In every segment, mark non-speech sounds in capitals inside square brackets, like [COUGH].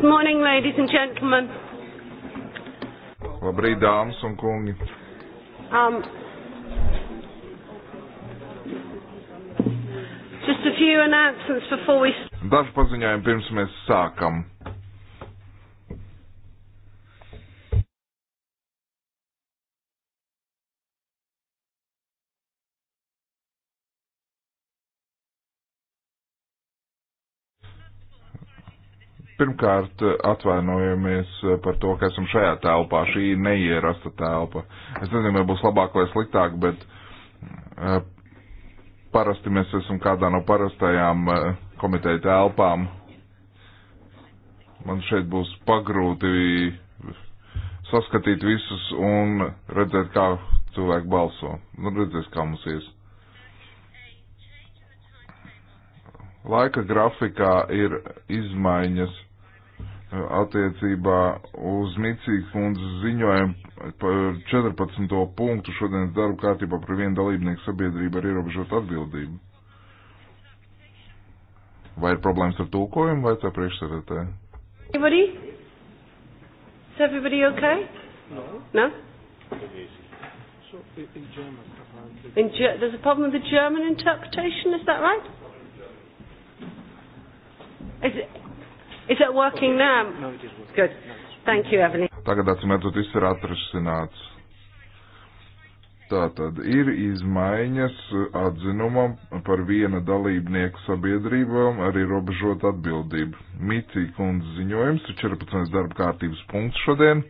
Good morning, ladies and gentlemen. Labrīt, dāmas un kungi. Um, just a few announcements before we... Daži paziņojumi pirms mēs sākam. Pirmkārt, atvainojamies eh, par to, ka esam šajā telpā. Šī neierasta telpa. Es nezinu, vai būs labāk vai sliktāk, bet uh, parasti mēs esam kādā no parastajām uh, eh, komiteja telpām. Man šeit būs pagrūti saskatīt visus un redzēt, kā cilvēki balso. Nu, redzēs, kā mums ies. Laika grafikā ir izmaiņas uh, attiecībā uz Micīgas kundzes ziņojumu par 14. punktu šodienas darba kārtībā par vienu dalībnieku sabiedrību ar ierobežotu atbildību. Vai ir problēmas ar tulkojumu vai tā priekšsēdētāji? Anybody? Is everybody okay? No. No? So, in German, apparently. In Ge- there's a problem with the German interpretation, is that right? Is it, is it working now? No, it is working. Good. Thank you, Evelyn. Tagad atsimētot viss ir atrasināts. Tātad ir izmaiņas atzinumam par viena dalībnieku sabiedrībām ar ierobežotu atbildību. Mīcī kundze ziņojums ir 14. darba kārtības punkts šodien.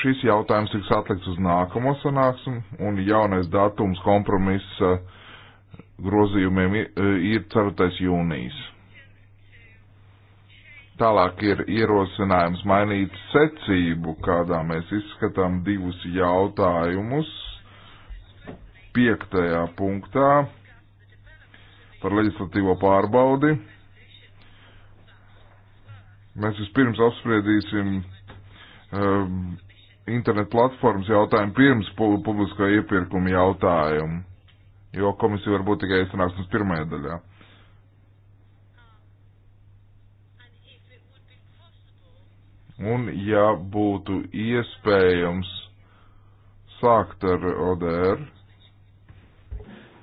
Šis jautājums tiks atlikts uz nākamo sanāksmu un jaunais datums kompromisa grozījumiem ir 4. jūnijas. Tālāk ir ierosinājums mainīt secību, kādā mēs izskatām divus jautājumus. Piektajā punktā par leģislatīvo pārbaudi. Mēs vispirms apspriedīsim um, internet platformas jautājumu pirms publiskā iepirkuma jautājumu, jo komisija varbūt tikai sanāksmes pirmajā daļā. Un ja būtu iespējams sākt ar ODR.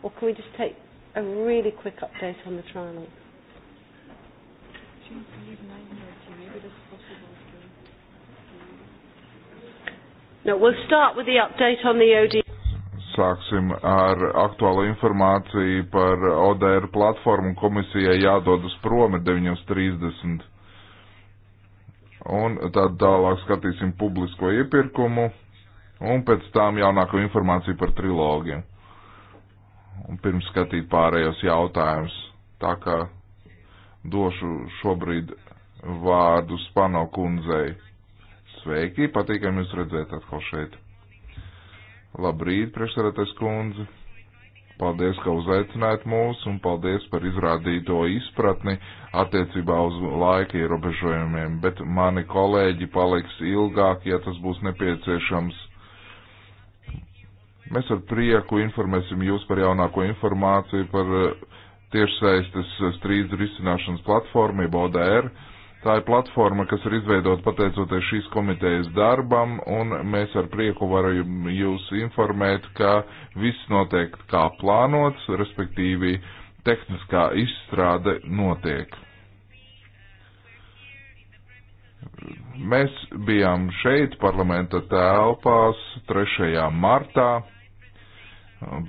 Or can we just take a really quick update on the trialogue? No, we'll start with the update on the OD. Sāksim ar aktuālu informāciju par ODR platformu. Komisijai jādodas prom ir 9.30. Un tad tālāk skatīsim publisko iepirkumu, un pēc tām jaunāko informāciju par trilogiem. Un pirms skatīt pārējos jautājumus. Tā kā došu šobrīd vārdu Spano kundzei. Sveiki, patīkam jūs redzēt atkal šeit. Labrīt, priekšsarētais kundze. Paldies, ka uzaicinājāt mūs un paldies par izrādīto izpratni attiecībā uz laika ierobežojumiem, bet mani kolēģi paliks ilgāk, ja tas būs nepieciešams. Mēs ar prieku informēsim jūs par jaunāko informāciju par eh, tiešsaistes strīdu risināšanas platformu, jeb ODR. Tā ir platforma, kas ir izveidota pateicoties šīs komitejas darbam, un mēs ar prieku varam jūs informēt, ka viss notiek kā plānots, respektīvi tehniskā izstrāde notiek. Mēs bijām šeit parlamenta telpās 3. martā,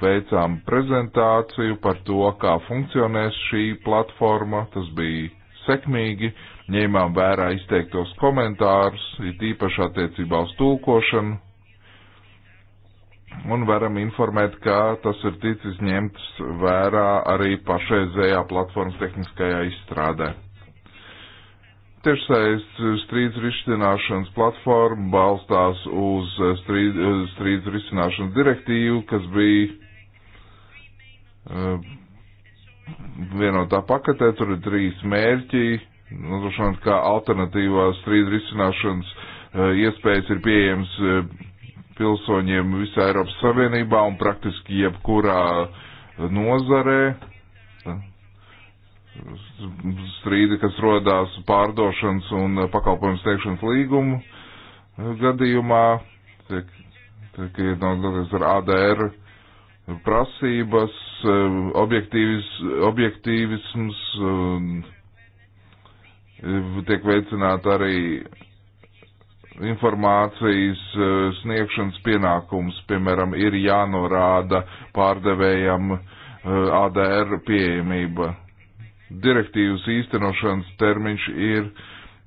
veicām prezentāciju par to, kā funkcionēs šī platforma, tas bija sekmīgi ņēmām vērā izteiktos komentārus, it īpaši attiecībā uz tūkošanu, un varam informēt, ka tas ir ticis ņemts vērā arī pašreizējā platformas tehniskajā izstrādē. Tiešsaist strīdus risināšanas platforma balstās uz strīd, strīdus risināšanas direktīvu, kas bija uh, vienotā paketē, tur ir trīs mērķi nodrošināt, ka alternatīvās strīdu risināšanas eh, iespējas ir pieejams eh, pilsoņiem visā Eiropas Savienībā un praktiski jebkurā eh, nozarē. Strīdi, kas rodās pārdošanas un pakalpojums teikšanas līgumu gadījumā, tiek, tiek iedodāties ar ADR prasības, objektīvis, objektīvisms, objektīvisms Tiek veicināta arī informācijas e, sniegšanas pienākums, piemēram, ir jānorāda pārdevējam e, ADR pieejamība. Direktīvas īstenošanas termiņš ir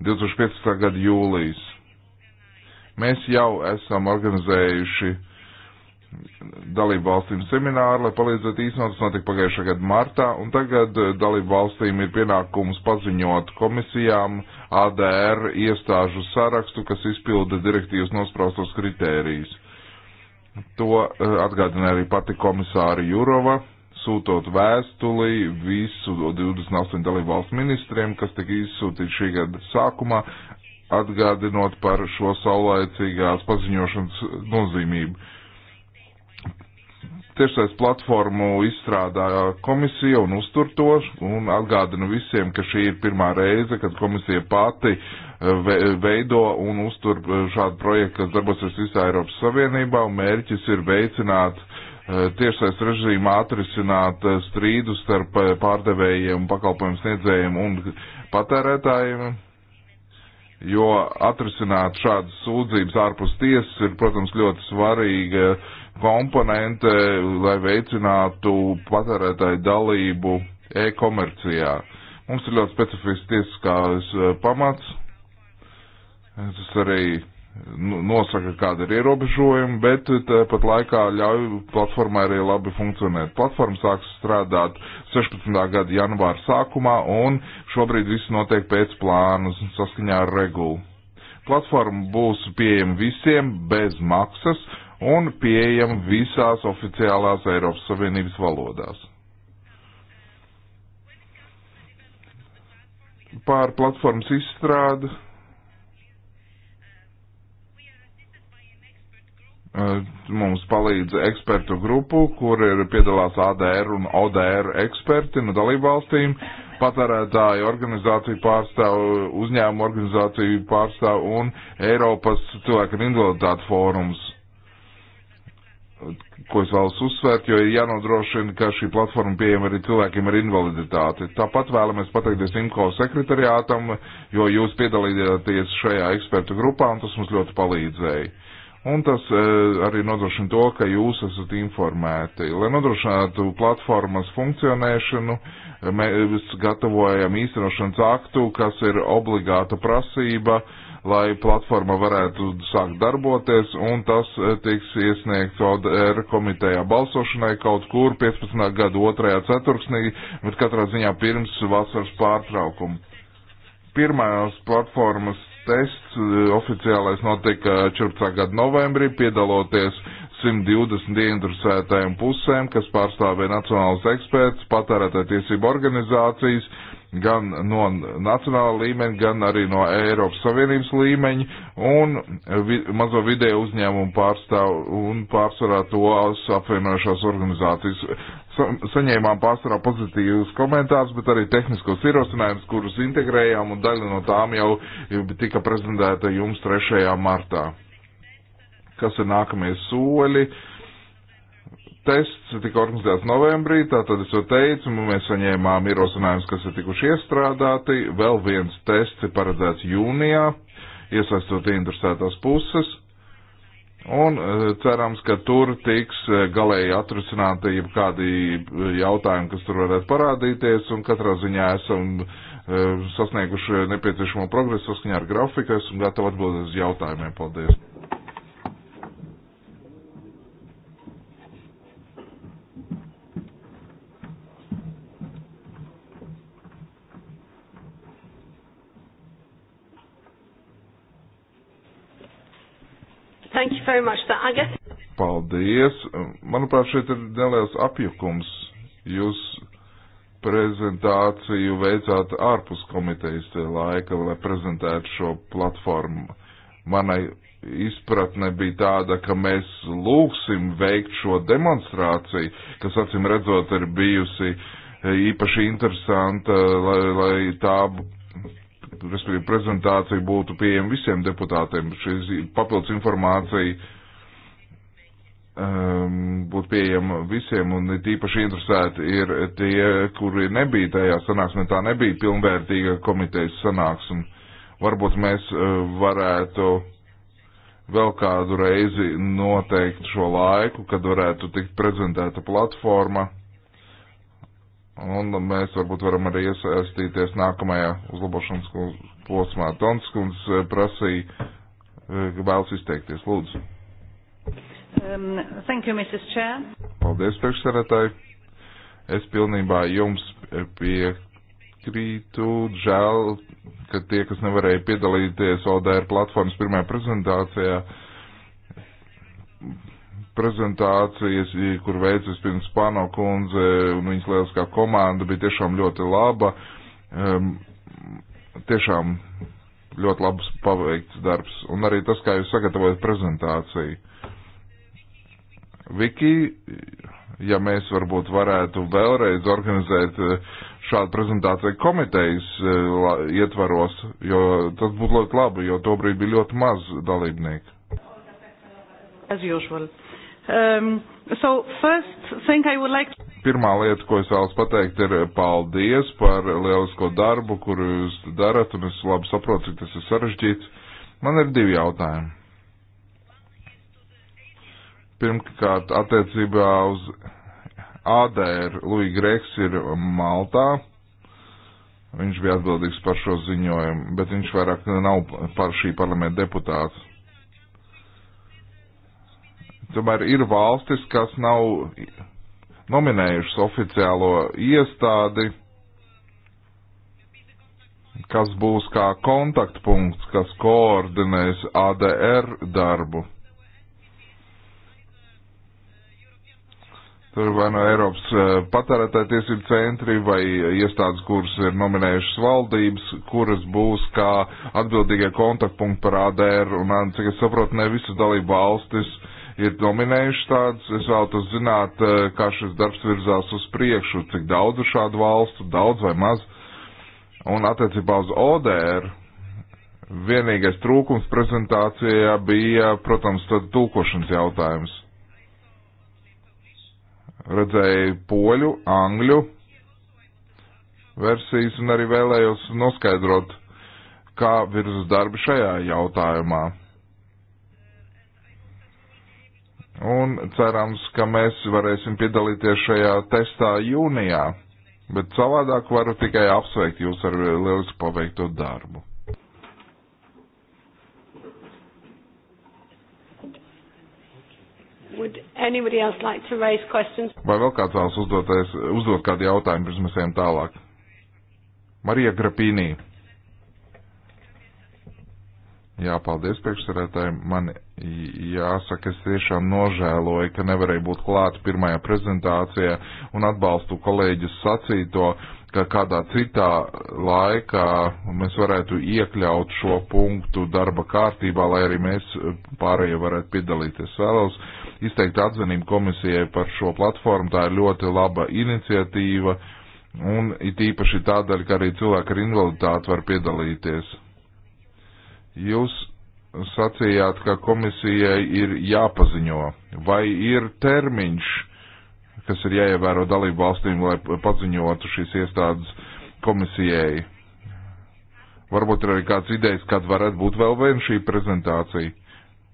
2015. gada jūlijas. Mēs jau esam organizējuši dalību valstīm semināru, lai palīdzētu īstenot, tas notika pagājušā gada martā, un tagad eh, dalību valstīm ir pienākums paziņot komisijām ADR iestāžu sarakstu, kas izpilda direktīvas nospraustos kritērijus. To eh, atgādina arī pati komisāra Jurova, sūtot vēstuli visu 28 dalību valstu ministriem, kas tika izsūtīti šī gada sākumā, atgādinot par šo saulēcīgās paziņošanas nozīmību tiešsaistes platformu izstrādā komisija un uztur to, un atgādinu visiem, ka šī ir pirmā reize, kad komisija pati eh, veido un uztur eh, šādu projektu, kas darbosies visā Eiropas Savienībā, un mērķis ir veicināt eh, tiešsaistes režīmu atrisināt strīdu starp pārdevējiem, pakalpojumu sniedzējiem un patērētājiem jo atrisināt šādas sūdzības ārpus tiesas ir, protams, ļoti svarīga uh, komponente, lai veicinātu patērētāju dalību e-komercijā. Mums ir ļoti specifisks tiesiskās e, pamats. Tas arī nu, nosaka, kāda ir ierobežojuma, bet pat laikā ļauj platformai arī labi funkcionēt. Platforma sāks strādāt 16. gada janvāra sākumā un šobrīd viss notiek pēc plānas saskaņā ar regulu. Platforma būs pieejama visiem bez maksas un pieejama visās oficiālās Eiropas Savienības valodās. Pār platformas izstrādi eh, mums palīdz ekspertu grupu, kur ir piedalās ADR un ODR eksperti no dalībvalstīm, patērētāju organizāciju pārstāvu, uzņēmumu organizāciju pārstāvu un Eiropas cilvēku invaliditātu fórums ko es vēlos uzsvērt, jo ir jānodrošina, ka šī platforma pieejama arī cilvēkiem ar invaliditāti. Tāpat vēlamies pateikties IMCO sekretariātam, jo jūs piedalījāties šajā ekspertu grupā, un tas mums ļoti palīdzēja. Un tas e, arī nodrošina to, ka jūs esat informēti. Lai nodrošinātu platformas funkcionēšanu, e, mēs gatavojam īstenošanas aktu, kas ir obligāta prasība e, lai platforma varētu sākt darboties, un tas e, tiks iesniegts ODR komitejā balsošanai kaut kur 15. gada 2. ceturksnī, bet katrā ziņā pirms vasaras pārtraukuma. Pirmās platformas tests e, oficiālais notika 14. gada novembrī, piedaloties 120 ieinteresētajiem pusēm, kas pārstāvēja nacionālus ekspertus, patērētāju tiesību organizācijas, gan no nacionāla līmeņa, gan arī no Eiropas Savienības līmeņa, un vi, mazo vidēju uzņēmumu pārstāv un pārsvarā tos apvienojušās organizācijas. Sa, saņēmām pārsvarā pozitīvus komentārus, bet arī tehniskos ierosinājumus, kurus integrējām, un daļa no tām jau tika prezentēta jums 3. martā. Kas ir nākamie soļi? Uh, tests tika organizēts novembrī, tātad es jau teicu, mēs saņēmām ierosinājumus, kas ir tikuši iestrādāti. Vēl viens tests ir paredzēts jūnijā, iesaistot interesētās puses. Un e, cerams, ka tur tiks e, galēji atrisināti jau kādi e, jautājumi, kas tur varētu parādīties, un katrā ziņā esam sasnieguši nepieciešamo progresu saskaņā ar grafiku, esam gatavi atbildēt uz jautājumiem. Paldies! Thank you very much. I guess... Paldies. Manuprāt, šeit ir neliels apjukums. Jūs prezentāciju veicāt ārpus komitejas laika, lai prezentētu šo platformu. Manai izpratne bija tāda, ka mēs lūgsim veikt šo demonstrāciju, kas acīm redzot ir bijusi īpaši interesanta, lai, lai tā respektīvi prezentācija būtu pieejama visiem deputātiem, šī papildus informācija um, būtu pieejama visiem, un tīpaši interesēti ir tie, kuri nebija tajā sanāksmē, tā nebija pilnvērtīga komitejas sanāksme. Varbūt mēs uh, varētu vēl kādu reizi noteikt šo laiku, kad varētu tikt prezentēta platforma Un mēs varbūt varam arī iesaistīties nākamajā uzlabošanas posmā. Tonskunds eh, prasīja, eh, ka vēlas izteikties. Lūdzu. Um, thank you, Mrs. Chair. Paldies, priekšsarētāji. Es pilnībā jums piekrītu. Žēl, ka tie, kas nevarēja piedalīties ODR platformas pirmajā prezentācijā, prezentācijas, kur veicis pirms Pano kundze un viņas lieliskā komanda bija tiešām ļoti laba. Um, tiešām ļoti labs paveikts darbs. Un arī tas, kā jūs sagatavojat prezentāciju. Viki, ja mēs varbūt varētu vēlreiz organizēt e, šādu prezentāciju komitejas e, ietvaros, jo tas būtu ļoti labi, jo tobrīd bija ļoti maz dalībnieku. As usual. Um, so first thing I would like to... Pirmā lieta, ko es vēlos pateikt, ir paldies par lielisko darbu, kuru jūs darat, un es labi saprotu, cik tas ir sarežģīts. Man ir divi jautājumi. Pirmkārt, attiecībā uz ADR Luija Greks ir Maltā. Viņš bija atbildīgs par šo ziņojumu, bet viņš vairāk nav par šī parlamenta deputāts Tomēr ir valstis, kas nav nominējušas oficiālo iestādi, kas būs kā kontaktpunkts, kas koordinēs ADR darbu. Tur vai no Eiropas eh, patērētāja tiesību centri vai iestādes, kuras ir nominējušas valdības, kuras būs kā atbildīgie kontaktpunkti par ADR, un, cik es saprotu, ne visas dalība valstis uh, ir dominējušas tādas. Es vēlētos zināt, eh, kā šis darbs virzās uz priekšu, cik daudz ir šādu valstu, daudz vai maz. Un attiecībā uz ODR vienīgais trūkums prezentācijā bija, protams, tad tūkošanas jautājums. Redzēju poļu, angļu versijas un arī vēlējos noskaidrot, kā virzas darbi šajā jautājumā. un cerams, ka mēs varēsim piedalīties šajā testā jūnijā. Bet savādāk varu tikai apsveikt jūs ar lielisku paveikto darbu. Like Vai vēl kāds vēlas uzdoties, uzdot kādu jautājumu pirms mēs ejam tālāk? Marija Grapīnī. Jā, paldies priekšsarētāji. Man jāsaka, es tiešām nožēloju, ka nevarēju būt klāt pirmajā prezentācijā un atbalstu kolēģis sacīto, ka kādā citā laikā mēs varētu iekļaut šo punktu darba kārtībā, lai arī mēs pārējie varētu piedalīties. Vēlos izteikt atzinību komisijai par šo platformu. Tā ir ļoti laba iniciatīva. Un it īpaši tādēļ, ka arī cilvēki ar invaliditāti var piedalīties Jūs sacījāt, ka komisijai ir jāpaziņo, vai ir termiņš, kas ir jāievēro dalību valstīm, lai paziņotu šīs iestādes komisijai. Varbūt ir arī kāds idejas, kad varētu būt vēl viena šī prezentācija.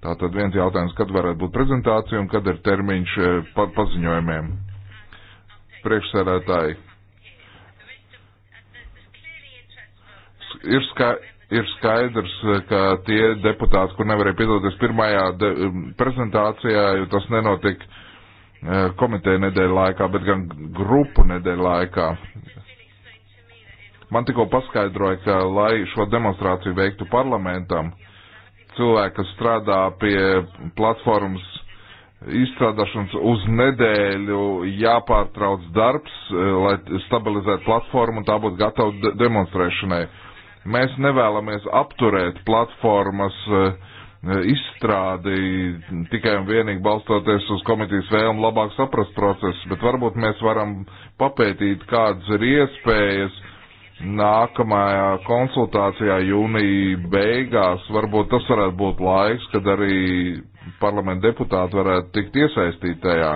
Tātad viens jautājums, kad varētu būt prezentācija un kad ir termiņš eh, pa paziņojumiem. Priekšsēdētāji. Ir skaidrs ir skaidrs, eh, ka tie deputāti, kur nevarēja piedalīties pirmajā eh, prezentācijā, jo tas nenotika eh, komiteja nedēļa laikā, bet gan grupu nedēļa laikā. Man tikko paskaidroja, ka, lai šo demonstrāciju veiktu parlamentam, cilvēki, kas strādā pie platformas izstrādāšanas uz nedēļu, jāpārtrauc darbs, lai stabilizētu platformu un tā būtu gatava demonstrēšanai. Uh, Mēs nevēlamies apturēt platformas eh, eh, izstrādi tikai un vienīgi balstoties uz komitejas vēlmu labāk saprast procesu, bet varbūt mēs varam papētīt, kādas ir iespējas nākamajā konsultācijā jūnija beigās. Varbūt tas varētu būt laiks, kad arī parlamenta deputāti varētu tikt iesaistīti tajā.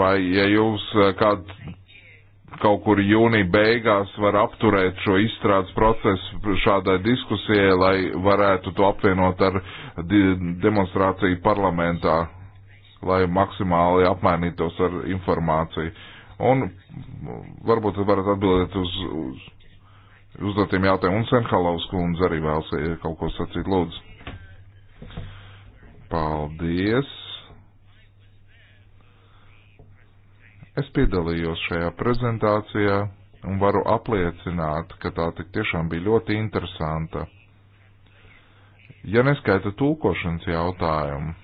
Vai, ja jūs eh, kādu kaut kur jūnija beigās var apturēt šo izstrādes procesu šādai diskusijai, lai varētu to apvienot ar demonstrāciju parlamentā, lai maksimāli apmainītos ar informāciju. Un varbūt varat atbildēt uz, uz uzdotiem jautājumiem. Un Senhalovs kundze arī vēlas eh, kaut ko sacīt. Lūdzu. Paldies. Es piedalījos šajā prezentācijā un varu apliecināt, ka tā tik tiešām bija ļoti interesanta. Ja neskaita tūkošanas jautājumu,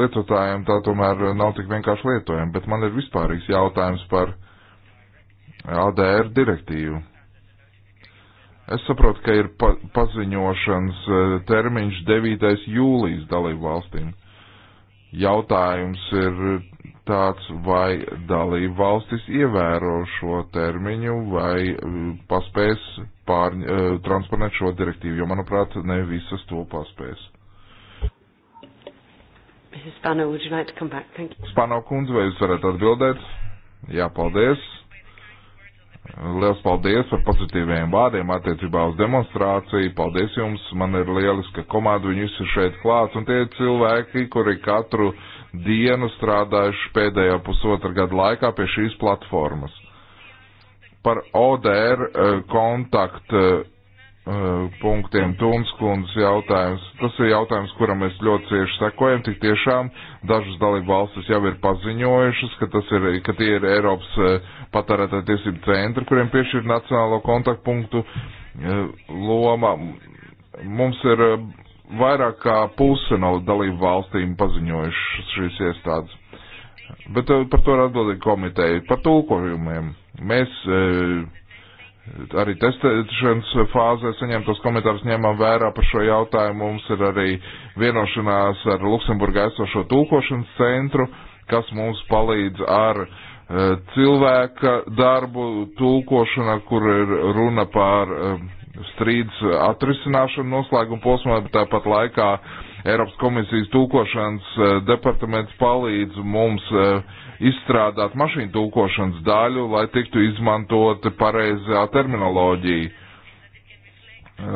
lietotājiem tā tomēr nav tik vienkārši lietojama, bet man ir vispārīgs jautājums par ADR direktīvu. Es saprotu, ka ir pa paziņošanas eh, termiņš 9. jūlijas dalību valstīm. Uh, Jautājums ir tāds, vai dalība valstis ievēro šo termiņu vai uh, paspēs pārņ, uh, transponēt šo direktīvu, jo, manuprāt, ne visas to paspēs. Spano, like Spano kundze, vai jūs varētu atbildēt? Jā, paldies. Liels paldies par pozitīviem vārdiem attiecībā uz demonstrāciju. Paldies jums, man ir lieliska komanda, viņi visi ir šeit klāts, un tie ir cilvēki, kuri katru dienu strādājuši pēdējā pusotra gada laikā pie šīs platformas. Par ODR eh, kontaktu eh, Eh, punktiem Tunskundas jautājums. Tas ir jautājums, kuram mēs ļoti cieši sekojam. Tik tiešām dažas dalību valstis jau ir paziņojušas, ka, tas ir, ka tie ir Eiropas eh, patērētāju tiesību centri, kuriem piešķir nacionālo kontaktpunktu eh, loma. Mums ir vairāk kā puse no dalību valstīm paziņojušas šīs iestādes. Bet par to ir atbildīga komiteja. Par tulkojumiem. Mēs e, arī testēšanas fāzē saņemtos komentārus ņemam vērā par šo jautājumu. Mums ir arī vienošanās ar Luksemburgā esošo tūkošanas centru, kas mums palīdz ar uh, cilvēka darbu tulkošana, kur ir runa par uh, e, strīdus atrisināšanu noslēguma posmā, bet tāpat laikā Eiropas komisijas tulkošanas uh, e, departaments palīdz mums uh, izstrādāt mašīnu tulkošanas daļu, lai tiktu izmantota pareizā terminoloģija, eh,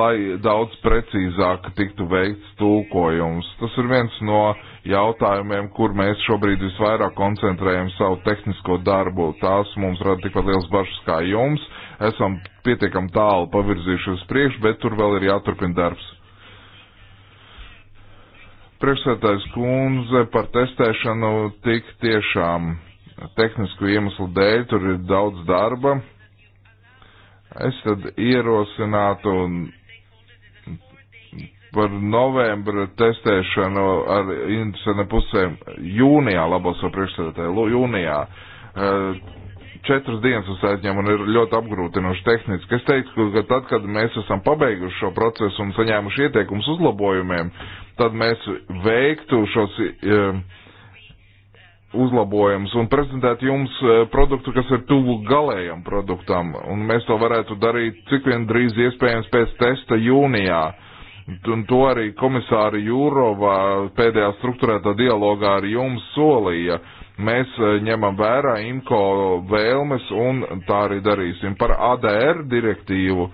lai daudz precīzāk tiktu veikts tulkojums. Tas ir viens no jautājumiem, kur mēs šobrīd visvairāk koncentrējam savu tehnisko darbu. Tās mums rada tikpat liels bažas kā jums. Esam pietiekam tālu pavirzījušies priekš, bet tur vēl ir jāturpina darbs. Priekšsētājs kundze par testēšanu tik tiešām tehnisku iemeslu dēļ, tur ir daudz darba. Es tad ierosinātu par novembra testēšanu ar interesantiem pusēm jūnijā, labos vai priekšsēdētāji, jūnijā. Uh, četras dienas uz aizņem un ir ļoti apgrūtinoši tehniski. Es teiktu, ka tad, kad mēs esam pabeiguši šo procesu un saņēmuši ieteikums uzlabojumiem, tad mēs veiktu šos e, uzlabojumus un prezentētu jums e, produktu, kas ir tuvu galējam produktam. Un mēs to varētu darīt cik vien drīz iespējams pēc testa jūnijā. Un to arī komisāri Jūrova pēdējā struktūrētā dialogā ar jums solīja. Uh, Mēs e, ņemam vērā IMCO vēlmes un tā arī darīsim. Par ADR direktīvu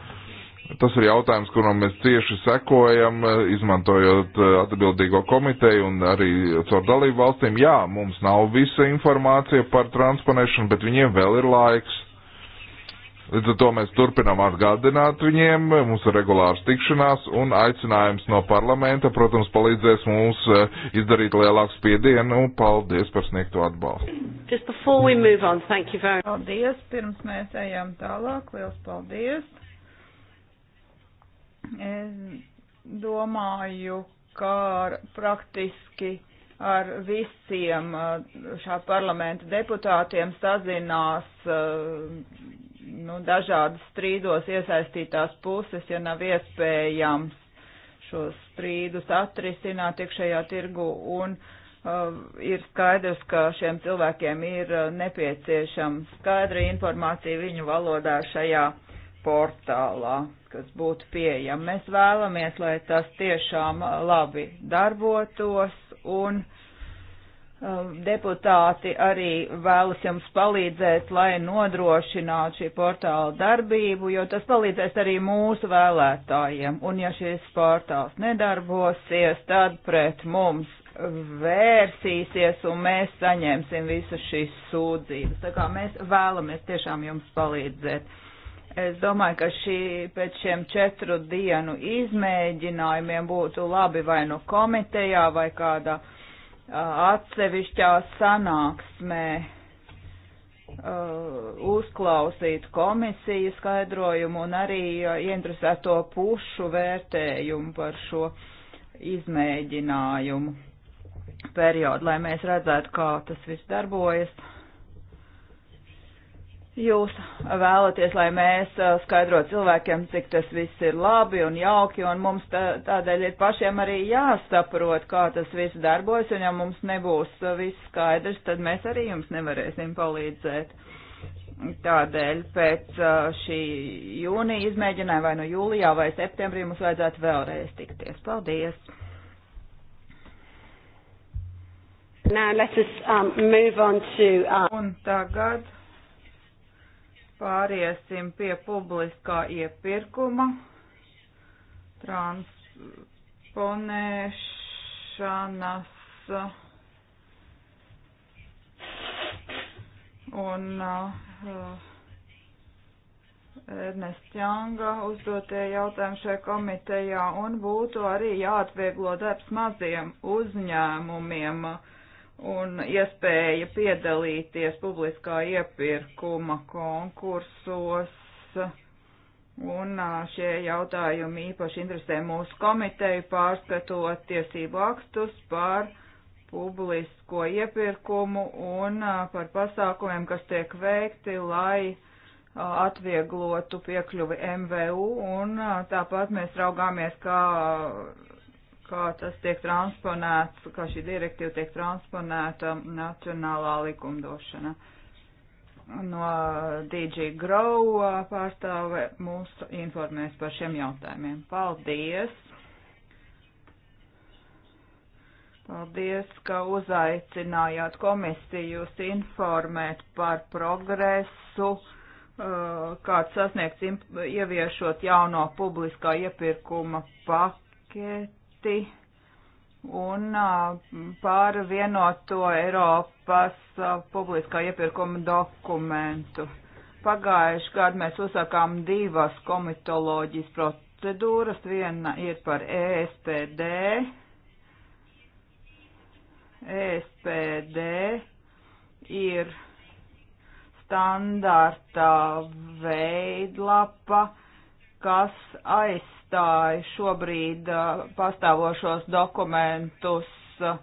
tas ir jautājums, kuram mēs cieši sekojam, e, izmantojot e, atbildīgo komiteju un arī caur dalību valstīm. Jā, mums nav visa informācija par transponēšanu, bet viņiem vēl ir laiks Līdz ar to mēs turpinām atgādināt viņiem, mums ir regulārs tikšanās un aicinājums no parlamenta, protams, palīdzēs mums eh, izdarīt lielāku spiedienu un paldies par sniegto atbalstu. On, very... Paldies, pirms mēs ejam tālāk, liels paldies. Es domāju, kā praktiski ar visiem eh, šā parlamenta deputātiem sazinās eh, nu, dažādas strīdos iesaistītās puses, ja nav iespējams šos strīdus atrisināt iekšējā tirgu un uh, ir skaidrs, ka šiem cilvēkiem ir uh, nepieciešama skaidra informācija viņu valodā šajā portālā, kas būtu pieejama. Mēs vēlamies, lai tas tiešām uh, labi darbotos un uh, Um, deputāti arī vēlas jums palīdzēt, lai nodrošinātu šī portāla darbību, jo tas palīdzēs arī mūsu vēlētājiem. Un ja šis portāls nedarbosies, tad pret mums vērsīsies un mēs saņemsim visas šīs sūdzības. Tā kā mēs vēlamies tiešām jums palīdzēt. Es domāju, ka šī, pēc šiem četru dienu izmēģinājumiem būtu labi vai nu komitejā vai kādā uh, atsevišķā sanāksmē uh, uzklausīt komisiju skaidrojumu un arī ieinteresēto uh, pušu vērtējumu par šo izmēģinājumu periodu, lai mēs redzētu, kā tas viss darbojas Jūs vēlaties, lai mēs skaidrot cilvēkiem, cik tas viss ir labi un jauki, un mums tādēļ ir pašiem arī jāsaprot, kā tas viss darbojas, un ja mums nebūs viss skaidrs, tad mēs arī jums nevarēsim palīdzēt. Tādēļ pēc šī jūnija izmēģinājuma vai no nu jūlijā vai septembrī mums vajadzētu vēlreiz tikties. Paldies! Now let us um, move on to. Um... Un tagad Pāriesim pie publiskā iepirkuma, transponēšanas un uh, Ernest Jānga uzdotie jautājumi šai komitejā un būtu arī jāatvieglo darbs maziem uzņēmumiem. Uh, un iespēja piedalīties publiskā iepirkuma konkursos. Un šie jautājumi īpaši interesē mūsu komiteju pārskatot tiesību aktus par publisko iepirkumu un par pasākumiem, kas tiek veikti, lai atvieglotu piekļuvi MVU. Un tāpat mēs raugāmies, kā kā tas tiek transponēts, kā šī direktīva tiek transponēta nacionālā likumdošana. No DG Grow pārstāve mūs informēs par šiem jautājumiem. Paldies! Paldies, ka uzaicinājāt komisijus informēt par progresu uh, kāds sasniegts ieviešot jauno publiskā iepirkuma paketi akti un par vienoto Eiropas publiskā iepirkuma dokumentu. Pagājuši gadu mēs uzsākām divas komitoloģijas procedūras. Viena ir par ESPD. ESPD ir standarta veidlapa, kas aizsāka atstāja šobrīd uh, pastāvošos dokumentus, uh,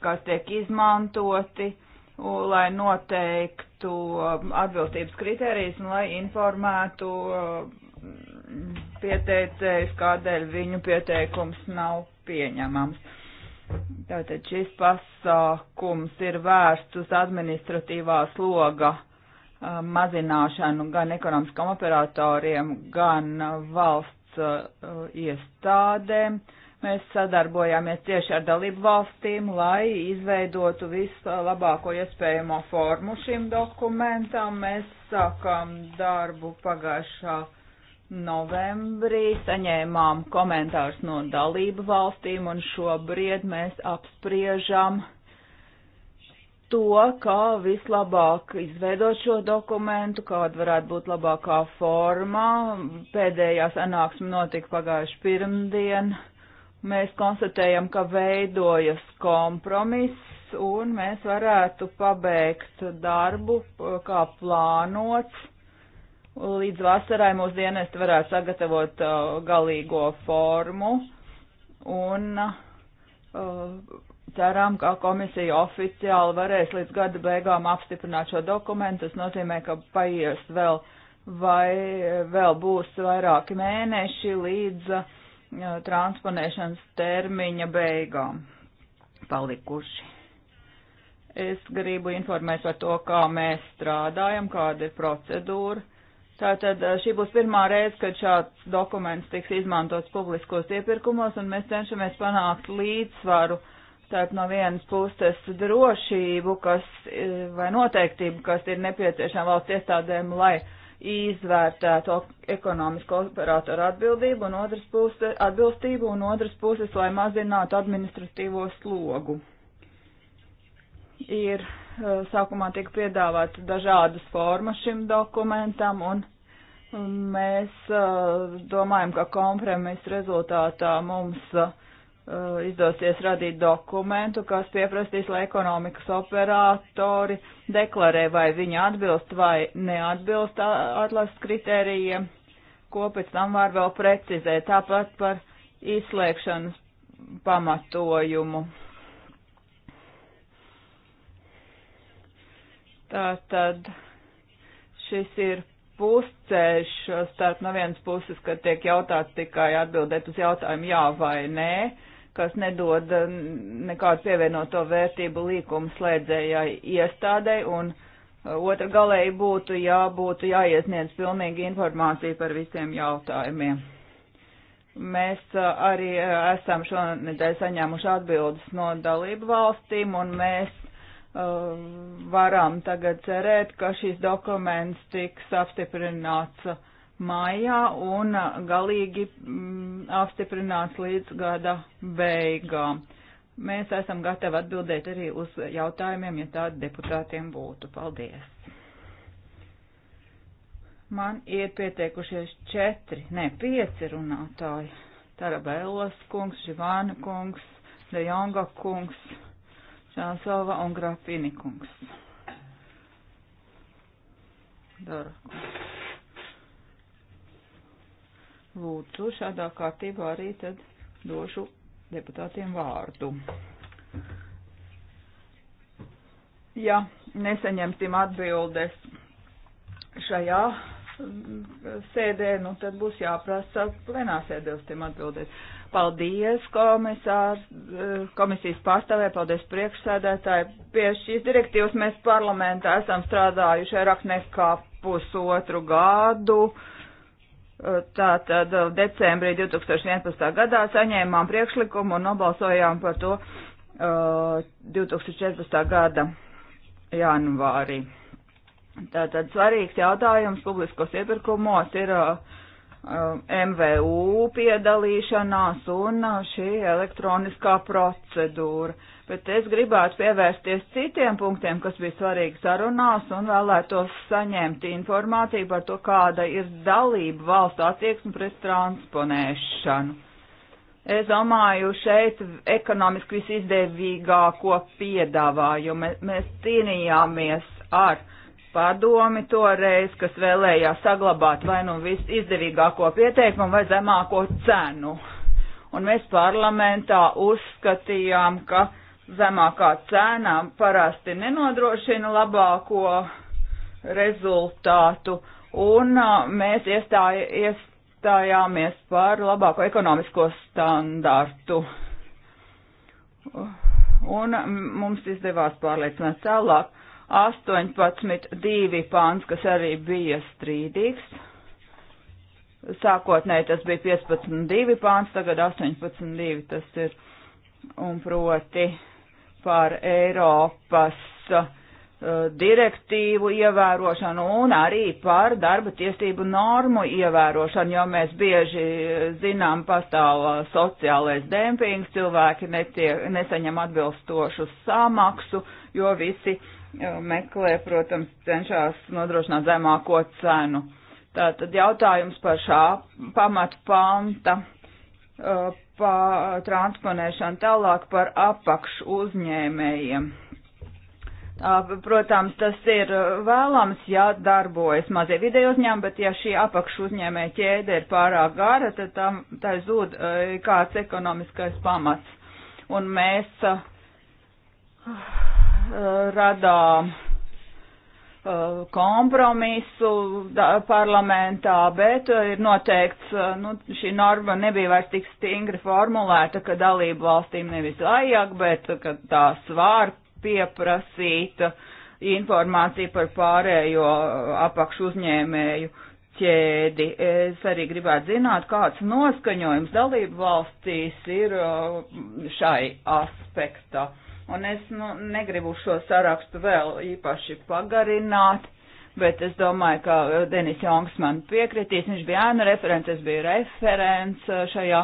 kas tiek izmantoti, lai noteiktu um, atbilstības kritērijas un lai informētu uh, pieteicējus, kādēļ viņu pieteikums nav pieņemams. Tātad šis pasākums ir vērsts uz administratīvā sloga Um, mazināšanu gan ekonomiskam operatoriem, gan uh, valsts uh, iestādēm. Mēs sadarbojāmies tieši ar dalību valstīm, lai izveidotu vislabāko iespējamo formu šim dokumentam. Mēs sākām darbu pagājušā novembrī, saņēmām komentārus no dalību valstīm un šobrīd mēs apspriežam uh, to, kā vislabāk izveidot šo dokumentu, kāda varētu būt labākā formā. Pēdējā sanāksme notika pagājuši pirmdien. Mēs konstatējam, ka veidojas kompromiss un mēs varētu pabeigt darbu kā plānots. Līdz vasarai mūsu dienesti varētu sagatavot uh, galīgo formu un uh, ceram, ka komisija oficiāli varēs līdz gada beigām apstiprināt šo dokumentu. Tas nozīmē, ka paies vēl, vai, vēl būs vairāki mēneši līdz uh, transponēšanas termiņa beigām palikuši. Es gribu informēt par to, kā mēs strādājam, kāda ir procedūra. Tātad uh, šī būs pirmā reize, kad šāds dokuments tiks izmantots publiskos iepirkumos, un mēs cenšamies panākt līdzsvaru Tātad no vienas puses drošību, kas, e, vai noteiktību, kas ir nepieciešama valsts iestādēm, lai izvērtētu ekonomisko operatoru atbildību, un otras puses atbilstību, un otras puses, lai mazinātu administratīvo slogu. Ir e, sākumā tika piedāvāts dažādas formas šim dokumentam, un mēs e, domājam, ka kompromisa rezultātā mums uh, Eh, izdosies radīt dokumentu, kas pieprasīs, lai ekonomikas operatori deklarē, vai viņi atbilst vai neatbilst atlases kritērijiem, ko pēc tam var vēl precizēt. Tāpat par izslēgšanas pamatojumu. Tātad šis ir pusceļš starp no vienas puses, kad tiek jautāts tikai atbildēt uz jautājumu jā vai nē, kas nedod eh, nekādu pievienoto vērtību līkumu slēdzējai iestādei, un eh, otra galēji būtu, jā, būtu jāiesniedz pilnīgi informācija par visiem jautājumiem. Mēs eh, arī esam šonedēļ saņēmuši atbildes no dalību valstīm, un mēs uh, varam tagad cerēt, ka šis dokuments tiks apstiprināts uh, maijā un galīgi mm, apstiprināts līdz gada beigām. Mēs esam gatavi atbildēt arī uz jautājumiem, ja tādi deputātiem būtu. Paldies! Man ir pieteikušies četri, ne, pieci runātāji. Tarabēlos kungs, Živāna kungs, Dejonga kungs, Čānsova un Grafini kungs. Dora kungs. Lūdzu, šādā kārtībā arī tad došu deputātiem vārdu. Ja nesaņemsim atbildes šajā mm, sēdē, nu tad būs jāprasa plenāsēdē uz tiem atbildēt. Paldies komisārs, eh, komisijas pārstāvē, paldies priekšsēdētāji. Pie šīs direktīvas mēs parlamentā esam strādājuši vairāk nekā pusotru gadu. Uh, Tātad eh, decembrī 2011. gadā saņēmām priekšlikumu un nobalsojām par to 2014. Eh, gada janvārī. Tātad svarīgs jautājums publiskos iepirkumos ir eh, MVU piedalīšanās un šī elektroniskā procedūra bet es gribētu pievērsties citiem punktiem, kas bija svarīgi sarunās, un vēlētos saņemt informāciju par to, kāda ir dalība valstu attieksme pret transponēšanu. Es domāju, šeit ekonomiski visizdevīgāko piedāvājumu mēs cīnījāmies ar padomi toreiz, kas vēlējās saglabāt vai nu visizdevīgāko pieteikumu vai zemāko cenu. Un mēs parlamentā uzskatījām, ka zemākā cēnā parasti nenodrošina labāko rezultātu, un mēs iestāj, iestājāmies par labāko ekonomisko standartu. Un mums izdevās pārliecināt tālāk 18.2 pāns, kas arī bija strīdīgs. Sākotnēji tas bija 15.2 pāns, tagad 18.2 tas ir. Un proti par Eiropas uh, direktīvu ievērošanu un arī par darba tiesību normu ievērošanu, jo mēs bieži zinām pastāv uh, sociālais dempings, cilvēki netiek, nesaņem atbilstošu samaksu, jo visi uh, meklē, protams, cenšas nodrošināt zemāko cenu. Tātad jautājums par šā pamatpanta transponēšanu tālāk par apakšu uzņēmējiem. Protams, tas ir vēlams, ja darbojas mazie video uzņēmumi, bet ja šī apakšu uzņēmēja ķēde ir pārāk gara, tad tam, tā zūd eh, kāds ekonomiskais pamats. Un mēs eh, radām uh, Uh, kompromisu parlamentā, bet uh, ir noteikts, uh, nu, šī norma nebija vairs tik stingri formulēta, ka dalību valstīm nevis vajag, bet ka tās var pieprasīt informāciju par pārējo apakšu uzņēmēju ķēdi. Es arī gribētu zināt, kāds noskaņojums dalību valstīs ir šai aspektā. Un es nu, negribu šo sarakstu vēl īpaši pagarināt, bet es domāju, ka Denis Jongs man piekritīs. Viņš bija ēnu referents, es biju referents uh, šajā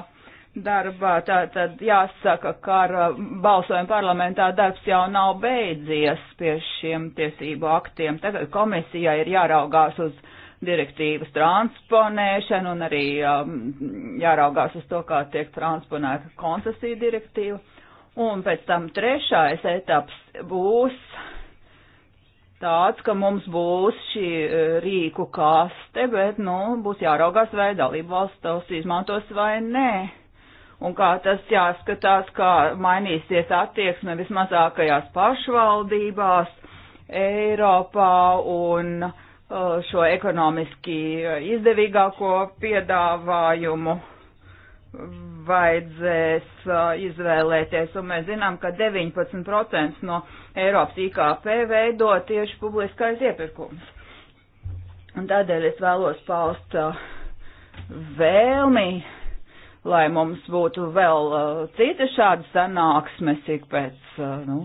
darbā. Tātad jāsaka, ka ar uh, balsojumu parlamentā darbs jau nav beidzies pie šiem tiesību aktiem. Tagad komisijai ir jāraugās uz direktīvas transponēšanu un arī um, jāraugās uz to, kā tiek transponēta koncesija direktīva. Un pēc tam trešais etaps būs tāds, ka mums būs šī e, rīku kaste, bet, nu, būs jāraugās, vai dalību valsts tos izmantos vai nē. Un kā tas jāskatās, kā mainīsies attieksme vismazākajās pašvaldībās Eiropā un e, šo ekonomiski izdevīgāko piedāvājumu vajadzēs uh, izvēlēties, un mēs zinām, ka 19% no Eiropas IKP veido tieši publiskais iepirkums. Un tādēļ es vēlos paust uh, vēlmi, lai mums būtu vēl uh, citas šādas sanāksmes ik pēc nu,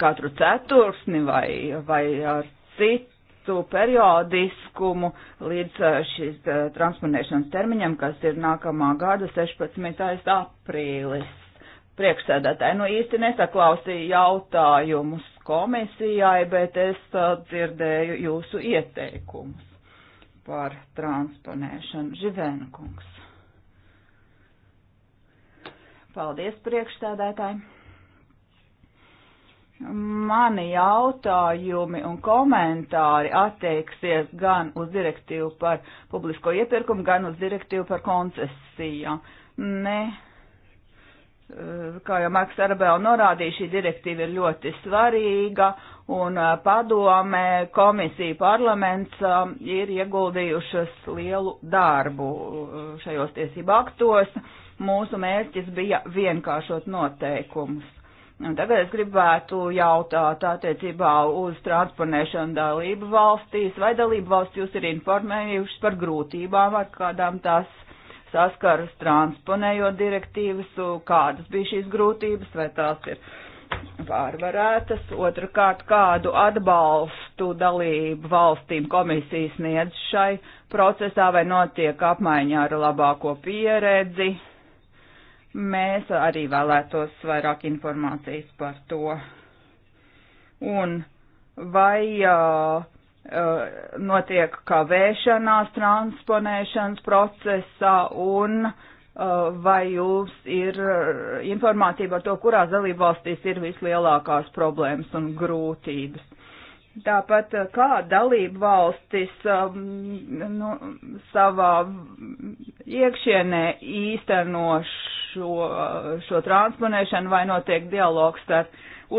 katru ceturksni vai, vai ar citu noteiktu periodiskumu līdz eh, šīs eh, transponēšanas termiņam, kas ir nākamā gada 16. aprīlis. Priekšsēdētāji, nu īsti nesaklausīju jautājumus komisijai, bet es eh, dzirdēju jūsu ieteikumus par transponēšanu. Živēnkungs. Paldies priekšsēdētāji. Mani jautājumi un komentāri attieksies gan uz direktīvu par publisko iepirkumu, gan uz direktīvu par koncesijām. Ne, eh, kā jau Marks Arbēl norādīja, šī direktīva ir ļoti svarīga un eh, padome, komisija, parlaments eh, ir ieguldījušas lielu darbu šajos tiesību aktos. Mūsu mērķis bija vienkāršot noteikumus Un tagad es gribētu jautāt attiecībā uz transponēšanu dalību valstīs, vai dalību valsts jūs ir informējušas par grūtībām, ar kādām tās saskaras transponējot direktīvas, kādas bija šīs grūtības, vai tās ir pārvarētas. Otrakārt, kādu atbalstu dalību valstīm komisijas sniedz šai procesā, vai notiek apmaiņā ar labāko pieredzi Mēs arī vēlētos vairāk informācijas par to. Un vai uh, notiek kavēšanās transponēšanas procesā un vai jums ir informācija par to, kurās dalībvalstīs ir vislielākās problēmas un grūtības. Tāpat kā dalība valstis nu, savā iekšienē īstenoš šo, šo transponēšanu, vai notiek dialogs ar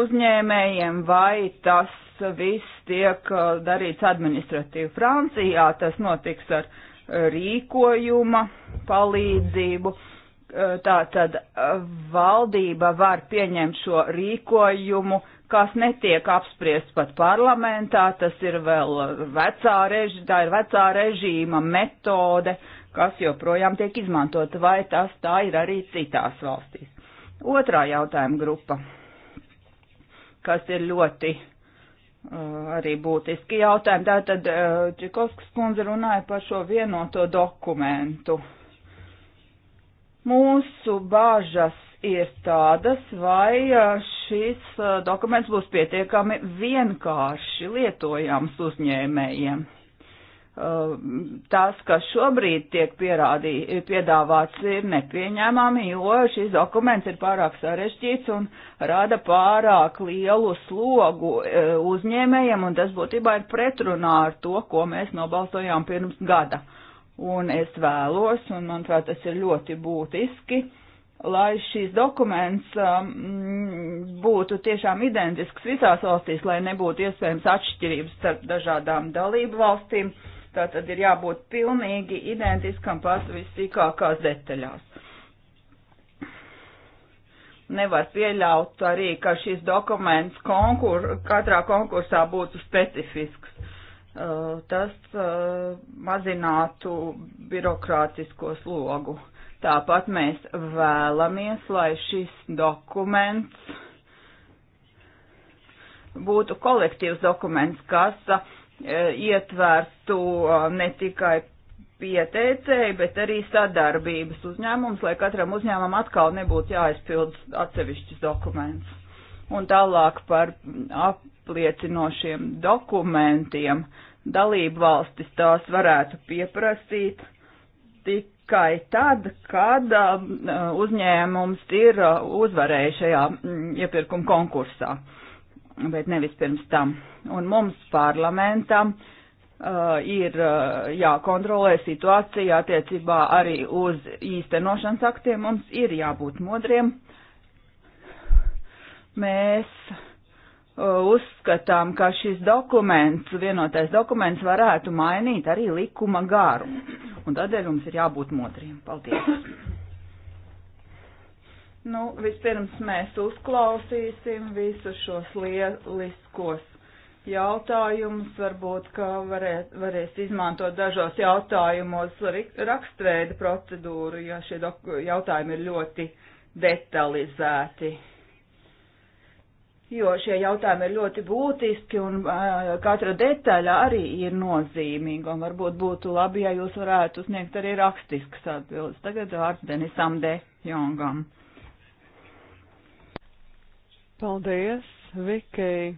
uzņēmējiem, vai tas viss tiek uh, darīts administratīvi. Francijā tas notiks ar rīkojuma palīdzību. Uh, tātad uh, valdība var pieņemt šo rīkojumu, kas netiek apspriests pat parlamentā, tas ir vēl vecā režīma, tā ir vecā režīma metode, uh, kas joprojām tiek izmantot, vai tas tā ir arī citās valstīs. Otrā jautājuma grupa, kas ir ļoti uh, arī būtiski jautājumi, tātad uh, Čikovskas kundze runāja par šo vienoto dokumentu. Mūsu bāžas ir tādas, vai uh, šis uh, dokuments būs pietiekami vienkārši lietojams uzņēmējiem. Uh, tas, kas šobrīd tiek pierādī, piedāvāts, ir nepieņemami, jo šis dokuments ir pārāk sarežģīts un rada pārāk lielu slogu uh, uzņēmējiem, un tas būtībā ir pretrunā ar to, ko mēs nobalsojām pirms gada. Un es vēlos, un manuprāt, tas ir ļoti būtiski, lai šīs dokuments um, būtu tiešām identisks visās valstīs, lai nebūtu iespējams atšķirības starp dažādām dalību valstīm Tā tad ir jābūt pilnīgi identiskam pat visīkākās detaļās. Nevar pieļaut arī, ka šis dokuments konkur, katrā konkursā būtu specifisks. Uh, tas uh, mazinātu birokrātisko slogu. Tāpat mēs vēlamies, lai šis dokuments būtu kolektīvs dokuments, kas uh, ietvērtu uh, ne tikai pieteicēji, bet arī sadarbības uzņēmums, lai katram uzņēmumam atkal nebūtu jāaizpild atsevišķus dokumentus. Un tālāk par apliecinošiem dokumentiem dalību valstis tās varētu pieprasīt tikai tad, kad um, uzņēmums ir uh, uzvarējis šajā mm, iepirkuma konkursā. Uh, bet nevis pirms tam. Un mums parlamentam uh, ir uh, jākontrolē situācija attiecībā arī uz īstenošanas aktiem. Mums ir jābūt modriem. Mēs uh, uzskatām, ka šis dokuments, vienotais dokuments varētu mainīt arī likuma garu. Un tādēļ mums ir jābūt modriem. Paldies! Nu, vispirms mēs uzklausīsim visus šos lieliskos jautājumus. Varbūt, ka varēs, varēs izmantot dažos jautājumos rakstveida procedūru, ja šie jautājumi ir ļoti detalizēti jo šie jautājumi ir ļoti būtiski un uh, katra detaļa arī ir nozīmīga. Un varbūt būtu labi, ja jūs varētu sniegt arī rakstiskas atbildes. Tagad vārds Denisam De Jongam. Paldies, Vikija!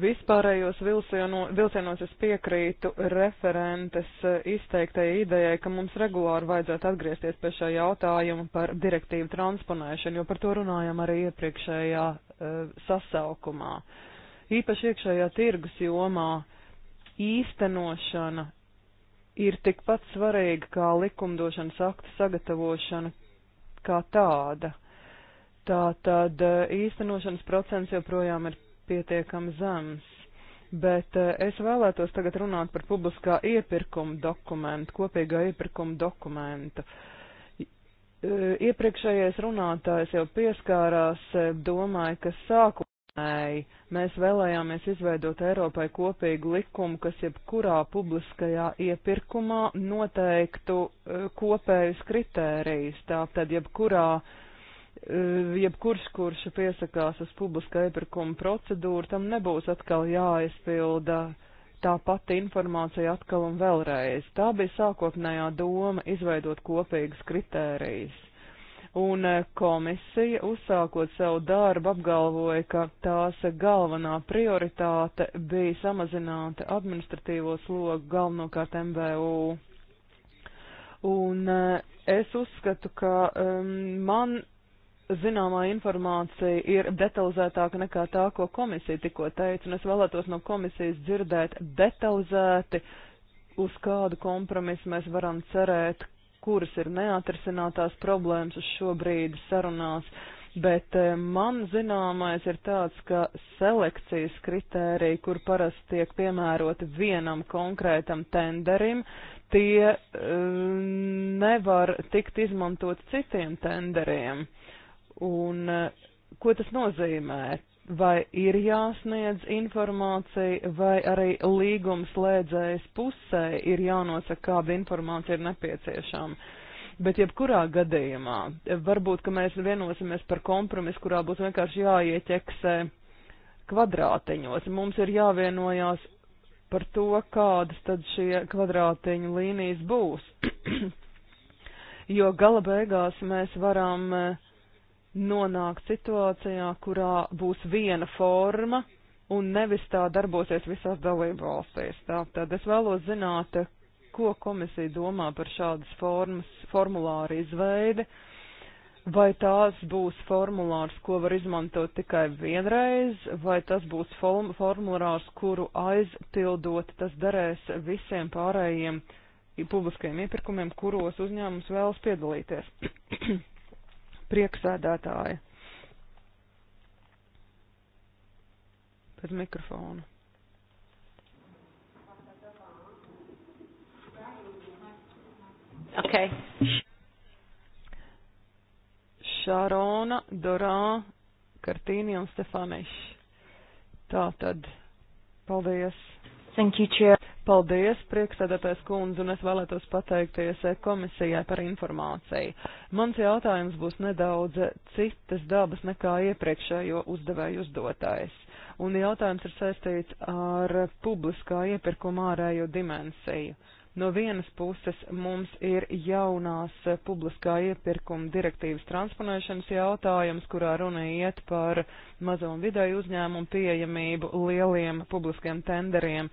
Vispārējos vilcieno, vilcienos es piekrītu referentes eh, izteiktajai idejai, ka mums regulāri vajadzētu atgriezties pie šā jautājuma par direktīvu transponēšanu, jo par to runājam arī iepriekšējā uh, sasaukumā. Īpaši iekšējā tirgus jomā īstenošana ir tikpat svarīga kā likumdošanas aktu sagatavošana kā tāda. Tā tad eh, īstenošanas procents joprojām ir pietiekami zems. Bet eh, es vēlētos tagad runāt par publiskā iepirkuma dokumentu, kopīgā iepirkuma dokumentu. Eh, iepriekšējais runātājs jau pieskārās, domāju, ka sākotnēji mēs vēlējāmies izveidot Eiropai kopīgu likumu, kas jebkurā publiskajā iepirkumā noteiktu kopējus kritērijus, tātad jebkurā uh, E, jebkurš, kurš piesakās uz publiska iepirkuma procedūru, tam nebūs atkal jāizpilda tā pati informācija atkal un vēlreiz. Tā bija sākotnējā doma izveidot kopīgas kritērijas. Un e, komisija, uzsākot savu darbu, apgalvoja, ka tās galvenā prioritāte bija samazināt administratīvo slogu galvenokārt MVU. Un e, es uzskatu, ka um, man zināmā informācija ir detalizētāka nekā tā, ko komisija tikko teica, un es vēlētos no komisijas dzirdēt detalizēti, uz kādu kompromisu mēs varam cerēt, kuras ir neatrisinātās problēmas uz šobrīd sarunās, bet eh, man zināmais ir tāds, ka selekcijas kritērija, kur parasti tiek piemēroti vienam konkrētam tenderim, tie um, nevar tikt izmantot citiem tenderiem. Uh, Un eh, ko tas nozīmē? Vai ir jāsniedz informācija, vai arī līgumslēdzējas pusē ir jānosaka, kāda informācija ir nepieciešama? Bet jebkurā gadījumā, eh, varbūt, ka mēs vienosimies par kompromisu, kurā būs vienkārši jāieķeksē kvadrātiņos. Mums ir jāvienojās par to, kādas tad šie kvadrātiņu līnijas būs. [CLEARS THROAT] jo gala beigās mēs varam uh, nonākt situācijā, kurā būs viena forma un nevis tā darbosies visās dalību valstīs. Tātad es vēlos zināt, ko komisija domā par šādas formas, formulāru izveidi, vai tās būs formulārs, ko var izmantot tikai vienreiz, vai tas būs formulārs, kuru aizpildot tas darēs visiem pārējiem publiskajiem iepirkumiem, kuros uzņēmums vēlas piedalīties. [COUGHS] prieksēdētāja. Bez mikrofona. Okay. Šarona, Dorā, Kartīni un Stefaniš. Tā tad, paldies. Thank you, Chair. Paldies, priekšsēdētājs kundze, un es vēlētos pateikties eh, komisijai par informāciju. Mans jautājums būs nedaudz citas dabas nekā iepriekšējo uzdevēju uzdotājs, un jautājums ir saistīts ar publiskā iepirkuma ārējo dimensiju. No vienas puses mums ir jaunās publiskā iepirkuma direktīvas transponēšanas jautājums, kurā runa iet par mazo un vidēju uzņēmumu pieejamību lieliem publiskiem tenderiem,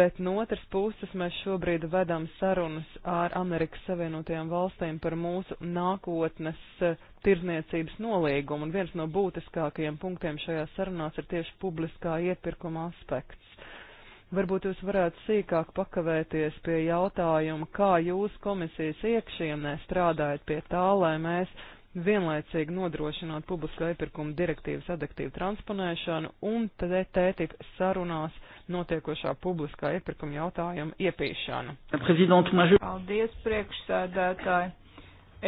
bet no otras puses mēs šobrīd vedam sarunas ar Amerikas Savienotajām valstīm par mūsu nākotnes eh, tirzniecības nolīgumu, un viens no būtiskākajiem punktiem šajā sarunās ir tieši publiskā iepirkuma aspekts. Varbūt jūs varētu sīkāk pakavēties pie jautājuma, kā jūs komisijas iekšienē strādājat pie tā, lai mēs vienlaicīgi nodrošināt publiskā iepirkuma direktīvas adaptīvu transponēšanu un TTIP sarunās notiekošā publiskā iepirkuma jautājuma iepīšanu. Paldies, priekšsēdētāji!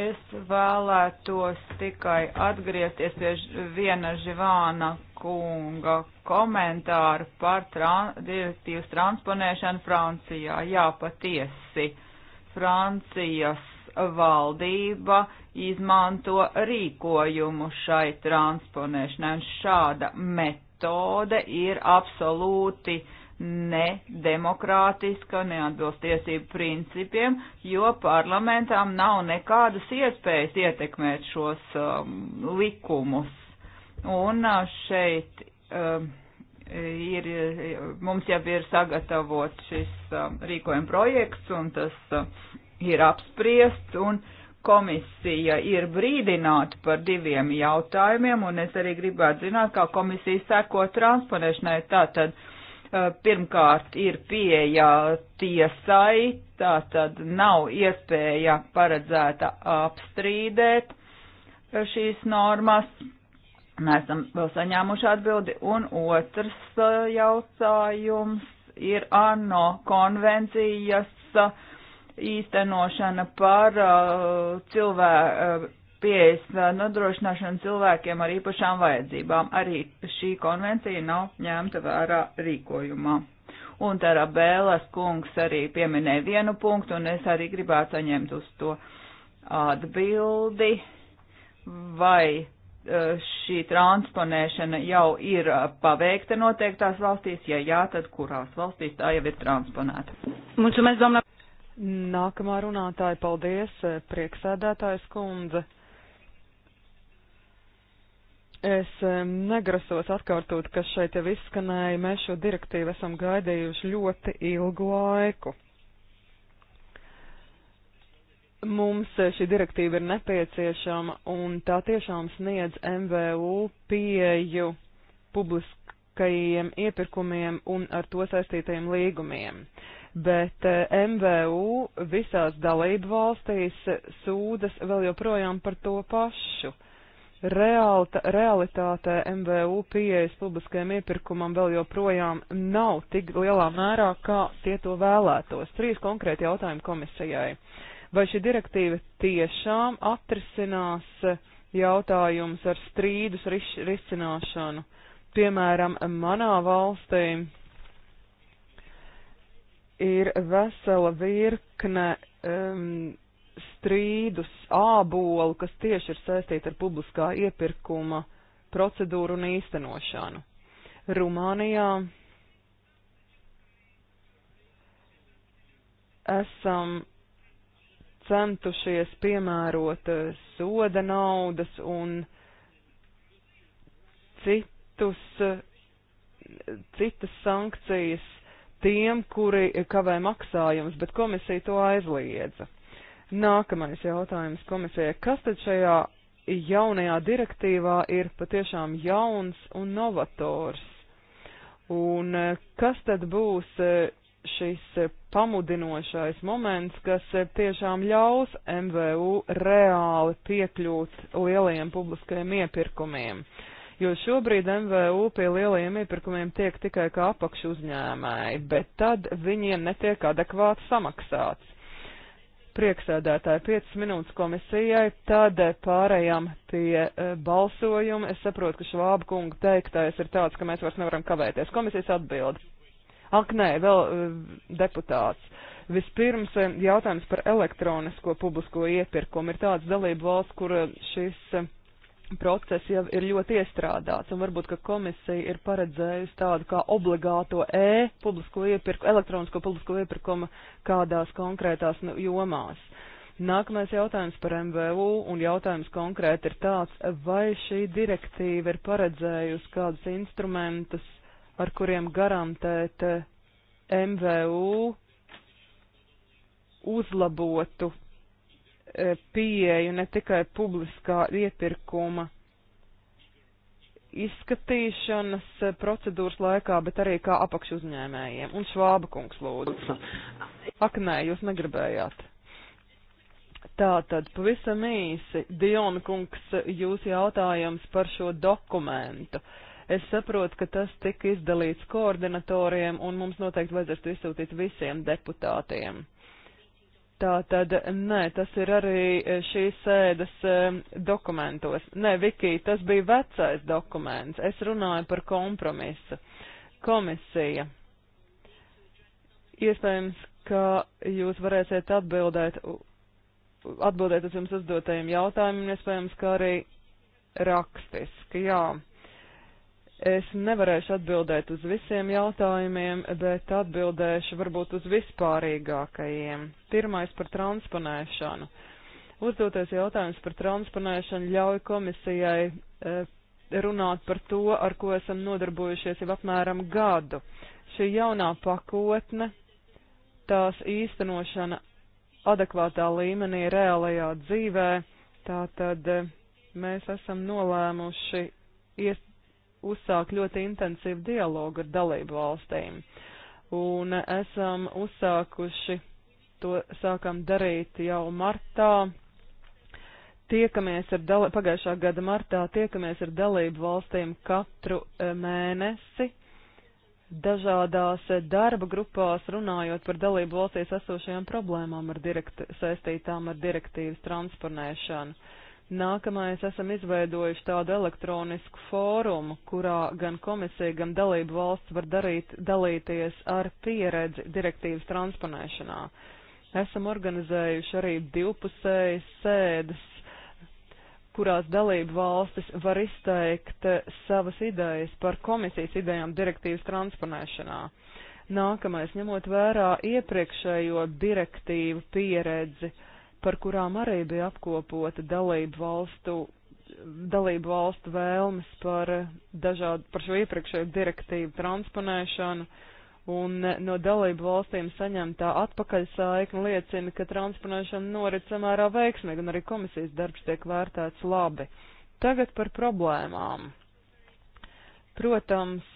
Es vēlētos tikai atgriezties pie viena Živāna kunga komentāru par tran direktīvas transponēšanu Francijā. Jā, patiesi. Francijas valdība izmanto rīkojumu šai transponēšanai, un šāda metode ir absolūti uh, nedemokrātiska, neatbilst tiesību principiem, jo parlamentām nav nekādas iespējas ietekmēt šos um, likumus. Un uh, šeit um, ir, mums jau ir sagatavot šis um, rīkojuma projekts, un tas um, ir apspriests, un komisija ir brīdināta par diviem jautājumiem, un es arī gribētu zināt, kā komisija seko transponēšanai. Tātad, uh, Eh, pirmkārt ir pieeja tiesai, tā tad nav iespēja paredzēta apstrīdēt eh, šīs normas. Nesam vēl saņēmuši atbildi. Un otrs eh, jautājums ir ANO konvencijas īstenošana par cilvēku pieejas uh, nodrošināšanu cilvēkiem ar īpašām vajadzībām. Arī šī konvencija nav ņemta vērā rīkojumā. Un Tarabēlas kungs arī pieminēja vienu punktu, un es arī gribētu saņemt uz to atbildi, vai uh, šī transponēšana jau ir uh, paveikta noteiktās valstīs, ja jā, tad kurās valstīs tā jau ir transponēta. Mulțumesc, doamna. Nākamā runātāja, paldies, prieksēdētājs kundze. Es negrasos atkārtot, kas šeit jau izskanēja. Mēs šo direktīvu esam gaidījuši ļoti ilgu laiku. Mums šī direktīva ir nepieciešama un tā tiešām sniedz MVU pieju publiskajiem iepirkumiem un ar to saistītajiem līgumiem. Bet eh, MVU visās dalību valstīs sūdas vēl joprojām par to pašu realta, realitātē MVU pieejas publiskajam iepirkumam vēl joprojām nav tik lielā mērā, kā tie to vēlētos. Trīs konkrēti jautājumi komisijai. Vai šī direktīva tiešām atrisinās jautājums ar strīdus riš, risināšanu? Piemēram, manā valstī ir vesela virkne um, strīdus, ābolu, kas tieši ir saistīti ar publiskā iepirkuma procedūru un īstenošanu. Rumānijā esam centušies piemērot eh, soda naudas un citus, eh, citas sankcijas tiem, kuri kavē maksājums, bet komisija to aizliedza. Nākamais jautājums komisijai. Kas tad šajā jaunajā direktīvā ir patiešām jauns un novators? Un e, kas tad būs e, šis e, pamudinošais moments, kas tiešām ļaus MVU reāli piekļūt lielajiem publiskajiem iepirkumiem? Jo šobrīd MVU pie lielajiem iepirkumiem tiek tikai kā apakšu uzņēmēji, bet tad viņiem netiek adekvāti samaksāts. Prieksēdētāji 5 minūtes komisijai, tad pārējām pie eh, balsojuma. Es saprotu, ka Švāba kunga teiktais ir tāds, ka mēs vairs nevaram kavēties. Komisijas atbild. Ak, nē, vēl eh, deputāts. Vispirms eh, jautājums par elektronisko publisko iepirkumu. Ir tāds dalību valsts, kur šis process jau ir ļoti iestrādāts, un varbūt, ka komisija ir paredzējusi tādu kā obligāto E publisko iepirku, elektronisko publisko iepirkumu kādās konkrētās nu, jomās. Nākamais jautājums par MVU, un jautājums konkrēti ir tāds, vai šī direktīva ir paredzējusi kādus instrumentus, ar kuriem garantēt eh, MVU uzlabotu E, pieeju ne tikai publiskā iepirkuma izskatīšanas e, procedūras laikā, bet arī kā apakšuzņēmējiem. Un Švāba kungs lūdzu. Ak, nē, jūs negribējāt. Tā tad pavisam īsi, Diona kungs, jūs jautājums par šo dokumentu. Es saprotu, ka tas tika izdalīts koordinatoriem, un mums noteikti vajadzēs to izsūtīt visiem deputātiem. Tā tad, nē, tas ir arī šīs sēdes dokumentos. Nē, Viki, tas bija vecais dokuments. Es runāju par kompromisu. Komisija. Iespējams, ka jūs varēsiet atbildēt, atbildēt uz jums uzdotajiem jautājumiem, iespējams, ka arī rakstiski, jā. Es nevarēšu atbildēt uz visiem jautājumiem, bet atbildēšu varbūt uz vispārīgākajiem. Pirmais par transponēšanu. Uzdoties jautājums par transponēšanu ļauj komisijai e, runāt par to, ar ko esam nodarbojušies jau apmēram gadu. Šī jaunā pakotne, tās īstenošana adekvātā līmenī reālajā dzīvē, tātad e, mēs esam nolēmuši iest uzsākt ļoti intensīvu dialogu ar dalību valstīm. Un esam uzsākuši, to sākam darīt jau martā. Tiekamies ar dal, pagājušā gada martā, tiekamies ar dalību valstīm katru eh, mēnesi, dažādās eh, darba grupās runājot par dalību valstīs esošajām problēmām ar direkt, saistītām ar direktīvas transponēšanu. Uh, Nākamais esam izveidojuši tādu elektronisku fórumu, kurā gan komisija, gan dalību valsts var darīt, dalīties ar pieredzi direktīvas transponēšanā. Esam organizējuši arī divpusējas sēdes, kurās dalību valstis var izteikt savas idejas par komisijas idejām direktīvas transponēšanā. Nākamais, ņemot vērā iepriekšējo direktīvu pieredzi, uh, par kurām arī bija apkopota dalību valstu, dalību valstu vēlmes par, dažādu, par šo iepriekšēju direktīvu transponēšanu. Un no dalību valstīm saņemtā atpakaļsaikne liecina, ka transponēšana norit samērā veiksmīgi un arī komisijas darbs tiek vērtēts labi. Tagad par problēmām. Protams,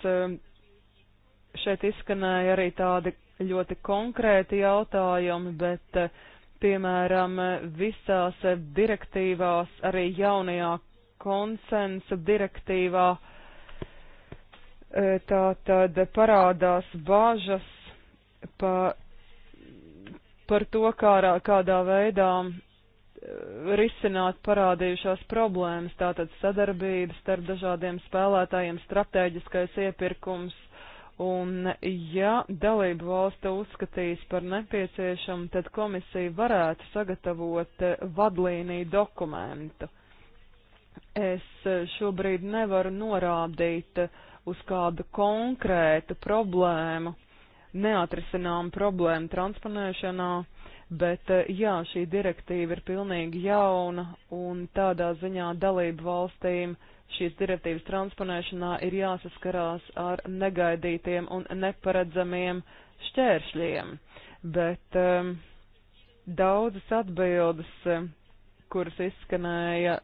šeit izskanēja arī tādi ļoti konkrēti jautājumi, bet Piemēram, visās direktīvās, arī jaunajā konsensa direktīvā, e, tā tad parādās bāžas pa, par to, kādā, kādā veidā e, risināt parādījušās problēmas, tātad sadarbības starp dažādiem spēlētājiem, strateģiskais iepirkums, Un, ja dalību valsta uzskatīs par nepieciešamu, tad komisija varētu sagatavot eh, vadlīniju dokumentu. Es eh, šobrīd nevaru norādīt eh, uz kādu konkrētu problēmu, neatrisinām problēmu transponēšanā, bet jā, šī direktīva ir pilnīgi jauna un tādā ziņā dalību valstīm uh, šīs direktīvas transponēšanā ir jāsaskarās ar negaidītiem un neparedzamiem šķēršļiem, bet um, daudzas atbildes, um, kuras izskanēja,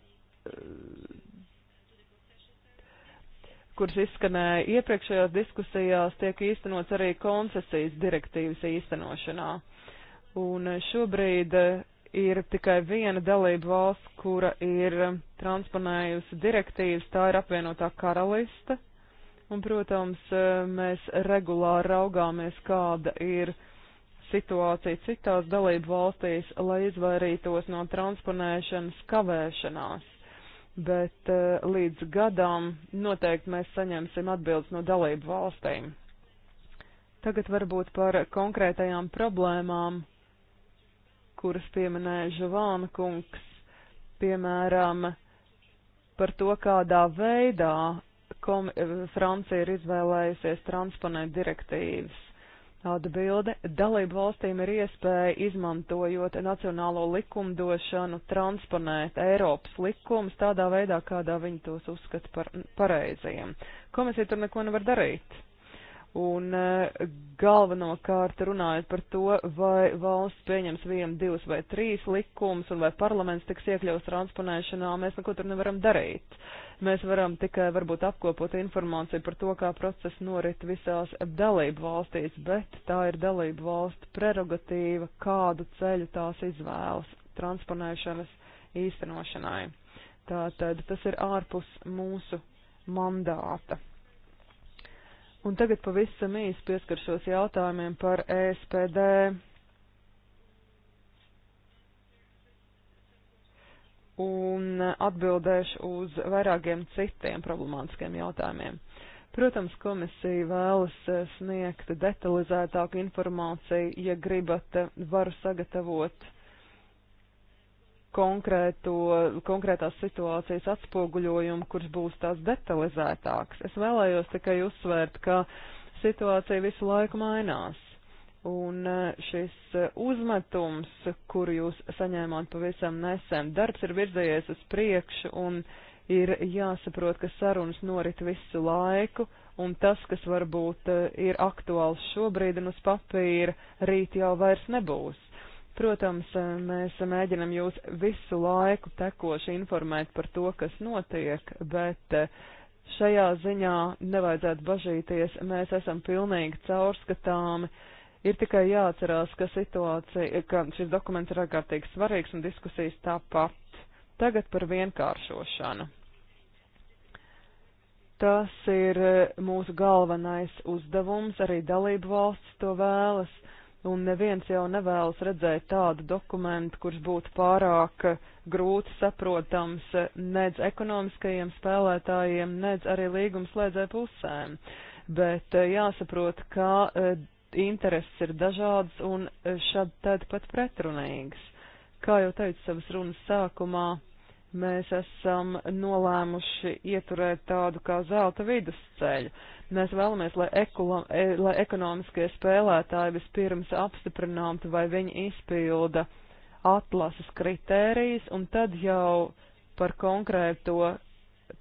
kuras izskanēja iepriekšējās diskusijās, tiek īstenots arī koncesijas direktīvas īstenošanā. Un uh, šobrīd uh, ir tikai viena dalība valsts, kura ir transponējusi direktīvas, tā ir apvienotā karaliste. Un, protams, mēs regulāri raugāmies, kāda ir situācija citās dalību valstīs, lai izvairītos no transponēšanas kavēšanās. Bet eh, līdz gadam noteikti mēs saņemsim atbildes no dalību valstīm. Tagad varbūt par konkrētajām problēmām kuras pieminēja Žavāna kungs, piemēram, par to, kādā veidā kom, Francija ir izvēlējusies transponēt direktīvas. Atbilde - dalību valstīm ir iespēja, izmantojot nacionālo likumdošanu, transponēt Eiropas likumus tādā veidā, kādā viņi tos uzskata par pareiziem. Komisija tur neko nevar darīt un eh, galvenokārt runājot par to, vai valsts pieņems vienu, divus vai trīs likumus, un vai parlaments tiks iekļauts transponēšanā, mēs neko tur nevaram darīt. Mēs varam tikai varbūt apkopot informāciju par to, kā process norit visās dalību valstīs, bet tā ir dalību valstu prerogatīva, kādu ceļu tās izvēlas transponēšanas īstenošanai. Tātad tas ir ārpus mūsu mandāta. Un tagad pavisam īsi pieskaršos jautājumiem par ESPD. Un atbildēšu uz vairākiem citiem problemātiskiem jautājumiem. Protams, komisija vēlas eh, sniegt detalizētāku informāciju, ja gribat, eh, varu sagatavot konkrēto, konkrētās situācijas atspoguļojumu, kurš būs tās detalizētāks. Es vēlējos tikai uzsvērt, ka situācija visu laiku mainās. Un eh, šis eh, uzmetums, kuru jūs saņēmāt pavisam nesen, darbs ir virzējies uz priekšu un ir jāsaprot, ka sarunas norit visu laiku, un tas, kas varbūt eh, ir aktuāls šobrīd un uz papīra, rīt jau vairs nebūs. Protams, mēs mēģinam jūs visu laiku tekoši informēt par to, kas notiek, bet eh, šajā ziņā nevajadzētu bažīties, mēs esam pilnīgi caurskatāmi. Ir tikai jāatcerās, ka situācija, ka šis dokuments ir ārkārtīgi svarīgs un diskusijas tāpat. Tagad par vienkāršošanu. Tas ir eh, mūsu galvenais uzdevums, arī dalību valsts to vēlas un neviens jau nevēlas redzēt tādu dokumentu, kurš būtu pārāk grūti saprotams nedz ekonomiskajiem spēlētājiem, nedz arī līgumslēdzē pusēm. Bet eh, jāsaprot, ka eh, intereses ir dažādas un eh, šad tad pat pretrunīgas. Kā jau teicu savas runas sākumā, Mēs esam nolēmuši ieturēt tādu kā zelta vidusceļu. Mēs vēlamies, lai, ekolo, e, lai ekonomiskie spēlētāji vispirms apstiprinātu, vai viņi izpilda atlases kritērijas, un tad jau par konkrēto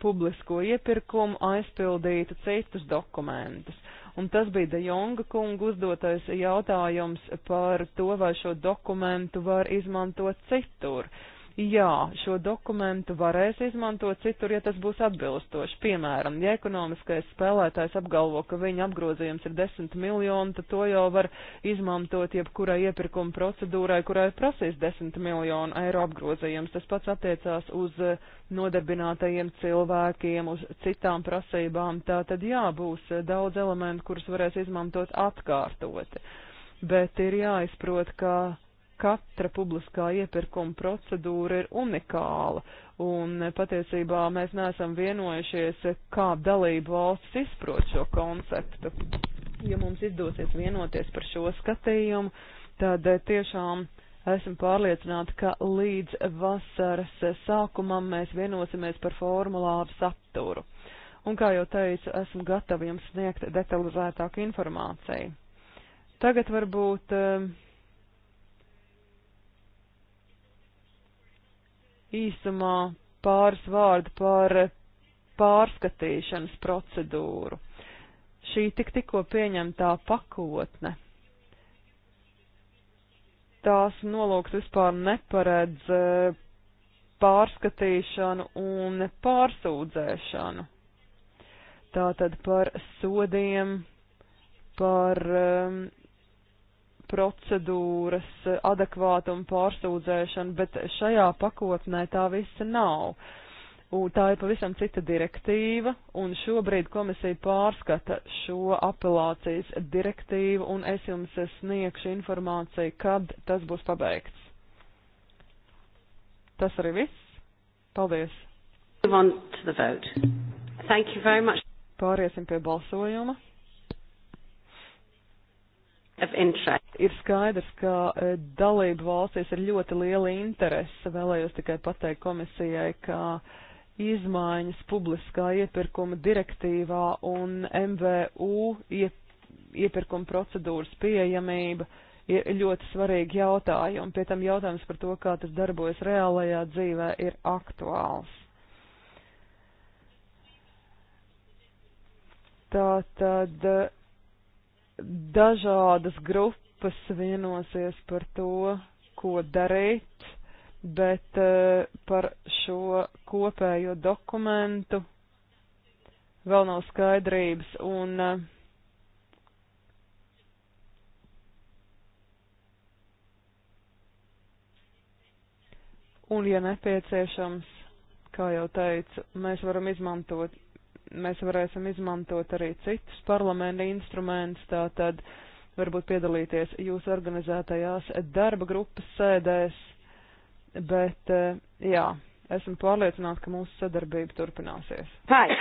publisko iepirkumu aizpildītu citus dokumentus. Un tas bija De Jonga kunga uzdotais jautājums par to, vai šo dokumentu var izmantot citur jā, šo dokumentu varēs izmantot citur, ja tas būs atbilstoši. Piemēram, ja ekonomiskais spēlētājs apgalvo, ka viņa apgrozījums ir 10 miljoni, tad to jau var izmantot jebkurai iepirkuma procedūrai, kurai prasīs 10 miljonu eiro apgrozījums. Tas pats attiecās uz eh, nodarbinātajiem cilvēkiem, uz citām prasībām. Tā tad jā, būs eh, daudz elementu, kurus varēs izmantot atkārtoti. Bet ir jāizprot, ka katra publiskā iepirkuma procedūra ir unikāla, un patiesībā mēs neesam vienojušies, kā dalību valsts izprot šo konceptu. Ja mums izdosies vienoties par šo skatījumu, tad tiešām esmu pārliecināta, ka līdz vasaras sākumam mēs vienosimies par formulāru saturu. Un, kā jau teicu, esmu gatava jums sniegt detalizētāku informāciju. Tagad varbūt uh, īsumā pāris vārdu par pārskatīšanas procedūru. Šī tik tikko pieņemtā pakotne. Tās nolūks vispār neparedz eh, pārskatīšanu un pārsūdzēšanu. Tātad par sodiem, par um, procedūras, adekvātuma pārsūdzēšana, bet šajā pakotnē tā visa nav. Un tā ir pavisam cita direktīva, un šobrīd komisija pārskata šo apelācijas direktīvu, un es jums sniegšu informāciju, kad tas būs pabeigts. Tas arī viss. Paldies! Pāriesim pie balsojuma. Ir skaidrs, ka e, dalību valstīs ir ļoti liela interese. Vēlējos tikai pateikt komisijai, ka izmaiņas publiskā iepirkuma direktīvā un MVU iepirkuma procedūras pieejamība ir ļoti svarīgi jautājumi. Pie tam jautājums par to, kā tas darbojas reālajā dzīvē, ir aktuāls. Tā tad dažādas grupas vienosies par to, ko darīt, bet eh, par šo kopējo dokumentu vēl nav skaidrības. Un, eh, un, ja nepieciešams, kā jau teicu, mēs varam izmantot mēs varēsim izmantot arī citus parlamenta instrumentus, tātad varbūt piedalīties jūsu organizētajās darba grupas sēdēs, bet eh, jā, esmu pārliecināta, ka mūsu sadarbība turpināsies. Hi.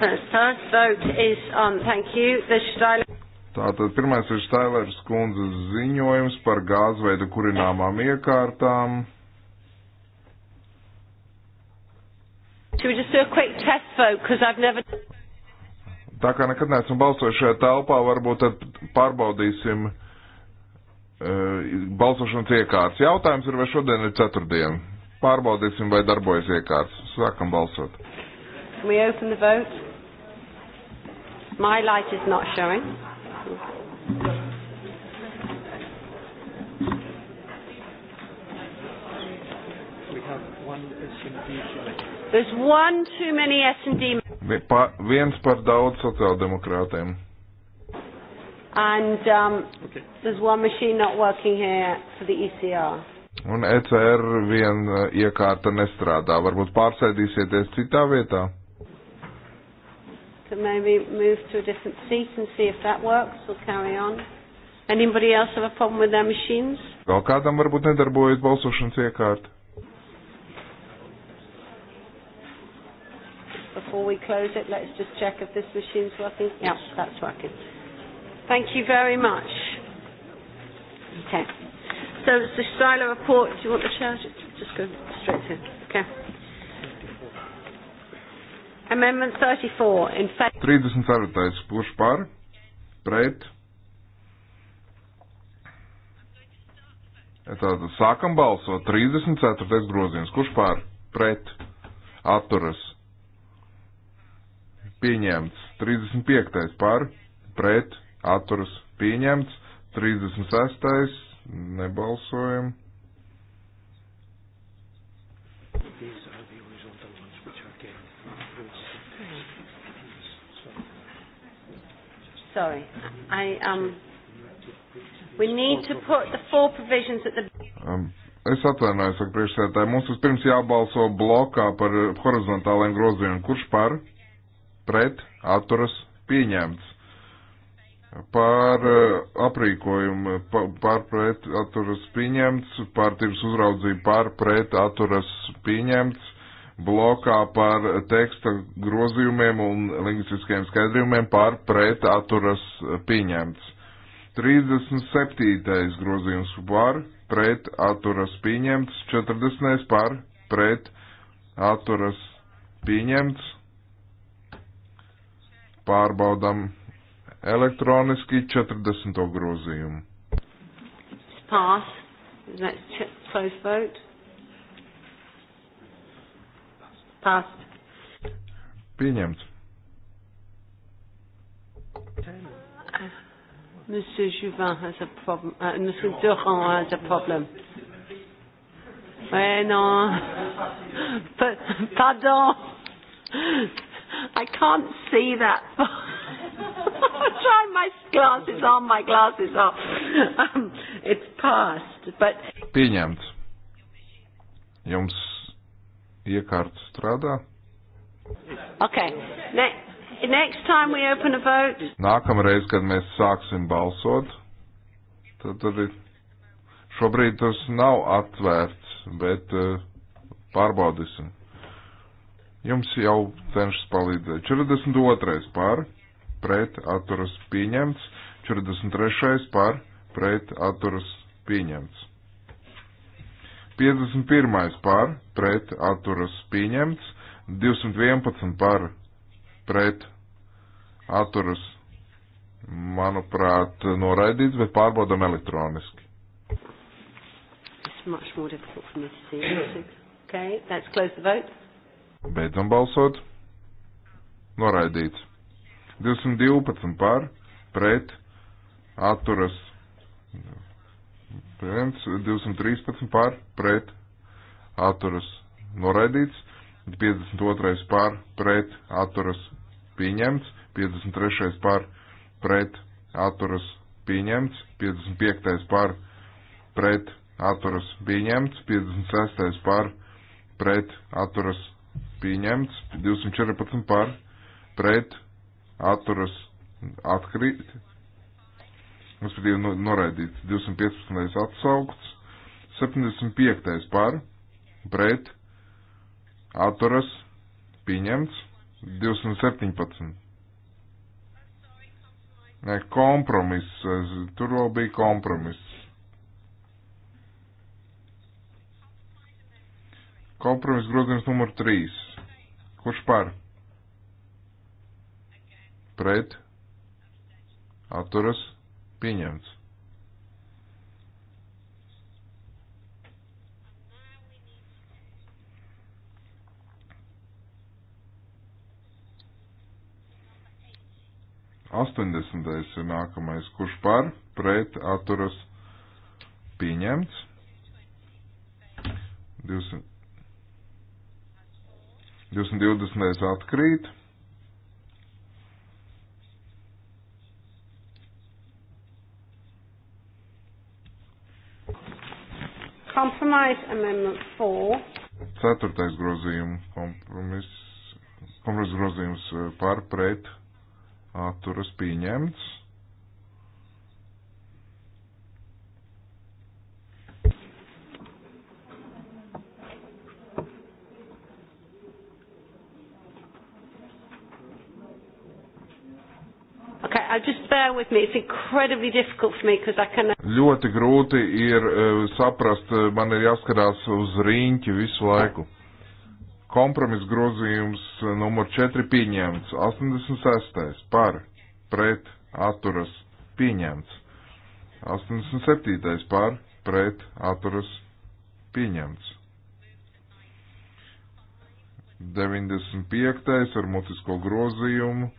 First vote is on. Thank you. The Style... Tātad pirmais ir Stailers kundzes ziņojums par gāzveidu kurināmām iekārtām. Tā kā nekad neesmu balsojuši šajā telpā, varbūt tad pārbaudīsim uh, balsošanas iekārtas. Jautājums ir, vai šodien ir ceturtdiena. Pārbaudīsim, vai darbojas iekārtas. Sākam balsot. We open the vote. My light is not showing. We have one SMD. There's one too many S&D. Pa, viens par daudz sociāldemokrātiem. And um, okay. there's one machine not working here for the ECR. Un ECR viena uh, iekārta nestrādā. Varbūt pārsēdīsieties citā vietā? Could maybe move to a different seat and see if that works. We'll carry on. Anybody else have a problem with their machines? Vēl kādam varbūt nedarbojas balsošanas iekārta? before we close it. Let's just check if this machine's working. Yeah, that's working. Thank you very much. Okay. So it's the Styler report. Do you want the chair? Just go straight in. Okay. Amendment 34 in fact. 34. Kurš par? Pret? Tātad sākam balsot. 34. grozījums. Kurš par? Pret? Atturas pieņemts. 35. par, pret, atturas pieņemts. 36. nebalsojam. Sorry, I um. We need to put the four provisions at the. Um. Es atvainojos, saka priekšsēdētāji, mums vispirms jābalso blokā par horizontāliem grozījumiem. Kurš par? pret atturas pieņemts. Par eh, aprīkojumu par pret atturas pieņemts, par tirgus uzraudzību par pret atturas pieņemts, blokā par teksta grozījumiem un lingvistiskiem skaidrījumiem par pret atturas pieņemts. 37. grozījums par pret atturas pieņemts, 40. par pret atturas pieņemts, pārbaudam elektroniski 40. grozījumu. Pass. Let's check, close vote. Pass. Pieņemts. Monsieur Juvin has a problem. Uh, Monsieur Durand has a problem. Ouais, non. [LAUGHS] Pardon. I can't see that. [LAUGHS] I'm trying my glasses on, my glasses off. Um, it's past, but. Pieņemts. Jums iekārta strādā? Okay. Ne next time we open a vote. Nākamreiz, kad mēs sāksim balsot, tad arī šobrīd tas nav atvērts, bet uh, pārbaudīsim. Jums jau cenšas palīdzēt. 42. par pret atturas pieņemts, 43. par pret atturas pieņemts. 51. par pret atturas pieņemts, 211 par pret atturas, manuprāt, noraidīts, bet pārbaudam elektroniski. It's much more difficult for me to see. [COUGHS] Okay, let's close the vote. Beidzam balsot. Noraidīts. 212 par, pret, atturas. 213 par, pret, atturas. Noraidīts. 52 par, pret, atturas. Pieņemts. 53 par, pret, atturas. Pieņemts. 55 par, pret, atturas. Pieņemts. 56 par, pret, atturas pieņemts, 214 par, pret, atturas, atkrīt, respektīvi noraidīts, 215 atsaukts, 75 par, pret, atturas, pieņemts, 217. Ne, kompromiss, tur vēl bija kompromiss. Kompromis grozījums numur 3. Kurš par? Pret. Atturas. Pieņemts. Astoņdesmitais ir nākamais, kurš par, pret, atturas, pieņemts. 200. 220. atkrīt. Compromise Amendment 4. Ceturtais grozījums kompromiss. Kompromiss grozījums eh, par pret atturas pieņemts. I just bear with me. It's incredibly difficult for me because I can. Uh, Ļoti grūti ir uh, saprast, uh, man ir jāskatās uz rīņķi visu laiku. Kompromis grozījums uh, numur 4 pieņemts, 86. par, pret, atturas, pieņemts. 87. par, pret, atturas, pieņemts. 95. ar mutisko grozījumu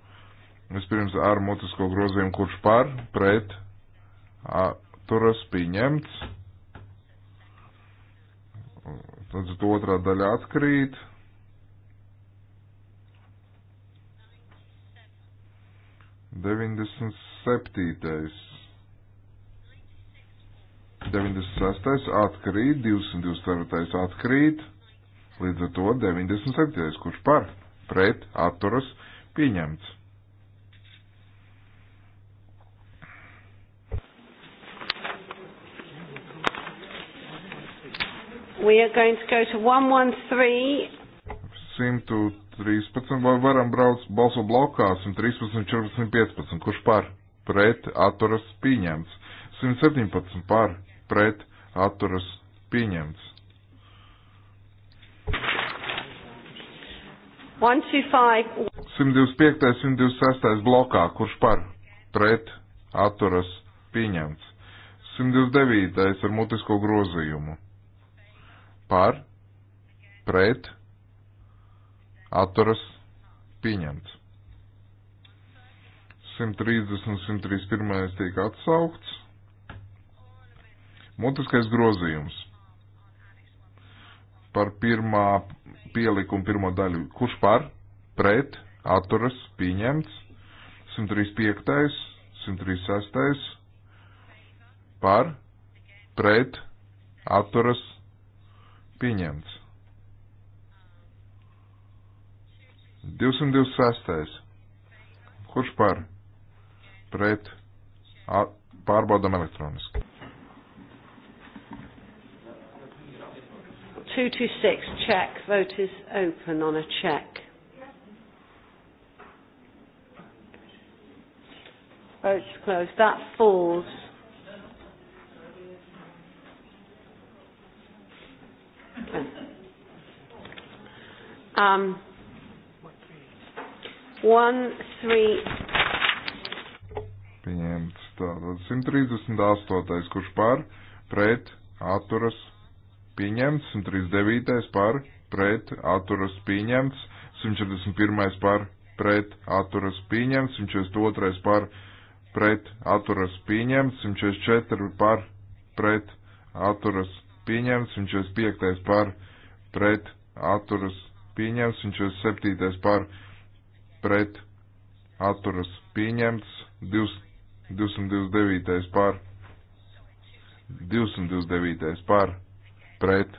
Vispirms ar mutisko grozījumu, kurš par, pret, turas pieņemts. Tad otrā daļa atkrīt. Deviņdesmit septītais. 96. atkrīt, 224. atkrīt, līdz ar to 97. kurš par, pret, atturas, pieņemts. We are going to go to 113. 113. Vai varam braukt balso blokā 113, 14, 15. Kurš par? Pret atturas pieņemts. 117 par. Pret atturas pieņemts. 125, 126 blokā, kurš par pret atturas pieņemts. 109 ar mutisko grozījumu par, pret, atturas, pieņemts. 130 un 131 tiek atsaukts. Mutiskais grozījums par pirmā pielikumu pirmo daļu. Kurš par, pret, atturas, pieņemts? 135, 136, par, pret, atturas, Pieņemts. 226. Kurš par? Pret. Pārbaudam elektroniski. 226 check. Vote is open on a check. Votes closed. That falls. Um, one, three. Pieņemts tātad 138. kurš par, pret, atturas, pieņemts, 139. par, pret, atturas, pieņemts, 141. par, pret, atturas, pieņemts, 142. par, pret, atturas, pieņemts, 144. par, pret, atturas, pieņemts pieņemts, 145. par pret atturas pieņemts, 147. par pret atturas pieņemts, 229. par 229. par pret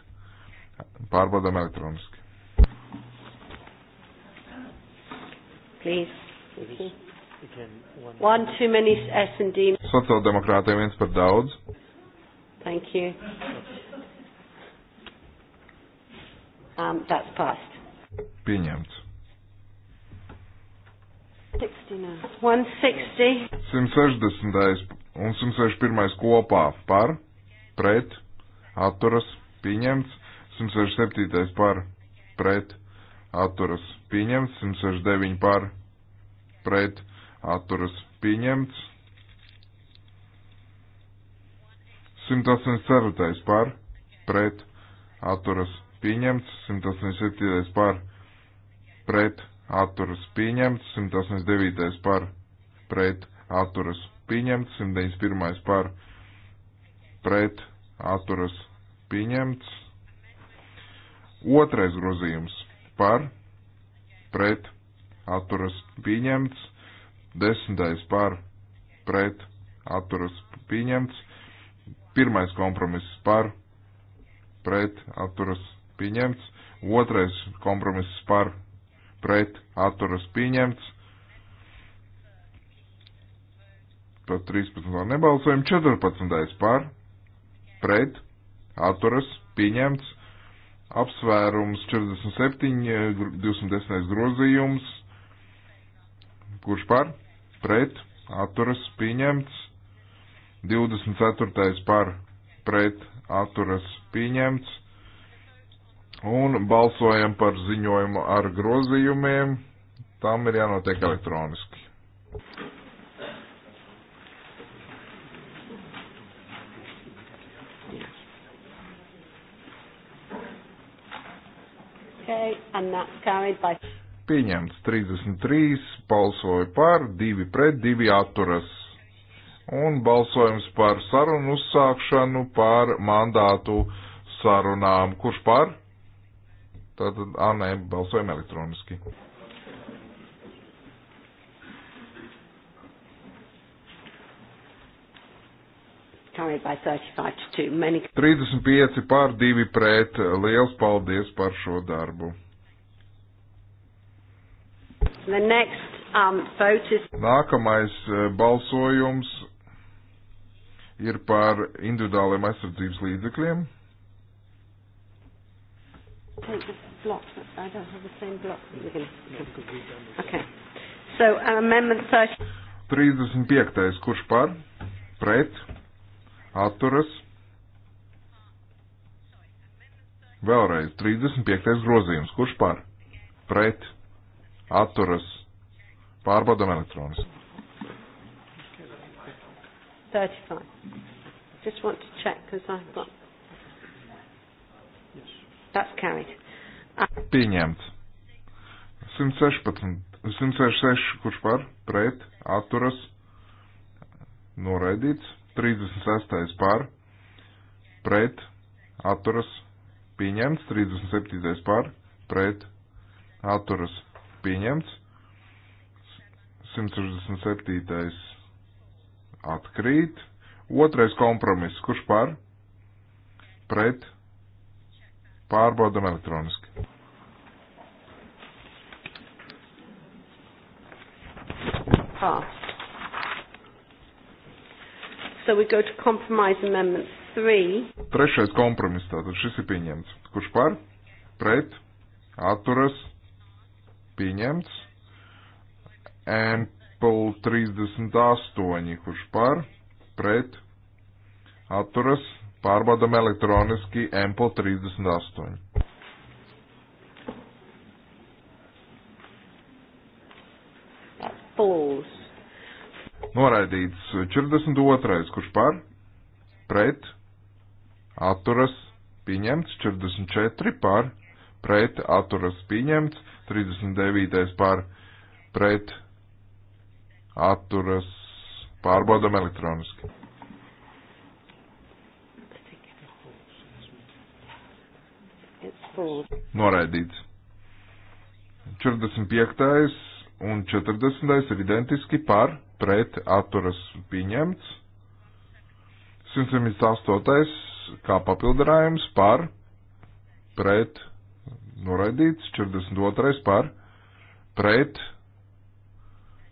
pārbaudām elektroniski. Please. One too many S&D. Sociāldemokrātiem viens par daudz. Thank you. Um, that's passed. Pieņemts. 160. 160. un 161. kopā par, pret, atturas, pieņemts. 167. par, pret, atturas, pieņemts. 169. par, pret, atturas, pieņemts. 184. par, pret, atturas, pieņemts, 187. par pret atturas pieņemts, 189. par pret atturas pieņemts, 191. par pret atturas pieņemts. Otrais grozījums par pret atturas pieņemts, desmitais par pret atturas pieņemts, pirmais kompromiss par pret atturas pieņemts. Otrais kompromiss par pret atturas pieņemts. Par 13. nebalsojam. 14. par pret atturas pieņemts. Apsvērums 47. 210. grozījums. Kurš par? Pret atturas pieņemts. 24. par pret atturas pieņemts. Un balsojam par ziņojumu ar grozījumiem. Tam ir jānotiek elektroniski. Okay, and that's carried by pieņemts 33, balsoja par, 2 pret, 2 atturas. Un balsojums par sarunu uzsākšanu, par mandātu sarunām. Kurš par? Tad, ā, nē, balsojam elektroniski. Carried by 35 to 2. Many... 35 pār 2 pret. Liels paldies par šo darbu. The next, um, vote is... Nākamais balsojums ir par individuāliem aizsardzības līdzekļiem take the block. I don't have the same block. Okay. So, uh, amendment 30. 35. Kurš par? Pret? Atturas? Vēlreiz. 35. grozījums. Kurš par? Pret? Atturas? Pārbaudam elektronis. 35. Just want to check because I've got That's carried. Pieņemts. 116. 166, kurš par, pret, atturas, noraidīts. 36. par, pret, atturas, pieņemts. 37. par, pret, atturas, pieņemts. 167. atkrīt. Otrais kompromiss, kurš par, pret, Pārbaudam elektroniski. Ah. So we go to compromise amendment 3. Trešais kompromiss, tātad šis ir pieņemts. Kurš par? Pret? Atturas? Pieņemts. Ample 38, kurš par? Pret? Atturas? Pārbaudam elektroniski MPO 38. Plus. Noraidīts 42. Kurš par? Pret. Atturas. Pieņemts 44 par. Pret. Atturas. Pieņemts 39. par. Pret. Atturas. Pārbaudam elektroniski. Noraidīts. 45. un 40. ir identiski par, pret, atturas pieņemts. 178. kā papildinājums par, pret, noraidīts. 42. par, pret,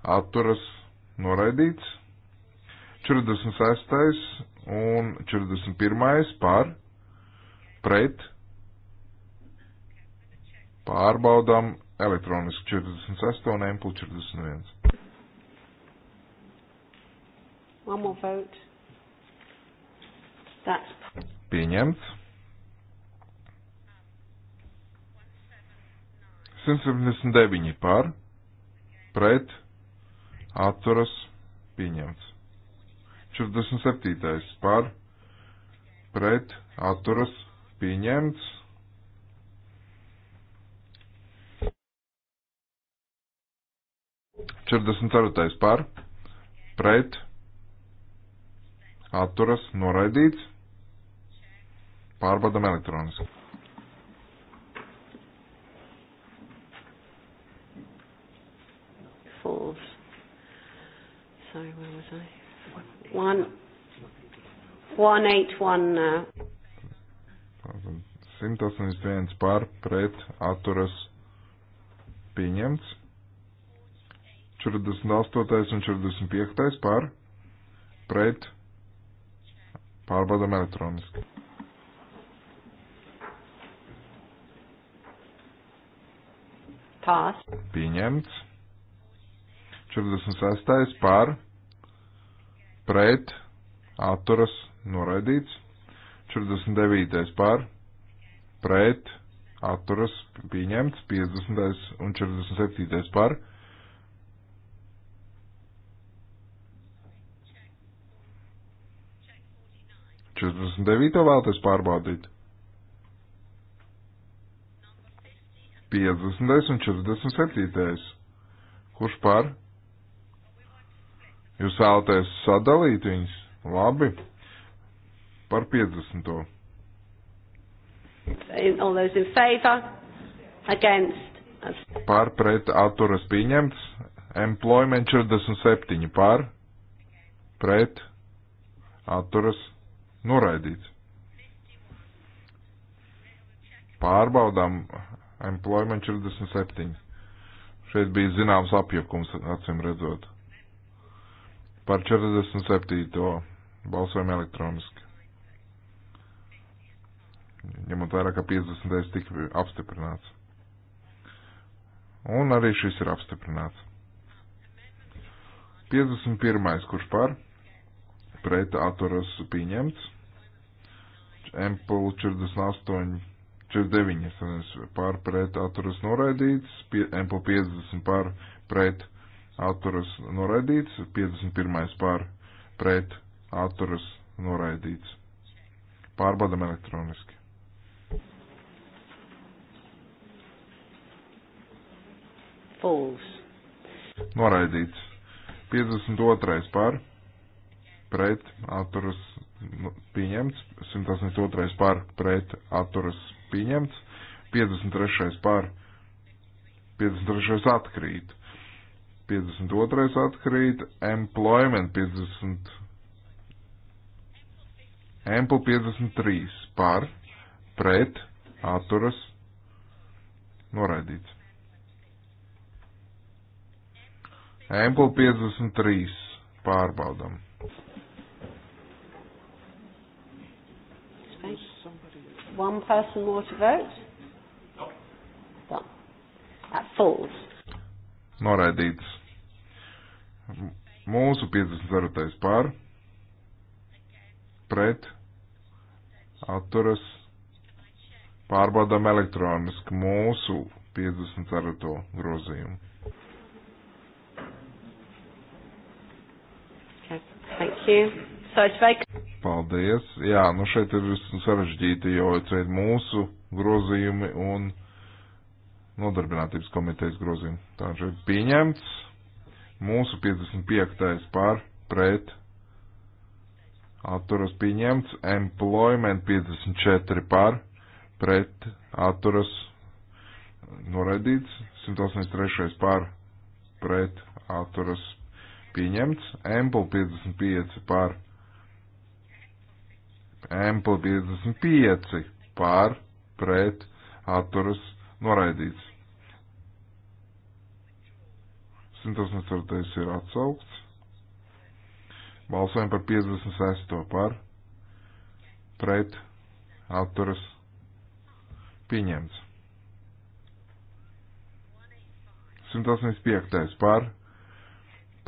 atturas noraidīts. 46. un 41. par, pret, Pārbaudām elektroniski 46 un MPL 41. One more vote. That's... Pieņemts. 179 par, pret, atturas, pieņemts. 47 par, pret, atturas, pieņemts. 44. par, pret, atturas, noraidīts. Pārbaudam elektroniski. False. Sorry, where was I? One. 181. Uh. 181 pār pret atturas pieņemts. 48. un 45. par pret pārbaudam elektroniski. Tās. Pieņemts. 46. par pret atturas noraidīts. 49. par pret atturas pieņemts. 50. un 47. par pret 49. vēlties pārbaudīt. 50. un 47. Kurš par? Jūs vēlaties sadalīt viņus? Labi. Par 50. All those in favor, against. Par pret atturas pieņemts. Employment 47. Par pret atturas pieņemts Noraidīts. Pārbaudām employment 47. Šeit bija zināms apjukums, acīm redzot. Par 47. balsojam elektroniski. Ņemot vērā, ka 50. tika apstiprināts. Un arī šis ir apstiprināts. 51. kurš par? pret atturas pieņemts. Empul 48, 49 par pret atturas noraidīts, Empul 50 par pret atturas noraidīts, 51 par pret atturas noraidīts. Pārbaudam elektroniski. False. Noraidīts. 52. par pret atturas pieņemts, 182. par pret atturas pieņemts, 53. par 53. atkrīt, 52. atkrīt, employment 50. Ample 53 par, pret, atturas, noraidīts. Ample 53 pārbaudam. One person more to vote? No. Done. That falls. Noraidīts. Mūsu 54. pār. Pret. Atturas. Pārbaudām elektroniski mūsu 54. grozījumu. Okay. Thank you. So it's vacant. Paldies. Jā, nu šeit ir sarežģīti, jo šeit mūsu grozījumi un nodarbinātības komitejas grozījumi. Tā šeit pieņemts. Mūsu 55. par pret atturas pieņemts. Employment 54 par pret atturas noraidīts. 183. par pret atturas pieņemts. Empl 55 par pret Ample 55 pār pret atturas noraidīts. 184. ir atsaukts. Balsojam par 56. par pret atturas pieņemts. 185. par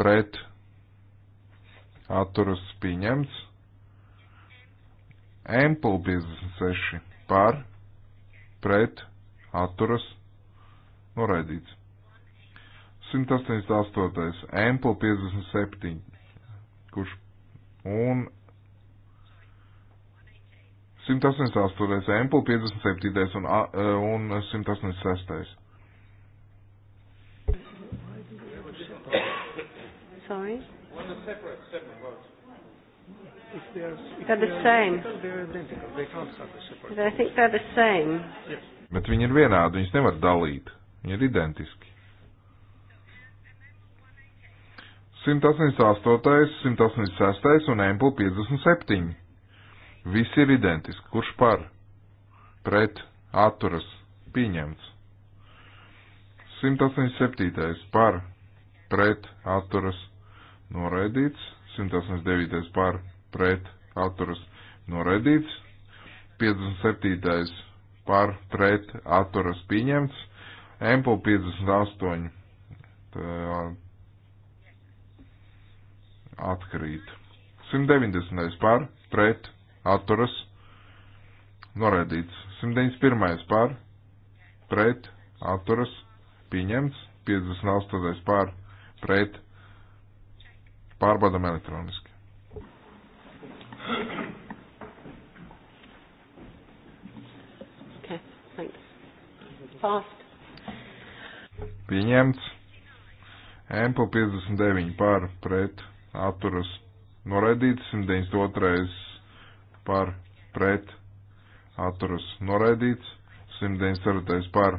pret atturas pieņemts. Ample 56 par, pret, atturas, noraidīts. 188. Ample 57, kurš un 188. Ample 57. un, un 186. Sorry? One is separate, separate if they are, if they're the same. They're identical. They can't have a separate. I think they're the same. Yes. Bet viņi ir vienādi, viņus nevar dalīt. Viņi ir identiski. 188, 186 un Empul 57. Visi ir identiski. Kurš par? Pret, atturas, pieņemts. 187. par, pret, atturas, noraidīts. 189. par, pret atturas noraidīts, 57. par pret atturas pieņemts, MPL 58 tā, atkrīt. 190. par pret atturas noraidīts, 191. par pret atturas pieņemts, 58. par pret pārbaudam elektroniski. past. Pieņemts. Empu 59 par pret atturas. Noraidīts 192 par pret atturas. Noraidīts 194 par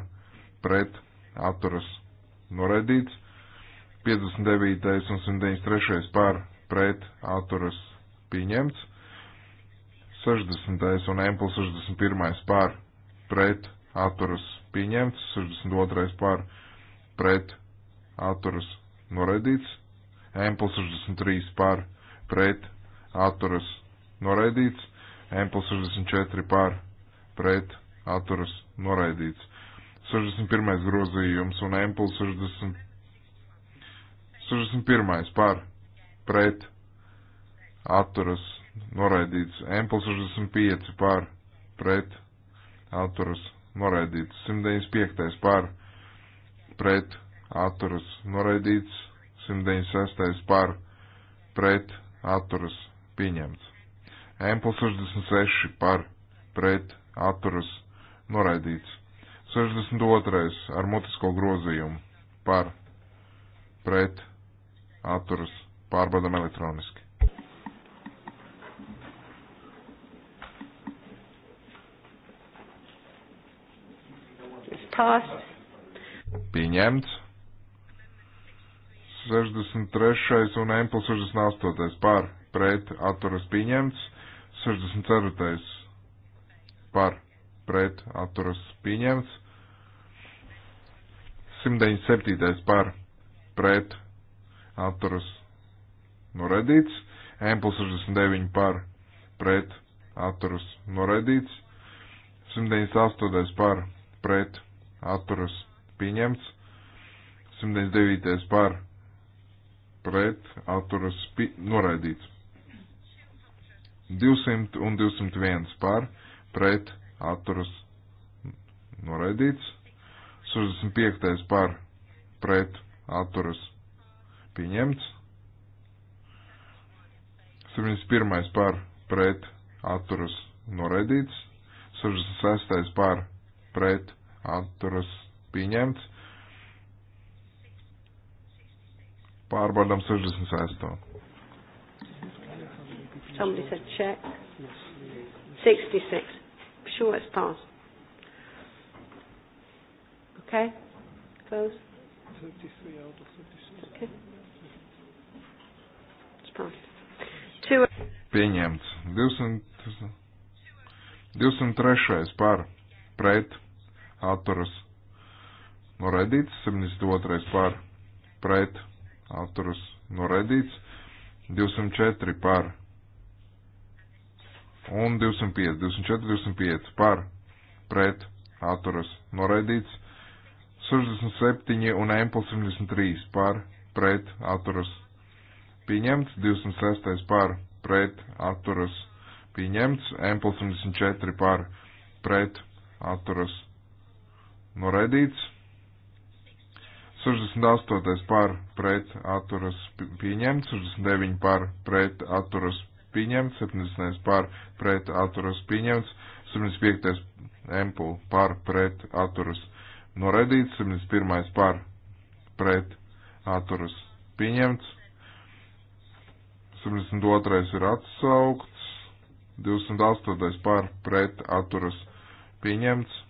pret atturas. Noraidīts 59 un 193 par pret atturas. Pieņemts. 60. un Empel 61. pār pret atturas pieņemts, 62. par pret atturas noraidīts, Ample 63 par pret atturas noraidīts, Ample 64 par pret atturas noraidīts. 61. grozījums un Ample 60. 61. par pret atturas noraidīts, Ample 65 par pret atturas noraidīts. 195. par pret atturas noraidīts. 196. par pret atturas pieņemts. Empl 66 par pret atturas noraidīts. 62. ar mutisko grozījumu par pret atturas pārbaudam elektroniski. Passed. Pieņemts. 63. un M plus 68. par pret atturas pieņemts. 64. par pret atturas pieņemts. 197. par pret atturas noredīts. M plus 69. par pret atturas noredīts. 198. par pret atturas pieņemts. 109. par pret atturas pi noraidīts. 200 un 201 par pret atturas noraidīts. 65. par pret atturas pieņemts. 71. par pret atturas noraidīts. 66. par pret atturas pieņemts. Pārbaudām 66. Somebody said check. 66. I'm sure it's passed. Okay. Close. 33 out of 36. Okay. It's passed. Two. Pieņemts. 200. 203. par pret atturas noraidīts, 72. par pret atturas noraidīts, 204 par un 205, 204, 205 par pret atturas noraidīts, 67 un Empel 73 par pret atturas pieņemts, 206 par pret atturas pieņemts, Empel 74 par pret atturas pieņemts noraidīts. 68. par pret atturas pieņemts, 69. par pret atturas pieņemts, 70. par pret atturas pieņemts, 75. empul par pret atturas noraidīts, 71. par pret atturas pieņemts, 72. ir atsaukts, 208. par pret atturas pieņemts,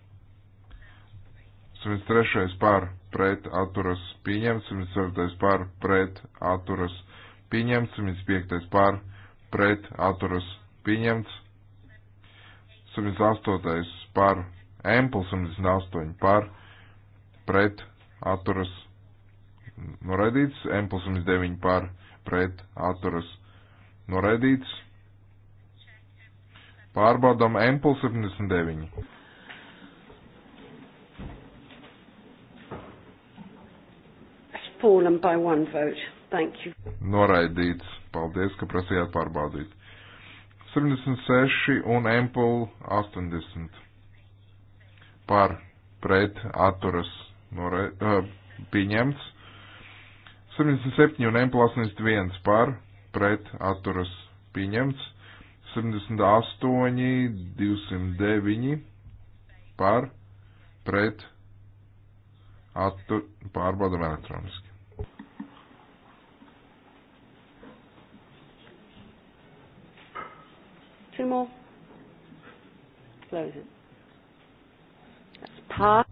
103. par pret atturas pieņemts, 104. par pret atturas pieņemts, 105. par pret atturas pieņemts, 108. par Ample 78 par pret atturas noraidīts, Ample 79 par pret atturas noraidīts. Pārbaudām Ample 79. fallen by one vote. Thank you. Noraidīts. Paldies, ka prasījāt pārbaudīt. 76 un Ample 80. Par pret atturas norai, uh, pieņemts. 77 un Ample 81 par pret atturas pieņemts. 78, 209 par pret attur, pārbaudam elektroniski. Two more. Close it. That's par.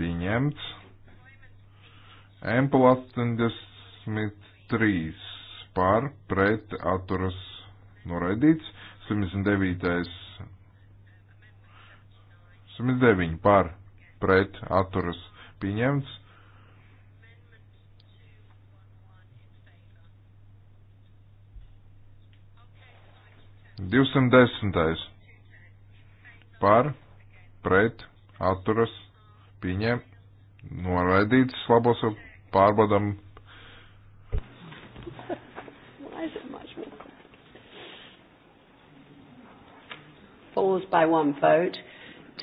Pieņemts. Ample 83 par pret atturas noraidīts. 109. 109 par pret atturas pieņemts. 210. par, pret, atturas, pieņem, noraidīts, labos pārbaudam. Falls by one vote.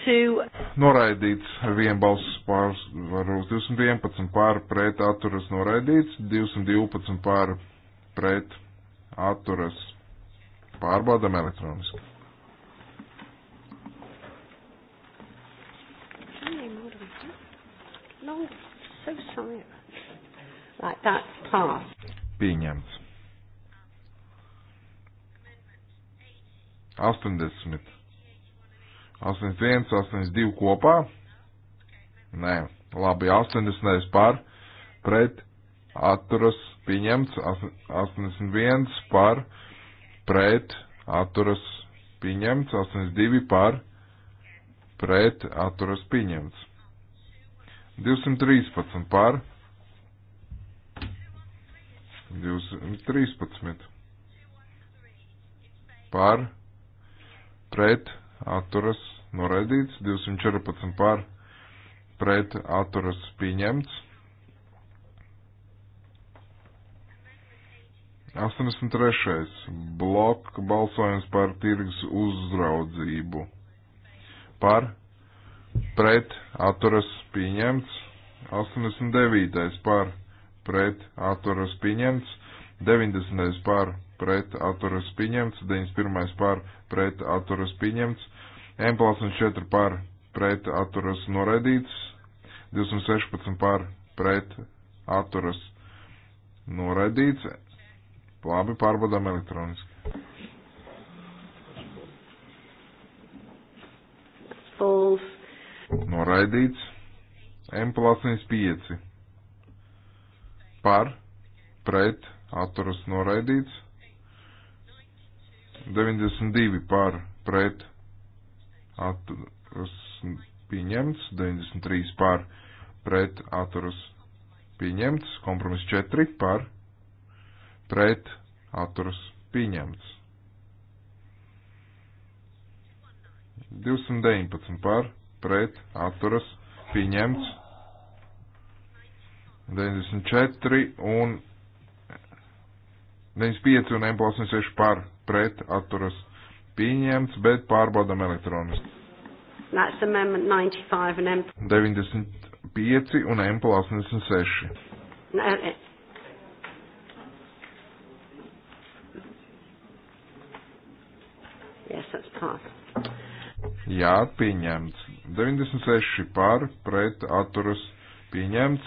Two. Noraidīts vienbalss pārsvaru uz 211 pār pret atturas noraidīts, 212 pār pret atturas Pārbaudam elektroniski. Pieņemts. 80. 81, 82 kopā. Nē, labi, 80 par, pret, atturas, pieņemts, 81 par, pret pret, atturas pieņemts, 82 par, pret, atturas pieņemts. 213 par, 213 par, pret, atturas noraidīts, 214 par, pret, atturas pieņemts, 83. blok balsojums par tirgus uzraudzību. Par pret atturas pieņemts. 89. par pret atturas pieņemts. 90. par pret atturas pieņemts. 91. par pret atturas pieņemts. M plus 4 par pret atturas noraidīts. 216 par pret atturas noraidīts. Labi, pārbaudām elektroniski. False. Noraidīts. M plasnīs 5. Par, pret, atturas noraidīts. 92 par, pret, atturas pieņemts. 93 par, pret, atturas pieņemts. Kompromiss 4 par, pret atturas pieņemts. 219 par pret atturas pieņemts. 94 un 95 un M86 par pret atturas pieņemts, bet pārbaudam elektroniski. 95 un M85 un M86. That's passed. Jā, pieņemts. 96 par, pret, atturas, pieņemts.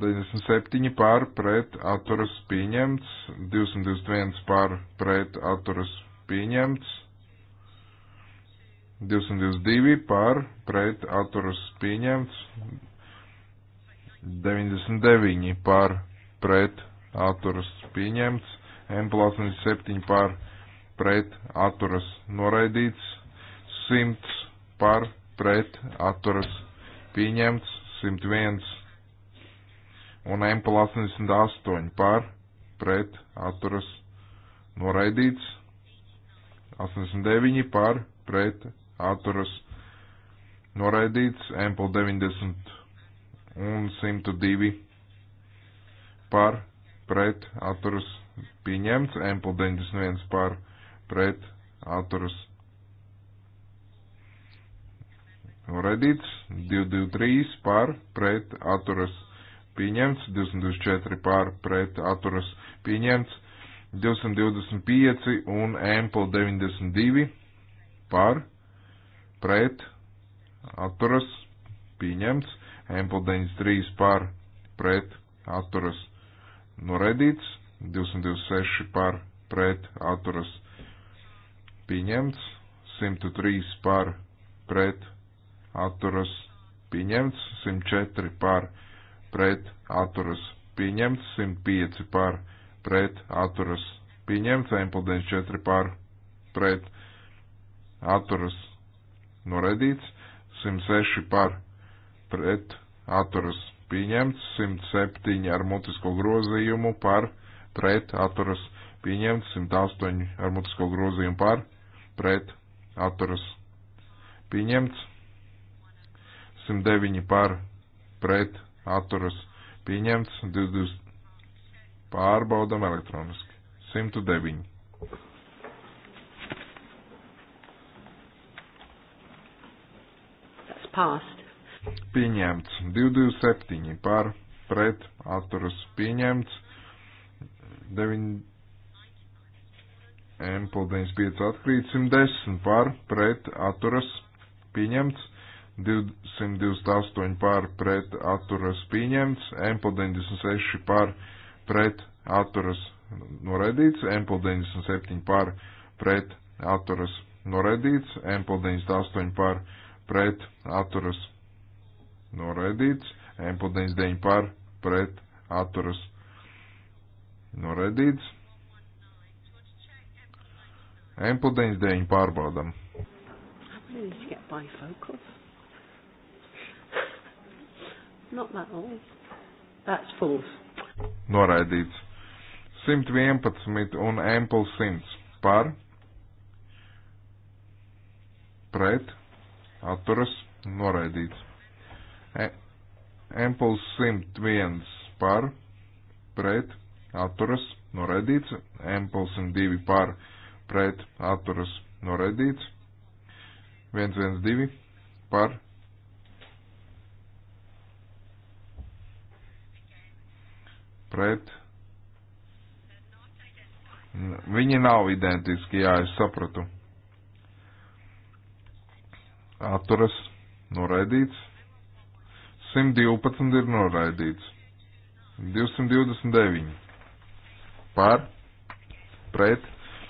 97 par, pret, atturas, pieņemts. 221 par, pret, atturas, pieņemts. 222 par, pret, atturas, pieņemts. 99 par, pret, atturas, pieņemts. M plus 7 par, pret pret atturas noraidīts, 100 par pret atturas pieņemts, 101 un MPL 88 par pret atturas noraidīts, 89 par pret atturas noraidīts, MPL 90 un 102 par pret atturas pieņemts, MPL 91 par pret pret atturas noraidīts, 223 par pret atturas pieņemts, 224 par pret atturas pieņemts, 225 un Ample 92 par pret atturas pieņemts, Ample 93 par pret atturas noraidīts, 226 par pret atturas pieņemts pieņemts, 103 par pret atturas pieņemts, 104 par pret atturas pieņemts, 105 par pret atturas pieņemts, Empldens 4 par pret atturas noredīts, 106 par pret atturas pieņemts, 107 ar mutisko grozījumu par pret atturas pieņemts, 108 ar mutisko grozījumu par pret atturas pieņemts. 109 par pret atturas pieņemts. 22 pārbaudam elektroniski. 109. Past. Pieņemts 227 par pret atturas pieņemts 9. M95 atkrīt 110 par pret atturas pieņemts, 228 par pret atturas pieņemts, M96 par pret atturas noraidīts, M97 par pret atturas noraidīts, M98 par pret atturas noraidīts, M99 par pret atturas noraidīts. MP99 pārbaudam. Noraidīts. 111 un Ample 100 par, pret, atturas, noraidīts. E Ample 101 par, pret, atturas, noraidīts. Ample 102 par, pret pret atturas noraidīts. 112 par pret. Viņi nav identiski, jā, es sapratu. Atturas noraidīts. 112 ir noraidīts. 229 par pret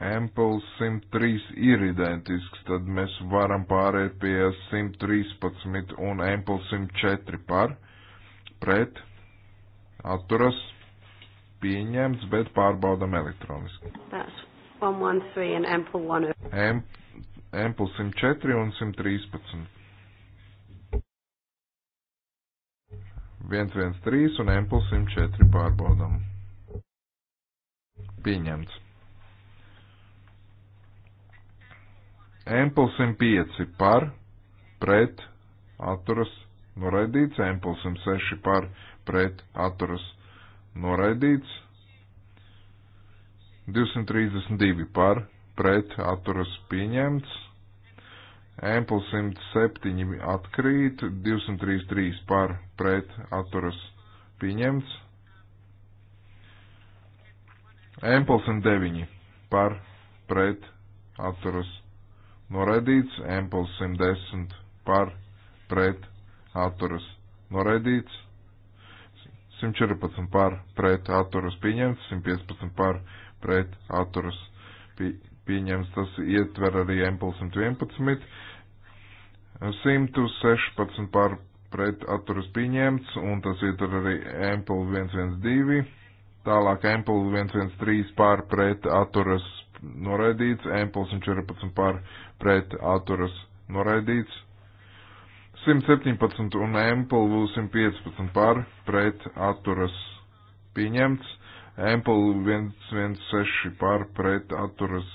Ampuls 103 ir identisks, tad mēs varam pārēt pie 113 un Ampuls 104 par, pret, atturas, pieņemts, bet pārbaudam elektroniski. Ampuls 104 un 113. 113 un Ampuls 104 pārbaudam. Pieņemts. Ample 105 par, pret, atturas, noraidīts. Ample 106 par, pret, atturas, noraidīts. 232 par, pret, atturas, pieņemts. Ample 107 atkrīt, 233 par, pret, atturas, pieņemts. Ample 109 par, pret, atturas, pieņemts noraidīts, Ampuls 110 par pret atturas noraidīts, 114 par pret atturas pieņemts, 115 par pret atturas pieņemts, tas ietver arī Ampuls 111, 116 par pret atturas pieņemts, un tas ietver arī Ampuls 112, tālāk Ampuls 113 par pret atturas noraidīts, Ampuls 14 par pret atturas noraidīts, 117 un Ampul 115 par pret atturas pieņemts, Ampul 116 par pret atturas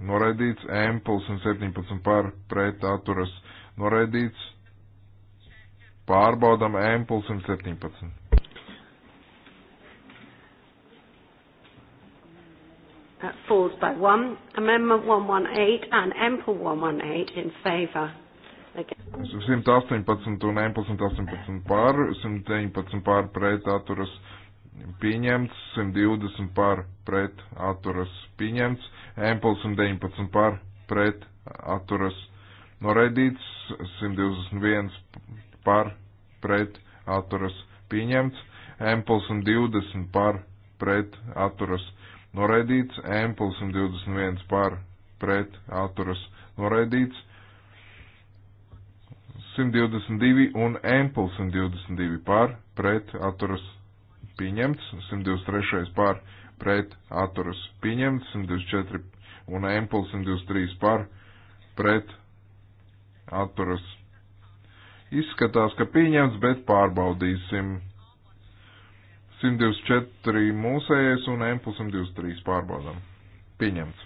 noraidīts, Ampul 117 par pret atturas noraidīts, pārbaudam Ampul 117. Uh, falls by one. Amendment 118 and MPL 118 in favour. 118 un MPL 118 pār, 119 pār pret atturas pieņemts, 120 pār pret atturas pieņemts, MPL 119 pār pret atturas noraidīts, 121 pār pret atturas pieņemts, MPL 120 pār pret atturas pieņemts noraidīts, M plus 121 par pret atturas noraidīts, 122 un M plus 122 par pret atturas pieņemts, 123 par pret atturas pieņemts, 124 un M plus 123 par pret atturas. Izskatās, ka pieņemts, bet pārbaudīsim. 124 mūsējais un M plus 123 pārbaudām. Pieņemts.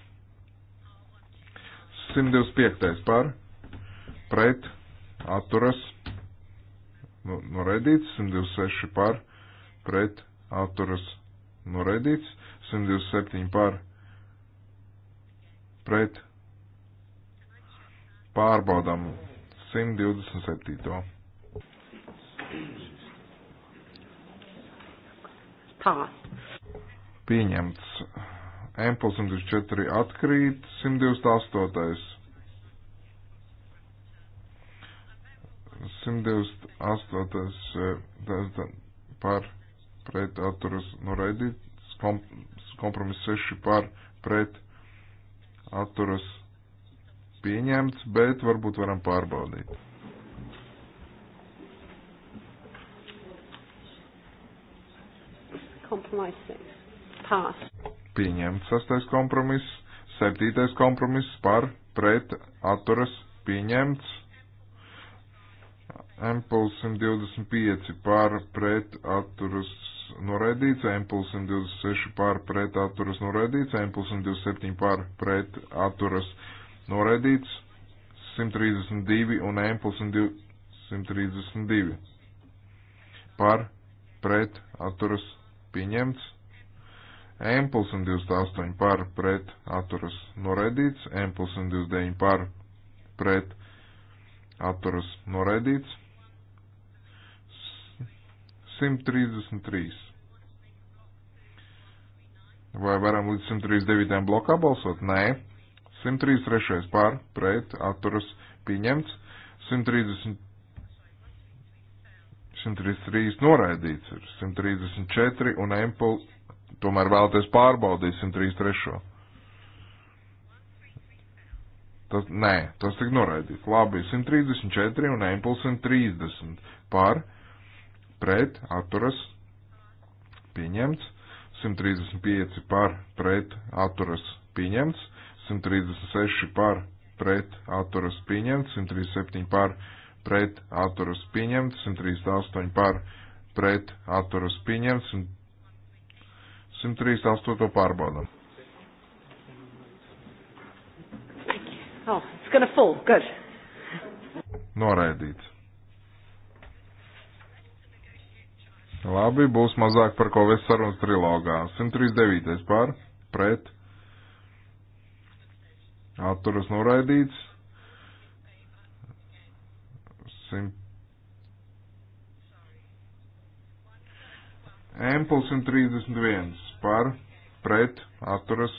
125 nu, par, pret, atturas, noraidīts, 126 par, pret, atturas, noraidīts, 127 par, pret, pārbaudām 127 passed. Pieņemts. Ample 104 atkrīt, 128. 128. Eh, par pret atturas noraidīts, nu, kompromiss 6 par pret atturas pieņemts, bet varbūt varam pārbaudīt. Compromise 6. Pass. Pieņemts sastais kompromiss, septītais kompromiss par pret atturas pieņemts. Ampuls 125 par pret atturas noraidīts, Ampuls 126 par pret atturas noraidīts, Ampuls 127 par pret atturas noraidīts, 132 un Ampuls 132 par pret atturas pieņemts. M plus 28 par pret atturas noraidīts, M plus 29 par pret atturas noraidīts, 133. Vai varam līdz 139 blokā balsot? Nē. 133 par pret atturas pieņemts, 130 133 noraidīts, ir 134 un Empel tomēr vēlaties pārbaudīt 133. Tas, nē, tas tik noraidīts. Labi, 134 un Empel 130 par, pret, atturas, pieņemts, 135 par, pret, atturas, pieņemts, 136 par, pret, atturas, pieņemts, 137 par, pret, pret atturas pieņemts, 138 par pret atturas pieņemts, 138 pārbaudam. Oh, it's gonna fall. Good. Noraidīts. Labi, būs mazāk par ko vēl sarunas trilogā. 139. pār, pret, atturas noraidīts, Empuls 131 par pret atturas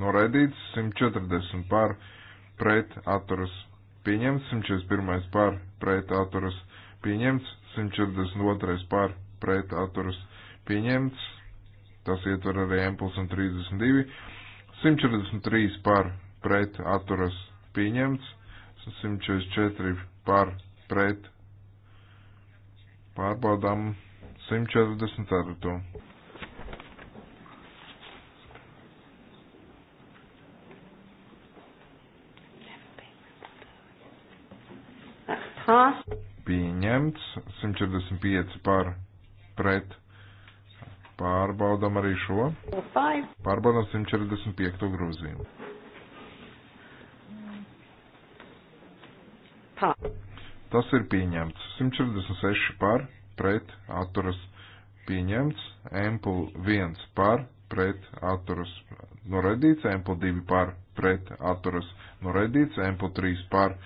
noraidīts, 140 par pret atturas pieņemts, 141 par pret atturas pieņemts, 142 par pret atturas pieņemts, tas ietver arī Empuls 132, 143 par pret atturas pieņemts, 144 par pret pārbaudām 144. Pieņemts 145 par pret. Pārbaudam arī šo. Pārbaudam 145 grozījumu. Tas ir pieņemts. 146 par, pret, atturas pieņemts. Empul 1 par, pret, atturas noraidīts. Empul 2 par, pret, atturas noraidīts. Empul 3 par,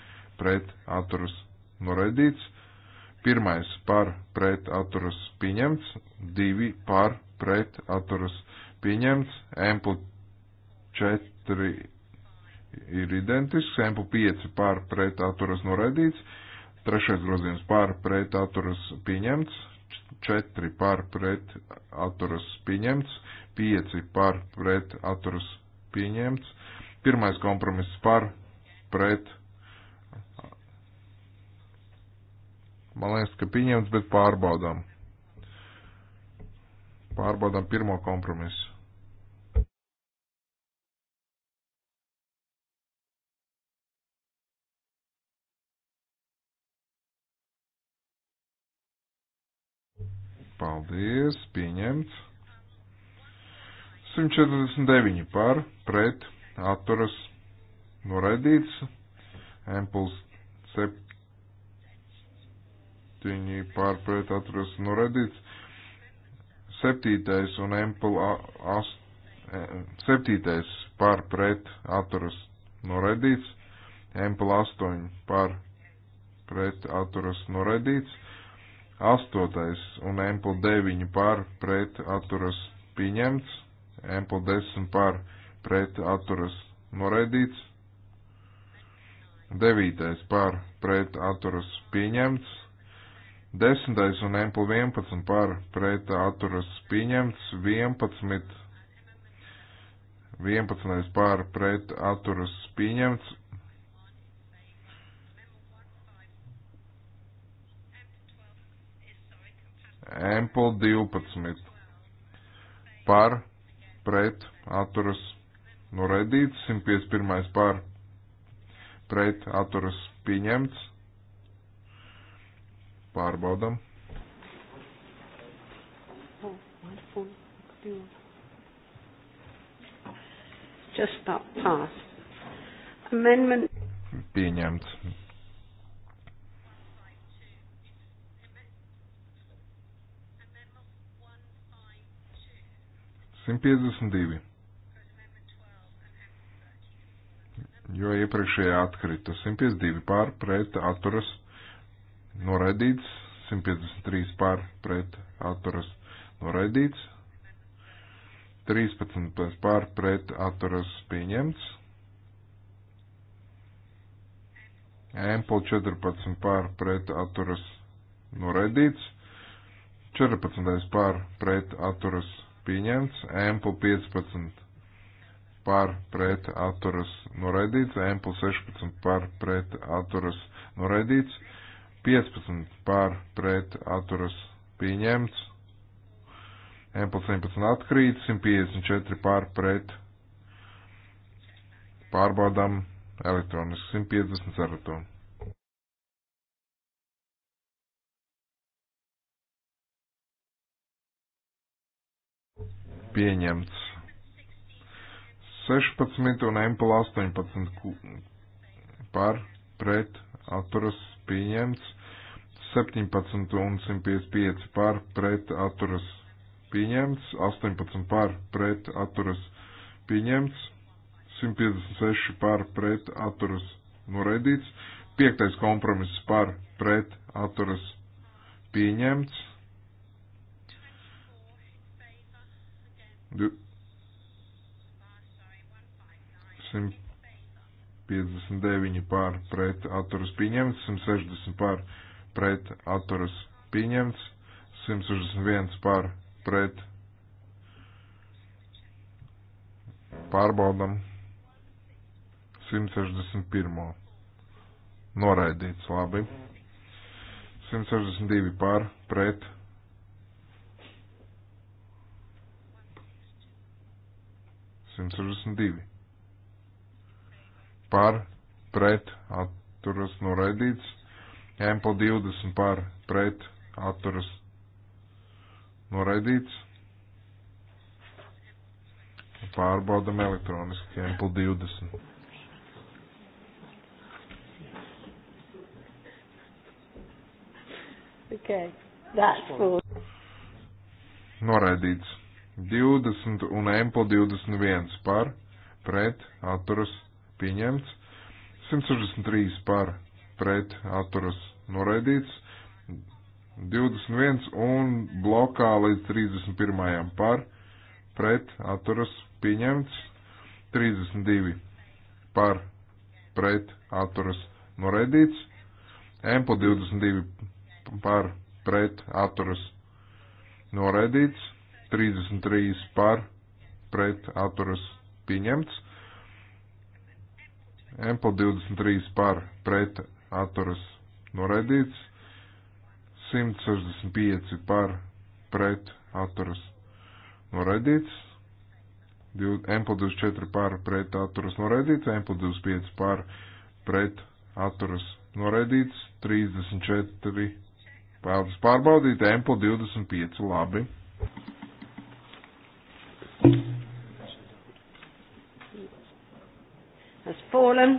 pret, atturas noraidīts. Pirmais par, pret, atturas pieņemts. Divi par, pret, atturas pieņemts. Empul 4 ir identisks, MP5 pār pret atturas noraidīts, Trešais grozījums par pret atturas pieņemts, 4 par pret atturas pieņemts, 5 par pret atturas pieņemts, pirmais kompromiss par pret. Man liekas, ka pieņemts, bet pārbaudām. Pārbaudām pirmo kompromisu. Paldies, pieņemts. 149 par, pret, atturas, noraidīts. Empuls 7 par, pret, atturas, noraidīts. 7 un Empul 7 e, par, pret, atturas, noraidīts. Empul 8 par, pret, atturas, noraidīts. 8. un Empel 9 par pret atturas pieņemts, Empel 10 par pret atturas noraidīts, 9. par pret atturas pieņemts, 10. un Empel 11 par pret atturas pieņemts, 11. 11. pār pret atturas pieņemts, Ample 12 par pret atturas noraidīts, nu, 151 par pret atturas pieņemts. Pārbaudam. Just not passed. Amendment. Pieņemts. 152. Jo iepriekšējā atkrita 152 pār pret atturas noraidīts, 153 pār pret atturas noraidīts, 13 pār pret atturas pieņemts, Ample 14 pār pret atturas noraidīts, 14 pār pret atturas pieņemts, MPU 15 par pret atturas noraidīts, MPU 16 par pret atturas noraidīts, 15 par pret atturas pieņemts, MPU 17 atkrīt, 154 par pret pārbaudām elektroniski 150 ceratonu. pieņemts. 16 un MPL 18 par pret atturas pieņemts. 17 un 155 par pret atturas pieņemts. 18 par pret atturas pieņemts. 156 par pret atturas noraidīts. 5. kompromiss par pret atturas pieņemts. 159 pār pret atturas pieņemts, 160 pār pret atturas pieņemts, 161 pār pret pārbaudam 161. Noraidīts labi. 162 pār pret atturas pieņemts. 162. Par, pret, atturas noraidīts. Ample 20 par, pret, atturas noraidīts. Pārbaudam elektroniski Ample 20. Okay. That's cool. Noraidīts. 20 un Empel 21 par, pret, atturas, pieņemts, 163 par, pret, atturas, noraidīts, 21 un blokā līdz 31 par, pret, atturas, pieņemts, 32 par, pret, atturas, noraidīts, Empel 22 par, pret, atturas, noraidīts, 33 par pret atturas pieņemts. Empel 23 par pret atturas noraidīts. 165 par pret atturas noraidīts. Empel 24 par pret atturas noraidīts. Empel 25 par pret atturas noraidīts. 34 pārbaudīt. Empel 25 labi. Uz Polen.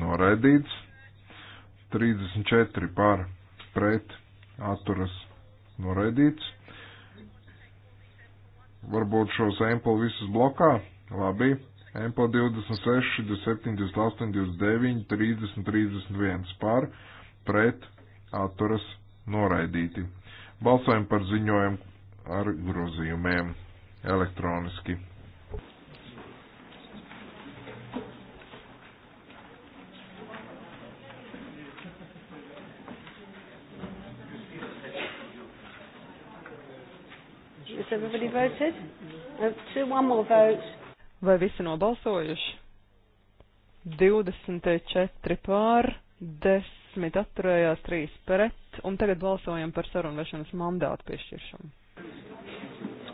Noraidīts. 34 par pret atturas noraidīts. Varbūt šos emplu visus blokā? Labi. Emplu 26, 27, 28, 29, 30, 31 par pret atturas noraidīti. Balsojam par ziņojumu ar grozījumiem elektroniski. Uh, Vai visi nobalsojuši? 24 pār, 10 atturējās, 3 pret, un tagad balsojam par sarunvešanas mandātu piešķiršanu.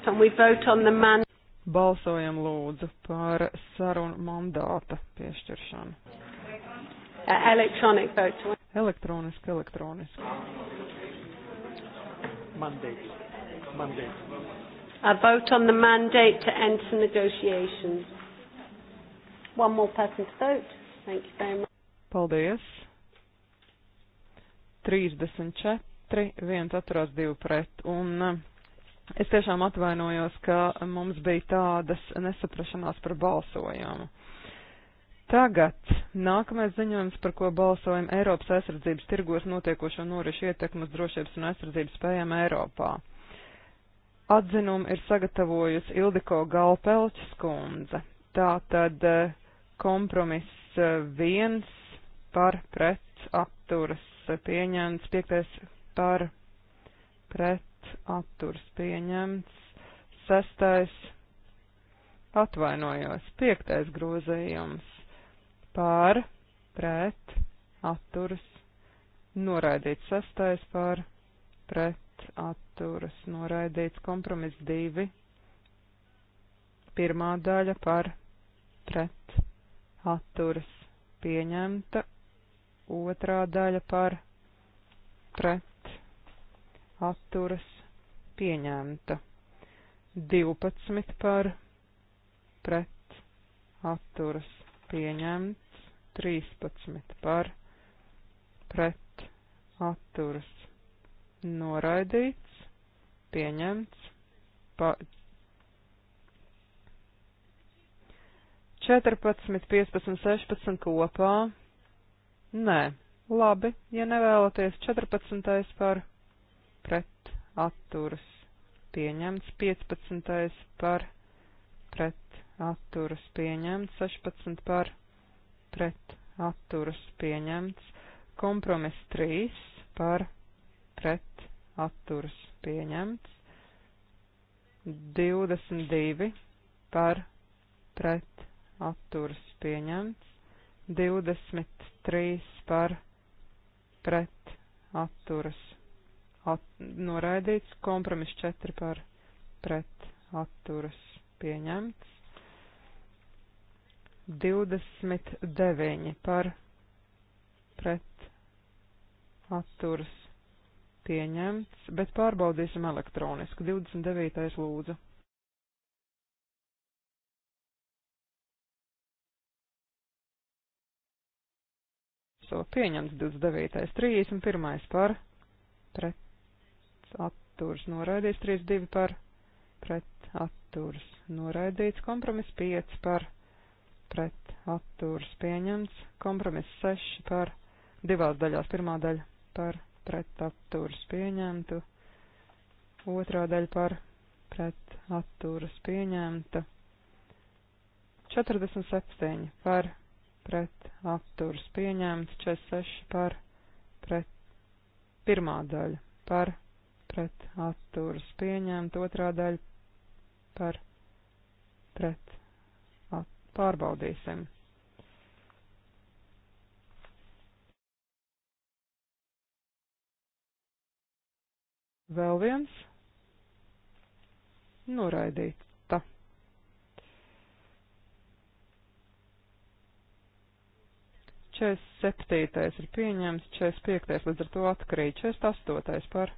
Can we vote on the man? Balsojam lūdzu par sarunu mandāta piešķiršanu. E, electronic vote. Elektroniski, elektroniski. Mandate. Mandate. A vote on the mandate to enter negotiations. One more person to vote. Thank you very much. Paldies. 34, viens atturās divu pret un Es tiešām atvainojos, ka mums bija tādas nesaprašanās par balsojumu. Tagad nākamais ziņojums, par ko balsojam Eiropas aizsardzības tirgos notiekošo norišu ietekmu uz drošības un aizsardzības spējām Eiropā. Atzinumu ir sagatavojusi Ildiko Galpelčs kundze. Tātad eh, kompromiss eh, viens par pret apturas eh, pieņemts, piektais par pret pret atturs pieņemts. Sestais atvainojos, piektais grozījums pār, pret, atturas, noraidīts sastais pār, pret, atturas, noraidīts kompromiss divi, pirmā daļa par, pret, atturas, pieņemta, otrā daļa par, pret, atturas pieņemta. 12 par pret atturas pieņemts, 13 par pret atturas noraidīts, pieņemts, pa 14, 15, 16 kopā. Nē, labi, ja nevēlaties 14. par pret atturas pieņemts, 15. par pret atturas pieņemts, 16. par pret atturas pieņemts, kompromiss 3 par pret atturas pieņemts, 22 par pret atturas pieņemts, 23 par pret atturas at, noraidīts, kompromiss 4 par pret atturas pieņemts, 29 par pret atturas pieņemts, bet pārbaudīsim elektroniski. 29. lūdzu. So, pieņemts 29. 31. par pret atturas noraidīts, 32 par pret atturas noraidīts, kompromiss 5 par pret atturas pieņemts, kompromiss 6 par divās daļās, pirmā daļa par pret atturas pieņemtu, otrā daļa par pret atturas pieņemta, 47 par pret atturas pieņemts, 46 par pret pirmā daļa par pret pret atturas pieņemt, otrā daļa par pret at, pārbaudīsim. Vēl viens noraidīta. Čes septītais ir pieņemts, čes piektais līdz ar to atkrīt, čes astotais par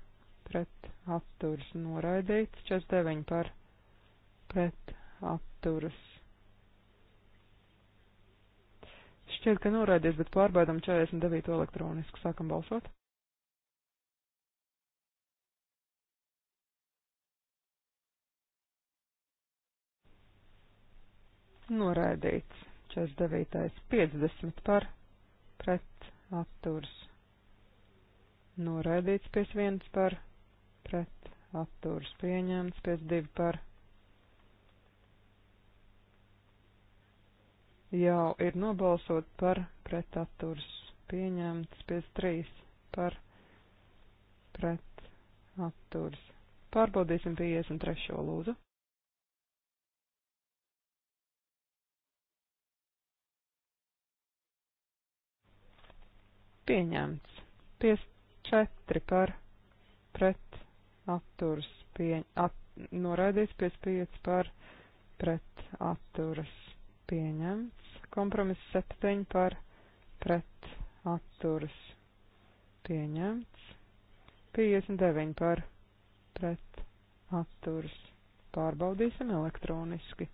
pret atturas noraidīts, 49 par pret atturas. Šķiet, ka noraidies, bet pārbaidam 49 elektroniski. Sākam balsot. Noraidīts 49. 50 par pret atturas. Noraidīts 51 par pret pret atturas pieņemts, 52 par. Jau ir nobalsot par pret atturas pieņemts, 53 par pret atturas. Pārbaudīsim 53. lūdzu. Pieņemts. 54 par pret atturas pieņ, at, noraidīts 55 par pret atturas pieņemts, kompromiss 7 par pret atturas pieņemts, 59 par pret atturas pārbaudīsim elektroniski.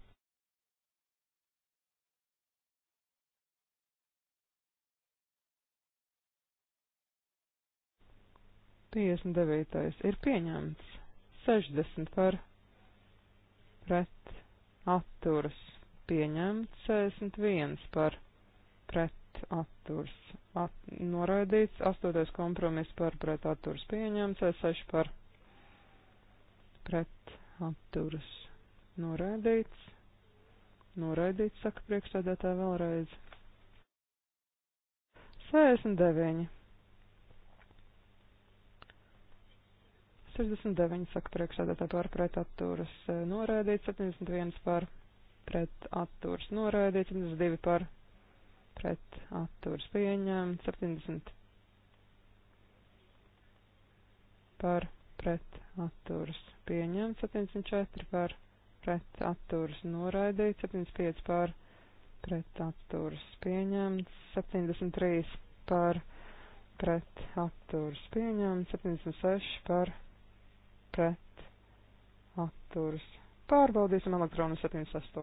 59. ir pieņemts. 60 par pret atturas pieņemts. 61 par pret atturas at, noraidīts. 8. kompromiss par pret atturas pieņemts. 6 par pret atturas noraidīts. Noraidīts, saka priekšsēdētāja vēlreiz. 69 69 saka priekšsēdētāji par pret atturas e, noraidīt, 71 par pret atturas noraidīt, 72 par pret atturas pieņemt, 70 par pret atturas pieņemt, 74 par pret atturas noraidīt, 75 par pret atturas pieņemt, 73 par pret atturas pieņemt, 76 par pret pret atturas. Pārbaudīsim elektronu 76.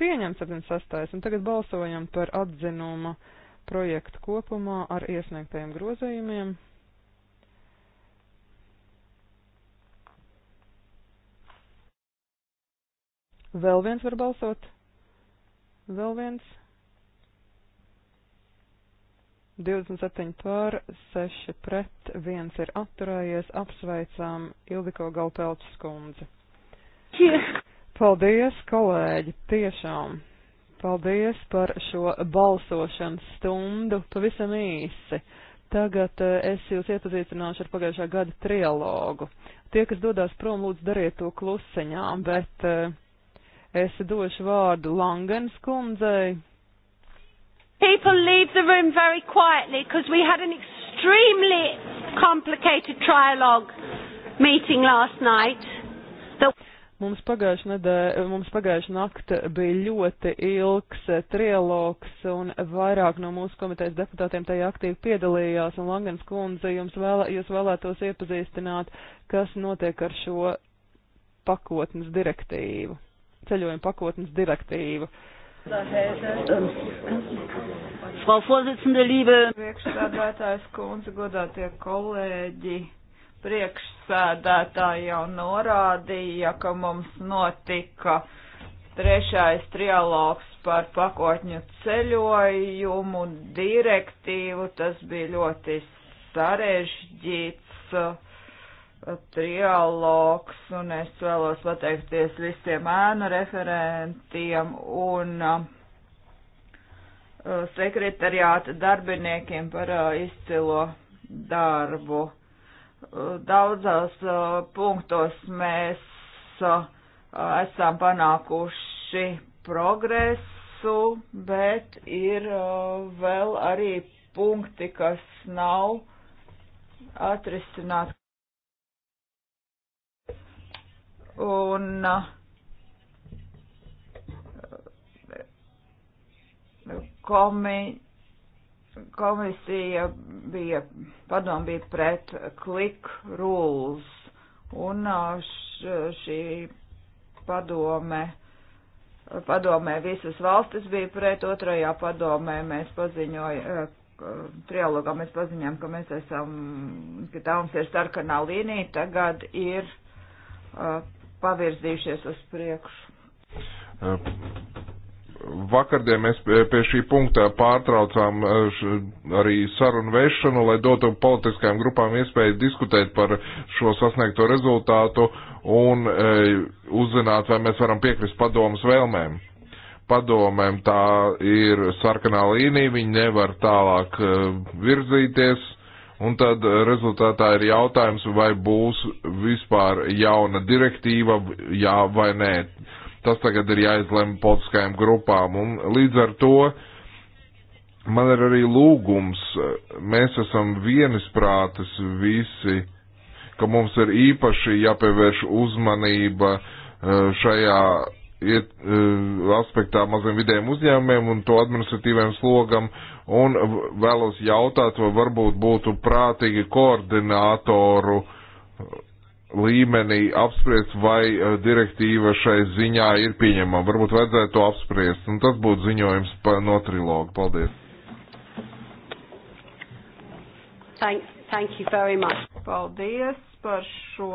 Pieņem 76. un tagad balsojam par atzinuma projektu kopumā ar iesniegtajiem grozējumiem. Vēl viens var balsot. Vēl viens. 27 pār, 6 pret, 1 ir atturējies, apsveicām Ildiko Galpelčs kundzi. Paldies, kolēģi, tiešām! Paldies par šo balsošanas stundu, pavisam īsi. Tagad eh, es jūs iepazīstināšu ar pagājušā gada trialogu. Tie, kas dodās prom, lūdzu dariet to klusiņā, bet eh, es došu vārdu Langens kundzei People leave the room very quietly because we had an extremely complicated trialogue meeting last night. The... Mums pagājušā nedēļa, mums pagājušā nakta bija ļoti ilgs eh, trialogs, un vairāk no mūsu komitejas deputātiem tajā aktīvi piedalījās, un Langens kundze, jums vēlē, jūs vēlētos iepazīstināt, kas notiek ar šo pakotnes direktīvu, ceļojuma pakotnes direktīvu. Uh, Frau Vorsitzende, liebe priekšsēdētājs kundze, godātie kolēģi, priekšsēdētāji jau norādīja, ka mums notika trešais trialogs par pakotņu ceļojumu direktīvu. Tas bija ļoti sarežģīts trialogs, un es vēlos pateikties visiem ēnu referentiem un uh, sekretariāta darbiniekiem par uh, izcilo darbu. Uh, daudzās punktos mēs esam panākuši progresu, bet ir vēl arī punkti, kas nav atrisināti Un uh, komi, komisija bija, padom bija pret click rules, un uh, š, šī padome, padomē visas valstis bija pret, otrajā padomē mēs paziņojām, uh, trialogā mēs paziņojām, ka mēs esam, ka tā mums ir sarkanā līnija, tagad ir pavirzījušies uz priekšu. Eh, vakardien mēs pie šī punkta pārtraucām eh, arī sarunu vešanu, lai dotu politiskajām grupām iespēju diskutēt par šo sasniegto rezultātu un eh, uzzināt, vai mēs varam piekrist padomus vēlmēm padomēm tā ir sarkanā līnija, viņi nevar tālāk virzīties. Un tad eh, rezultātā ir jautājums, vai būs vispār jauna direktīva, jā vai nē. Tas tagad ir jāizlem politiskajām grupām. Un līdz ar to man ir arī lūgums, eh, mēs esam vienisprātis visi, ka mums ir īpaši jāpievērš uzmanība eh, šajā iet, e, aspektā maziem vidējiem uzņēmumiem un to administratīviem slogam, un vēlos jautāt, vai varbūt būtu prātīgi koordinātoru līmenī apspriest, vai e, direktīva šai ziņā ir pieņemama. Varbūt vajadzētu to apspriest, un tas būtu ziņojums no trilogu. Paldies! Thank, thank you very much. Paldies! par šo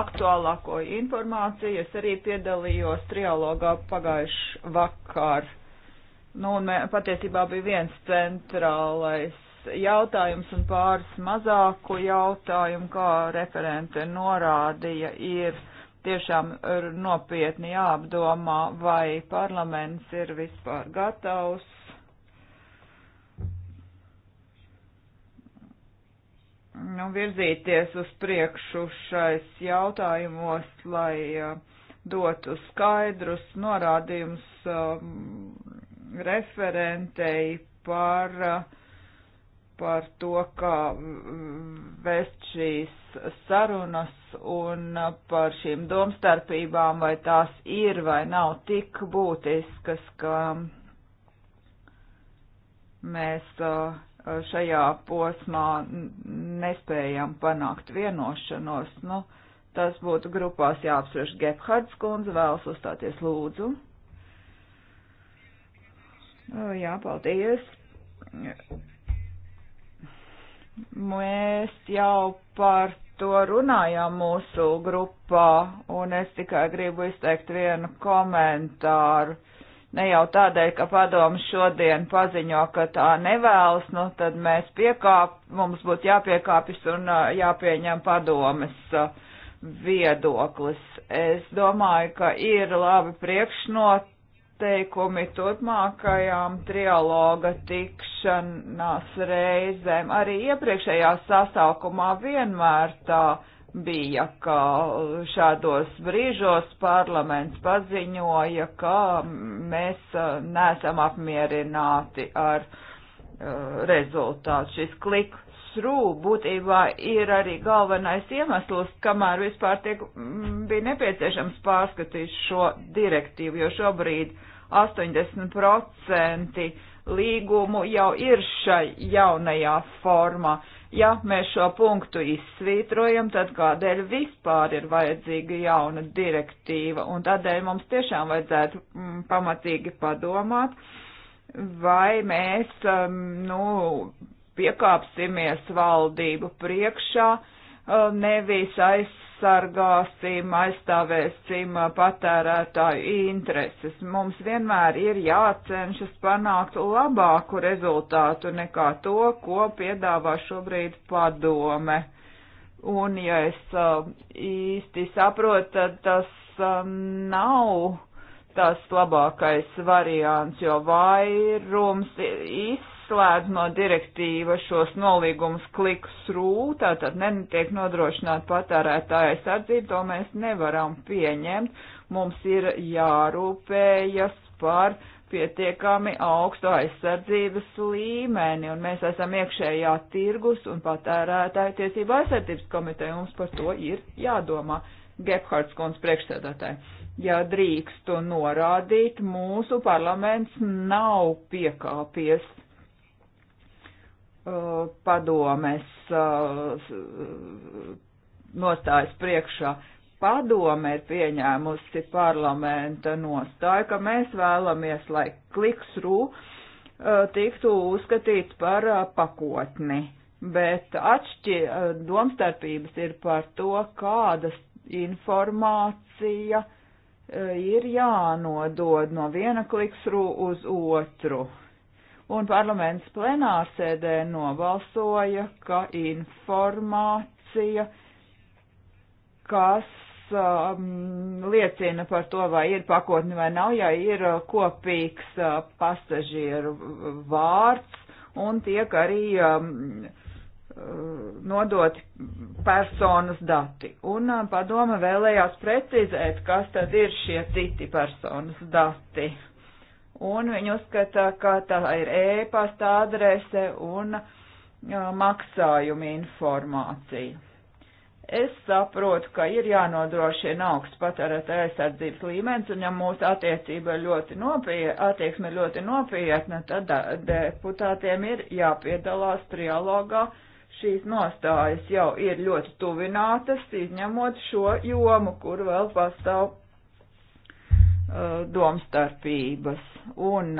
aktuālāko informāciju. Es arī piedalījos trialogā pagājuši vakar. Nu, un mē, patiesībā bija viens centrālais jautājums un pāris mazāku jautājumu, kā referente norādīja, ir tiešām nopietni jāapdomā, vai parlaments ir vispār gatavs nu, virzīties uz priekšu šais jautājumos, lai dotu skaidrus norādījumus referentei par, par to, kā vest šīs sarunas un par šīm domstarpībām, vai tās ir vai nav tik būtiskas, ka mēs uh, šajā posmā nespējam panākt vienošanos, nu, tas būtu grupās jāapsvērš Gebhards kundze, vēlas uzstāties lūdzu. Jā, paldies. Mēs jau par to runājām mūsu grupā, un es tikai gribu izteikt vienu komentāru. Uh, ne jau tādēļ, ka padomu šodien paziņo, ka tā nevēlas, nu tad mēs piekāp, mums būtu jāpiekāpjas un jāpieņem padomes viedoklis. Es domāju, ka ir labi priekšnoteikumi turpmākajām trialoga tikšanās reizēm. Arī iepriekšējā sasaukumā vienmēr tā bija, ka šādos brīžos parlaments paziņoja, ka mēs uh, nesam apmierināti ar uh, rezultātu. Šis klik srū būtībā ir arī galvenais iemesls, kamēr vispār tiek, m, mm, bija nepieciešams pārskatīt šo direktīvu, jo šobrīd 80% līgumu jau ir šai jaunajā formā. Uh, Ja mēs šo punktu izsvītrojam, tad kādēļ vispār ir vajadzīga jauna direktīva? Un tādēļ mums tiešām vajadzētu mm, pamatīgi padomāt, vai mēs, mm, nu, piekāpsimies valdību priekšā, mm, nevis aizsākt aizsargāsim, aizstāvēsim patērētāju intereses. Mums vienmēr ir jācenšas panākt labāku rezultātu nekā to, ko piedāvā šobrīd padome. Un, ja es īsti saprotu, tad tas nav tas labākais variants, jo vairums izsaka izslēdz no direktīva šos nolīgumus kliks rū, tātad netiek nodrošināt patērētāja aizsardzību, to mēs nevaram pieņemt. Mums ir jārūpējas par pietiekami augstu aizsardzības līmeni, un mēs esam iekšējā tirgus un patērētāja tiesība aizsardzības komiteja, mums par to ir jādomā. Gebhards kundz priekšsēdētāji. Ja drīkstu norādīt, mūsu parlaments nav piekāpies Uh, padomes uh, nostājas priekšā. Padome ir pieņēmusi parlamenta nostāju, ka mēs vēlamies, lai kliksrū uh, tiktu uzskatīts par pakotni, bet atšķi domstarpības ir par to, kādas informācija ir jānodod no viena kliksrū uz otru un parlaments plenārsēdē nobalsoja, ka informācija, kas um, liecina par to, vai ir pakotni vai nav, ja ir uh, kopīgs uh, pasažieru vārds un tiek arī um, uh, nodoti personas dati. Un uh, padoma vēlējās precizēt, kas tad ir šie citi personas dati un viņi uzskata, ka tā ir ēpasta e adrese un uh, maksājuma informācija. Es saprotu, ka ir jānodrošina augsts patērētāja aizsardzības līmenis, un ja mūsu attiecība ļoti nopietna, attieksme ir ļoti nopietna, tad deputātiem ir jāpiedalās trialogā. Šīs nostājas jau ir ļoti tuvinātas, izņemot šo jomu, kur vēl pastāv Uh, domstarpības. Un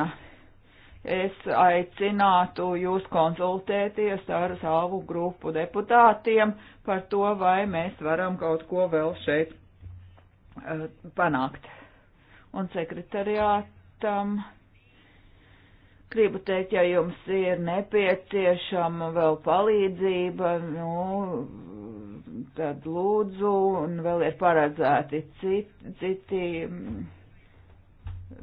es aicinātu jūs konsultēties ar savu grupu deputātiem par to, vai mēs varam kaut ko vēl šeit uh, panākt. Un sekretariātam gribu teikt, ja jums ir nepieciešama vēl palīdzība, nu, tad lūdzu, un vēl ir paredzēti citi, citi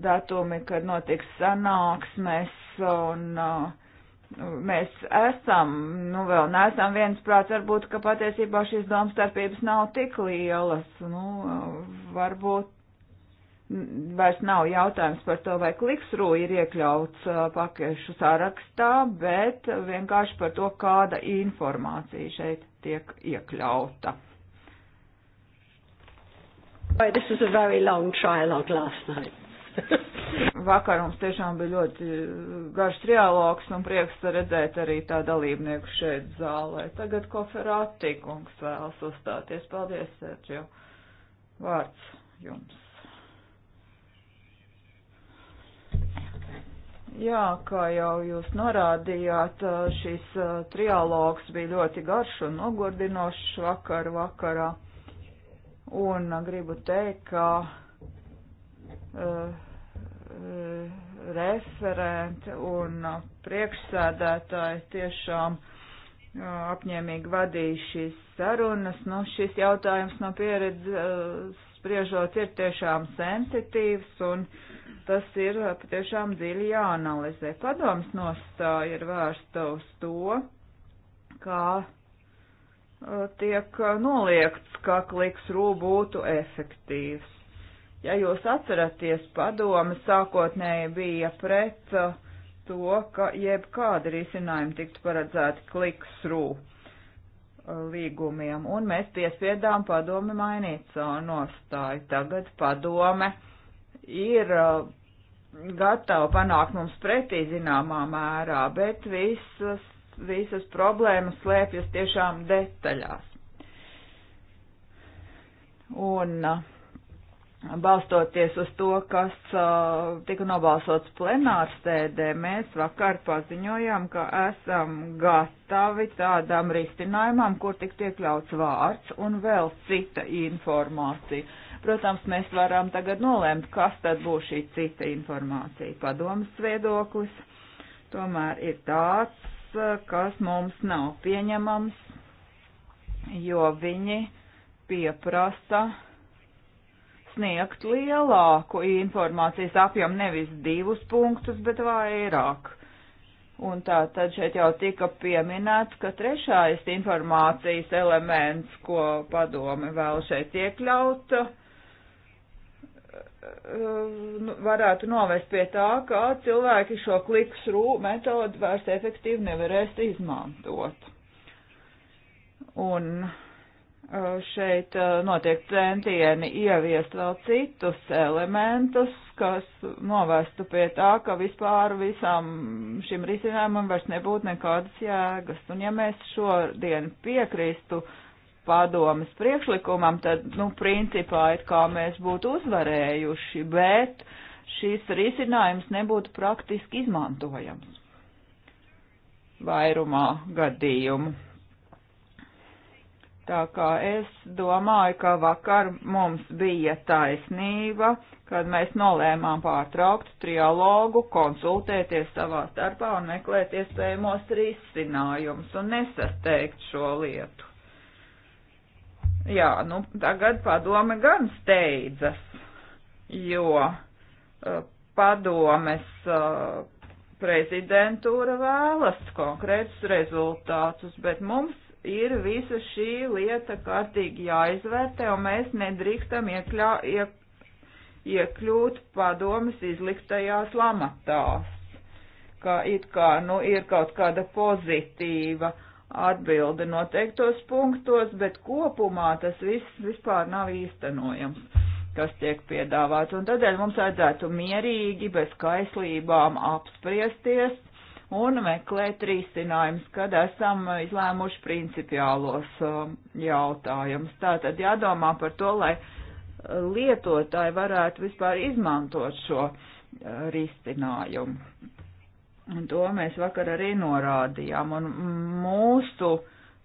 datumi, kad notiks sanāksmes un uh, mēs esam, nu vēl neesam viensprāts, varbūt, ka patiesībā šīs domstarpības nav tik lielas, nu, uh, varbūt vairs nav jautājums par to, vai kliksrū ir iekļauts uh, pakešu sarakstā, bet vienkārši par to, kāda informācija šeit tiek iekļauta. Right, this was a very long trialogue last night. Vakar mums tiešām bija ļoti garš trialogs un prieks redzēt arī tā dalībnieku šeit zālē. Tagad koferāti kungs vēlas uzstāties. Paldies, Sergio. Vārds jums. Jā, kā jau jūs norādījāt, šis trialogs bija ļoti garš un nogurdinošs vakar vakarā. Un gribu teikt, ka uh, referenti un priekšsēdētāji tiešām uh, apņēmīgi vadīja šīs sarunas. Nu, šis jautājums no pieredzes uh, spriežot ir tiešām sensitīvs un tas ir uh, patiešām dziļi jāanalizē. Padoms nostāja ir vērsta uz to, kā tiek noliegts, kā kliks rū būtu efektīvs. Ja jūs atceraties, padome sākotnēji bija pret uh, to, ka jebkāda risinājuma tiktu paredzēta kliksrū uh, līgumiem, un mēs piespiedām padomi mainīt savu nostāju. Tagad padome ir uh, gatava panākt mums pretī zināmā mērā, bet visas, visas problēmas slēpjas tiešām detaļās. Un uh, balstoties uz to, kas uh, tika nobalsots plenārsēdē, mēs vakar paziņojām, ka esam gatavi tādām risinājumam, kur tik tiek ļauts vārds un vēl cita informācija. Protams, mēs varam tagad nolēmt, kas tad būs šī cita informācija. Padomas viedoklis tomēr ir tāds, uh, kas mums nav pieņemams, jo viņi pieprasa sniegt lielāku informācijas apjomu, nevis divus punktus, bet vairāk. Un tā tad šeit jau tika pieminēts, ka trešais informācijas elements, ko padome vēl šeit iekļaut, uh, nu, varētu novest pie tā, ka cilvēki šo kliksrū metodu vairs efektīvi nevarēs izmantot. Un uh, Eh, šeit eh, notiek centieni ieviest vēl citus elementus, kas novestu pie tā, ka vispār visam šim risinājumam vairs nebūtu nekādas jēgas. Un ja mēs šodien piekrīstu padomas priekšlikumam, tad, nu, principā it kā mēs būtu uzvarējuši, bet šīs risinājums nebūtu praktiski izmantojams vairumā gadījumu Tā kā es domāju, ka vakar mums bija taisnība, kad mēs nolēmām pārtraukt trialogu, konsultēties savā starpā un meklēt iespējamos risinājumus un nesasteigt šo lietu. Jā, nu tagad padome gan steidzas, jo uh, padomes uh, prezidentūra vēlas konkrētus rezultātus, bet mums ir visa šī lieta kārtīgi jāizvērtē, un mēs nedrīkstam iekļā, iek, iekļūt padomas izliktajās lamatās, ka it kā, nu, ir kaut kāda pozitīva atbilde noteiktos punktos, bet kopumā tas viss vispār nav īstenojams kas tiek piedāvāts, un tādēļ mums vajadzētu mierīgi, bez kaislībām apspriesties, un meklēt risinājumus, kad esam izlēmuši principiālos um, jautājumus. Tātad jādomā par to, lai uh, lietotāji varētu vispār izmantot šo uh, risinājumu. Un to mēs vakar arī norādījām, un mūsu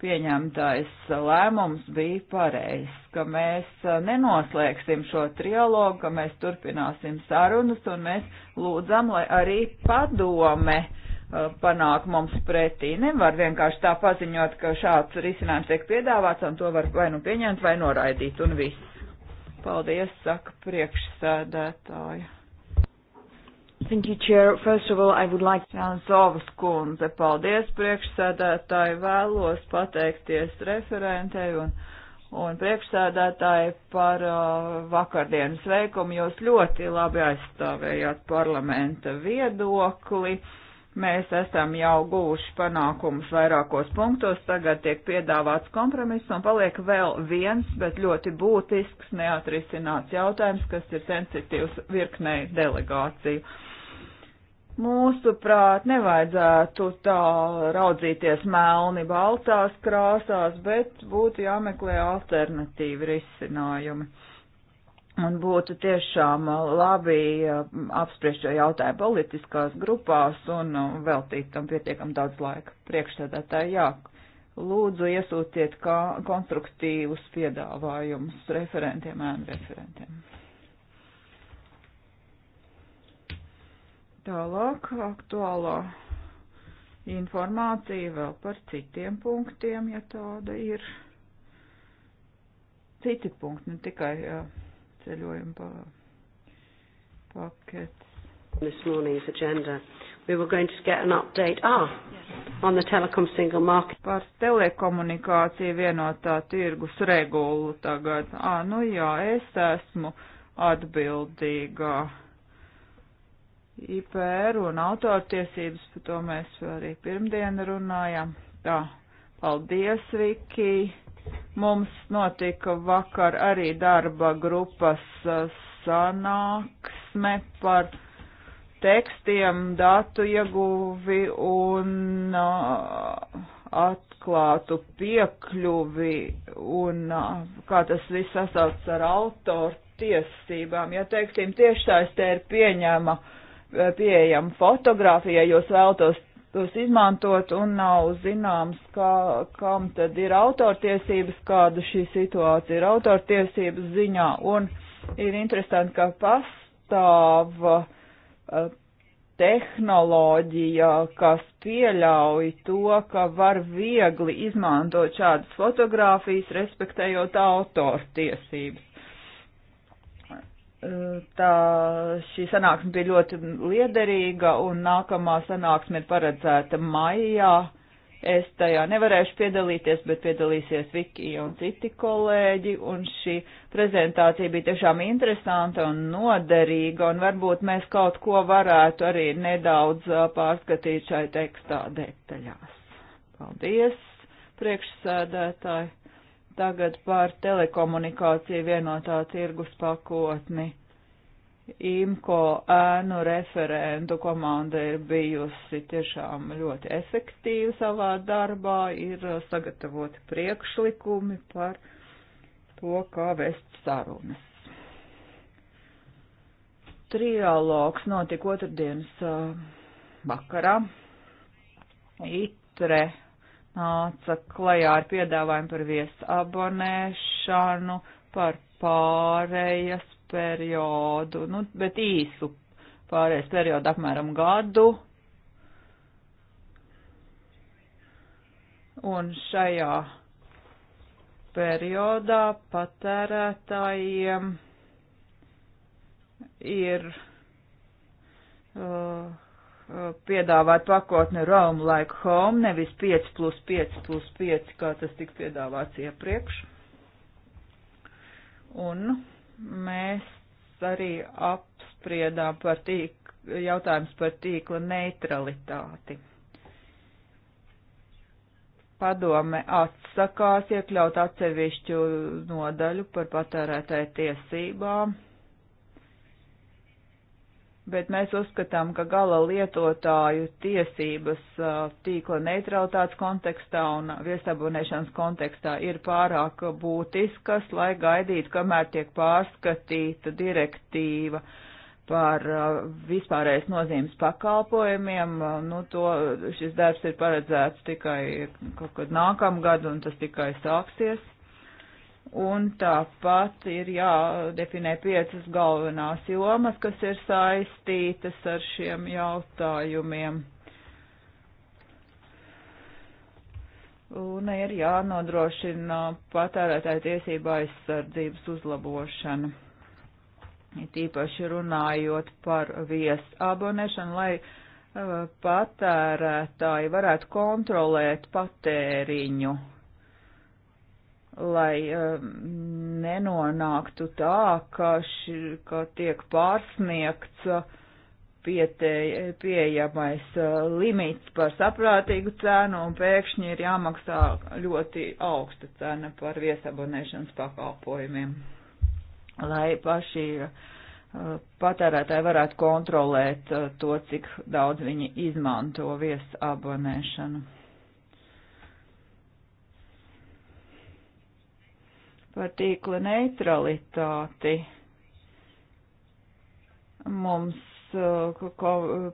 pieņemtais lēmums bija pareizs, ka mēs uh, nenoslēgsim šo trialogu, ka mēs turpināsim sarunas, un mēs lūdzam, lai arī padome uh, Eh, panāk mums pretī. Nevar vienkārši tā paziņot, ka šāds risinājums tiek piedāvāts un to var vai nu pieņemt, vai noraidīt un viss. Paldies, saka priekšsēdētāja. Thank you, Chair. First of all, I would like to Zovas kundze. Paldies, priekšsēdētāji. Vēlos pateikties referentei un, un priekšsēdētāji par uh, vakardienas veikumu. Jūs ļoti labi aizstāvējāt parlamenta viedokli. Uh, Mēs esam jau guvuši panākumus vairākos punktos, tagad tiek piedāvāts kompromiss un paliek vēl viens, bet ļoti būtisks neatrisināts jautājums, kas ir sensitīvs virknei delegāciju. Mūsuprāt, nevajadzētu tā raudzīties melni baltās krāsās, bet būtu jāmeklē alternatīvi risinājumi. Un būtu tiešām labi apspriest šo jautājumu politiskās grupās un nu, veltīt tam pietiekam daudz laika. Priekšsēdētāji, jā, lūdzu iesūtiet kā konstruktīvus piedāvājumus referentiem, ēnu referentiem. Tālāk aktuālā informācija vēl par citiem punktiem, ja tāda ir. Citi punkti, ne tikai. Jā ceļojuma pa, pakets. This morning's agenda. We were going to get an update ah, on the telecom single market. Par telekomunikāciju vienotā tirgus regulu tagad. Ah, nu jā, es esmu atbildīgā. IPR un autortiesības, par to mēs arī pirmdien runājam. Tā, paldies, Viki. Mums notika vakar arī darba grupas uh, sanāksme par tekstiem, datu ieguvi un uh, atklātu piekļuvi un uh, kā tas viss sasauc ar autoru tiesībām. Ja, teiksim, tiešsaistē ir pieņēma pieejama fotografija, jūs vēlatos tos izmantot un nav zināms, kā, kam tad ir autortiesības, kāda šī situācija ir autortiesības ziņā. Un ir interesanti, ka pastāv uh, tehnoloģija, kas pieļauj to, ka var viegli izmantot šādas fotogrāfijas, respektējot autortiesības tā šī sanāksme bija ļoti liederīga un nākamā sanāksme ir paredzēta maijā. Es tajā nevarēšu piedalīties, bet piedalīsies Vikija un citi kolēģi, un šī prezentācija bija tiešām interesanta un noderīga, un varbūt mēs kaut ko varētu arī nedaudz pārskatīt šai tekstā detaļās. Paldies, priekšsēdētāji! Tagad par telekomunikāciju vienotā tirgus pakotni. IMCO ēnu referentu komanda ir bijusi tiešām ļoti efektīva savā darbā, ir uh, sagatavoti priekšlikumi par to, kā vest sarunas. Trialogs notika otrdienas uh, vakarā. Itre nāca klajā ar piedāvājumu par viesabonēšanu, par pārējas periodu, nu, bet īsu pārējas periodu apmēram gadu. Un šajā periodā patērētājiem ir uh, Uh, piedāvāt pakotni Roam Like Home, nevis 5 plus 5 plus 5, kā tas tika piedāvāts iepriekš. Un mēs arī apspriedām par tīk, jautājums par tīkla neutralitāti. Padome atsakās iekļaut atsevišķu nodaļu par patērētāju tiesībām bet mēs uzskatām, ka gala lietotāju tiesības tīkla neutralitātes kontekstā un viesabonēšanas kontekstā ir pārāk būtiskas, lai gaidītu, kamēr tiek pārskatīta direktīva par vispārējais nozīmes pakalpojumiem. Nu, to, šis darbs ir paredzēts tikai kaut kad nākamgad, un tas tikai sāksies. Un tāpat ir jādefinē piecas galvenās jomas, kas ir saistītas ar šiem jautājumiem. Un ir jānodrošina patērētāju tiesību aizsardzības uzlabošana. It īpaši runājot par vies abonēšanu, lai eh, patērētāji varētu kontrolēt patēriņu lai um, nenonāktu tā, ka, ši, ka tiek pārsniegts uh, pieteja, pieejamais uh, limits par saprātīgu cenu un pēkšņi ir jāmaksā ļoti augsta cena par viesabonēšanas pakalpojumiem, lai paši uh, patērētāji varētu kontrolēt to, cik daudz viņi izmanto viesabonēšanu. par tīkla neutralitāti. Mums uh,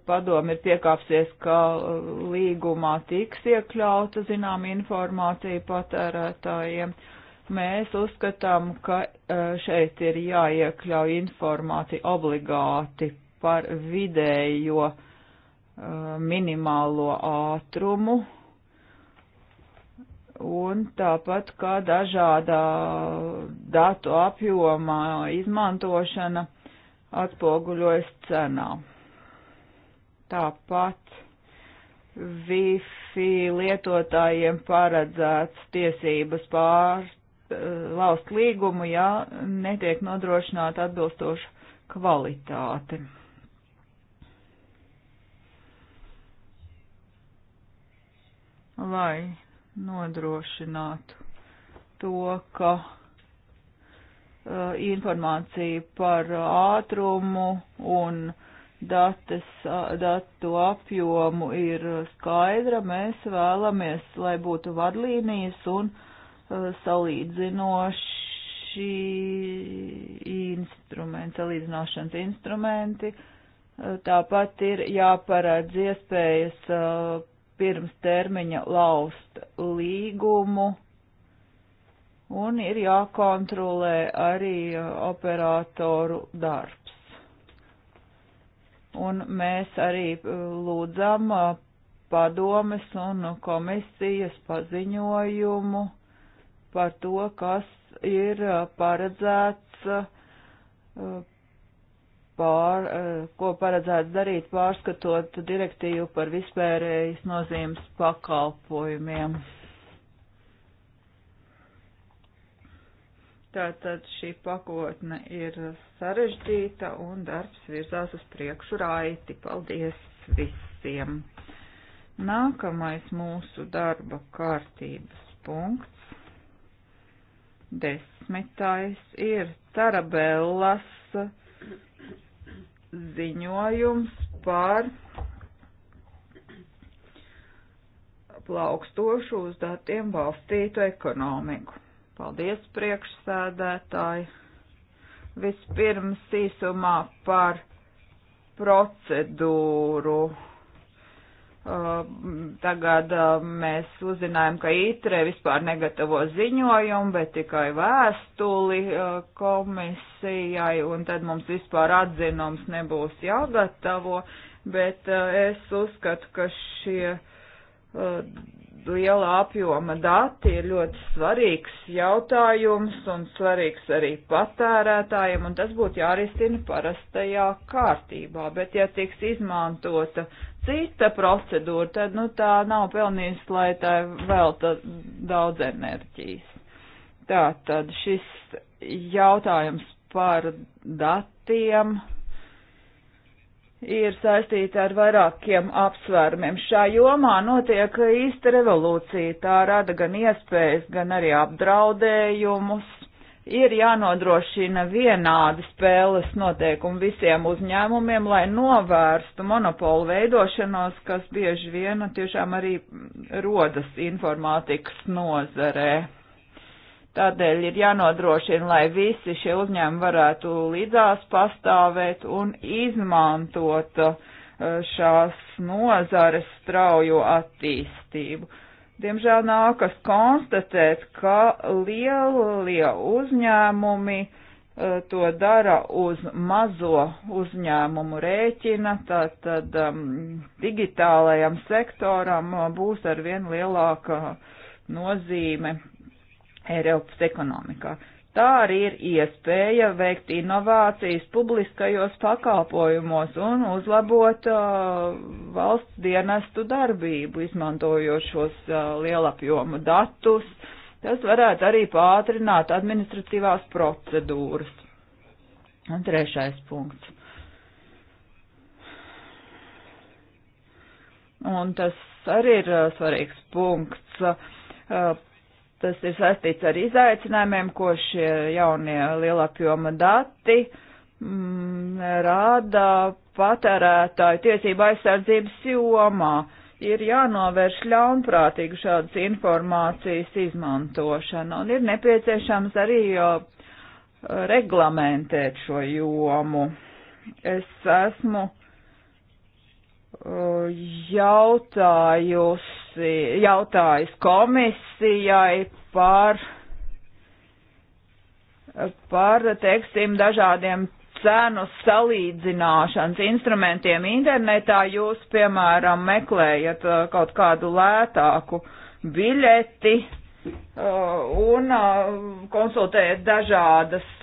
padomi ir piekāpsies, ka uh, līgumā tiks iekļauta zinām informācija patērētājiem. Mēs uzskatām, ka uh, šeit ir jāiekļauj informācija obligāti par vidējo minimālo ātrumu un tāpat kā dažādā datu apjomā izmantošana atspoguļojas cenā. Tāpat Wi-Fi lietotājiem paredzēts tiesības pār eh, laust līgumu, ja netiek nodrošināta atbilstoša kvalitāte. Lai nodrošinātu to, ka uh, informācija par ātrumu un dates, datu apjomu ir skaidra. Mēs vēlamies, lai būtu vadlīnijas un uh, salīdzinoši instrumenti, salīdzināšanas instrumenti. Eh, tāpat ir jāparādz iespējas uh, pirms termiņa laust līgumu un ir jākontrolē arī uh, operatoru darbs. Un mēs arī uh, lūdzam uh, padomes un komisijas paziņojumu par to, kas ir paredzēts pār, eh, ko paredzēts darīt pārskatot direktīvu par vispārējas nozīmes pakalpojumiem. Tātad šī pakotne ir sarežģīta un darbs virzās uz priekšu raiti. Paldies visiem! Nākamais mūsu darba kārtības punkts desmitais ir Tarabellas ziņojums par plaukstošu uz datiem balstītu ekonomiku. Paldies, priekšsēdētāji! Vispirms īsumā par procedūru Tagad uh, mēs uzzinājām, ka ITRE vispār negatavo ziņojumu, bet tikai vēstuli uh, komisijai, un tad mums vispār atzinums nebūs jāgatavo, bet uh, es uzskatu, ka šie liela apjoma dati ir ļoti svarīgs jautājums un svarīgs arī patērētājiem, un tas būtu jārisina parastajā kārtībā, bet ja tiks izmantota cita procedūra, tad nu, tā nav pelnījusi, lai tā velta daudz enerģijas. Tā tad šis jautājums par datiem ir saistīta ar vairākiem apsvērumiem. Šā jomā notiek īsta revolūcija, tā rada gan iespējas, gan arī apdraudējumus ir jānodrošina vienādi spēles noteikumi visiem uzņēmumiem, lai novērstu monopolu veidošanos, kas bieži vien tiešām arī rodas informātikas nozarē. Tādēļ ir jānodrošina, lai visi šie uzņēmumi varētu līdzās pastāvēt un izmantot uh, šās nozares straujo attīstību Diemžēl nākas konstatēt, ka lielie uzņēmumi eh, to dara uz mazo uzņēmumu rēķina, tātad um, digitālajam sektoram uh, būs arvien lielāka uh, nozīme Eiropas ekonomikā. Uh, Tā arī ir iespēja veikt inovācijas publiskajos pakalpojumos un uzlabot uh, valsts dienestu darbību, izmantojot šos uh, lielapjomu datus. Tas varētu arī pātrināt administratīvās procedūras. Un trešais punkts. Un tas arī ir uh, svarīgs punkts. Uh, Tas ir saistīts ar izaicinājumiem, ko šie jaunie lielapjoma dati mm, rāda patērētāju tiesību aizsardzības jomā. Ir jānovērš ļaunprātīgu šādas informācijas izmantošana un ir nepieciešams arī reglamentēt šo jomu. Es esmu jautājusi, jautājis komisijai par, par teiksim, dažādiem cenu salīdzināšanas instrumentiem internetā. Jūs, piemēram, meklējat uh, kaut kādu lētāku biļeti uh, un uh, konsultējat dažādas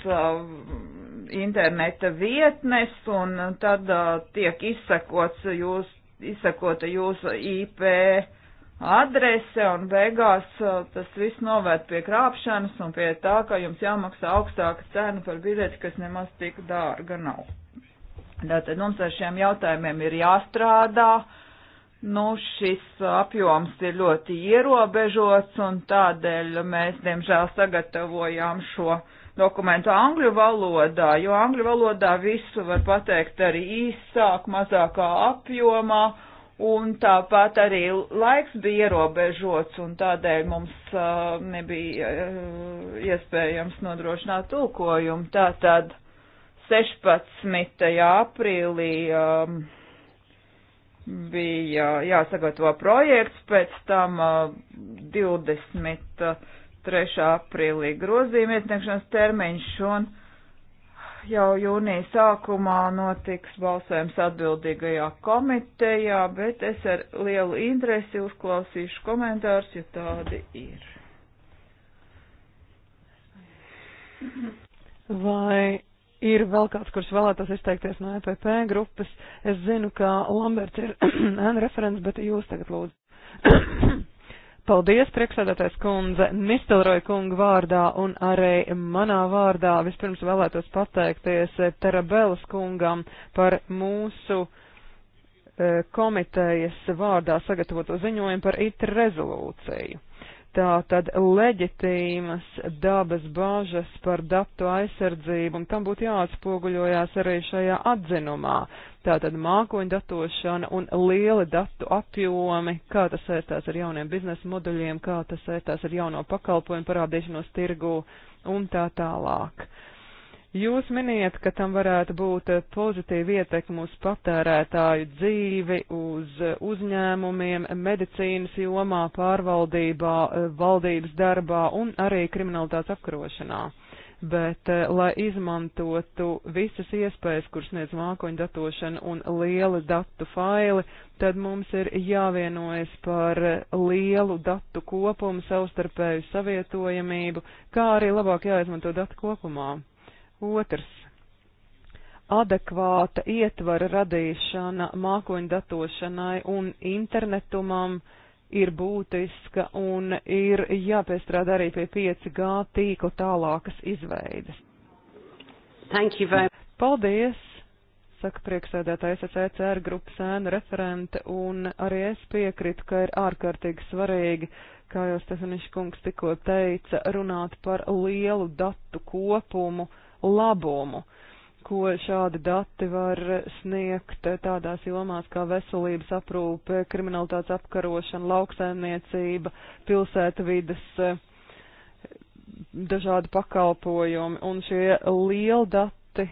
interneta vietnes, un tad tiek izsakots jūs, izsakota jūsu IP adrese un beigās uh, tas viss novērt pie krāpšanas un pie tā, ka jums jāmaksā augstāka cena par biļeti, kas nemaz tik dārga nav. Tātad mums ar šiem jautājumiem ir jāstrādā. Nu, šis apjoms ir ļoti ierobežots un tādēļ mēs, diemžēl, sagatavojām šo dokumentu angļu valodā, jo angļu valodā visu var pateikt arī īsāk, mazākā apjomā Un tāpat arī laiks bija ierobežots, un tādēļ mums uh, nebija uh, iespējams nodrošināt tulkojumu. Tātad 16. aprīlī um, bija jāsagatavo projekts, pēc tam uh, 23. aprīlī grozījuma iesniegšanas termiņš un uh, jau jūnija sākumā notiks balsojums atbildīgajā komitejā, bet es ar lielu interesi uzklausīšu komentārus, ja tādi ir. Vai ir vēl kāds, kurš vēlētos izteikties no EPP grupas? Es zinu, ka Lamberts ir [CLEARS THROAT] referents, bet jūs tagad lūdzu. Paldies, priekšsēdētājs kundze, Nistelroja kunga vārdā un arī manā vārdā vispirms vēlētos pateikties eh, Terabelas kungam par mūsu eh, komitejas vārdā sagatavoto ziņojumu par IT rezolūciju tā tad leģitīmas dabas bāžas par datu aizsardzību, un tam būtu jāatspoguļojās arī šajā atzinumā. Tātad mākoņu datošana un lieli datu apjomi, kā tas saistās ar jauniem biznesa moduļiem, kā tas saistās ar jauno pakalpojumu parādīšanos tirgū un tā tālāk. Uh, Jūs miniet, ka tam varētu būt eh, pozitīva ietekme uz patērētāju dzīvi, uz eh, uzņēmumiem, medicīnas jomā, pārvaldībā, eh, valdības darbā un arī kriminalitātes apkarošanā. Bet, lai izmantotu visas iespējas, kuras sniedz mākoņu datošana un liela datu faili, tad mums ir jāvienojas par lielu datu kopumu, savstarpēju savietojamību, kā arī labāk jāizmanto datu kopumā. Otrs. Adekvāta ietvara radīšana mākoņdatošanai un internetumam ir būtiska un ir jāpiestrādā arī pie 5G tīkla tālākas izveidas. Thank you very much. Paldies! Saka prieksēdētājs ECR e grupas ēnu referente, un arī es piekrītu, ka ir ārkārtīgi svarīgi, kā jau Stefanišs kungs tikko teica, runāt par lielu datu kopumu labumu, ko šādi dati var sniegt tādās jomās kā veselības aprūpe, kriminalitātes apkarošana, lauksaimniecība, pilsēta vidas eh, dažādi pakalpojumi, un šie lieldati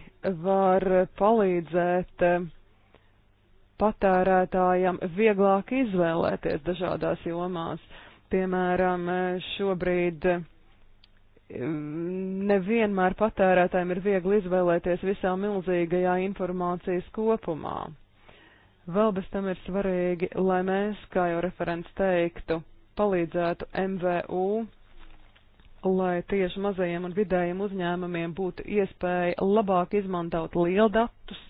var palīdzēt eh, patērētājam vieglāk izvēlēties dažādās jomās. Piemēram, eh, šobrīd nevienmēr patērētājiem ir viegli izvēlēties visā milzīgajā informācijas kopumā. Vēl bez tam ir svarīgi, lai mēs, kā jau referents teiktu, palīdzētu MVU, lai tieši mazajiem un vidējiem uzņēmumiem būtu iespēja labāk izmantot lieldatus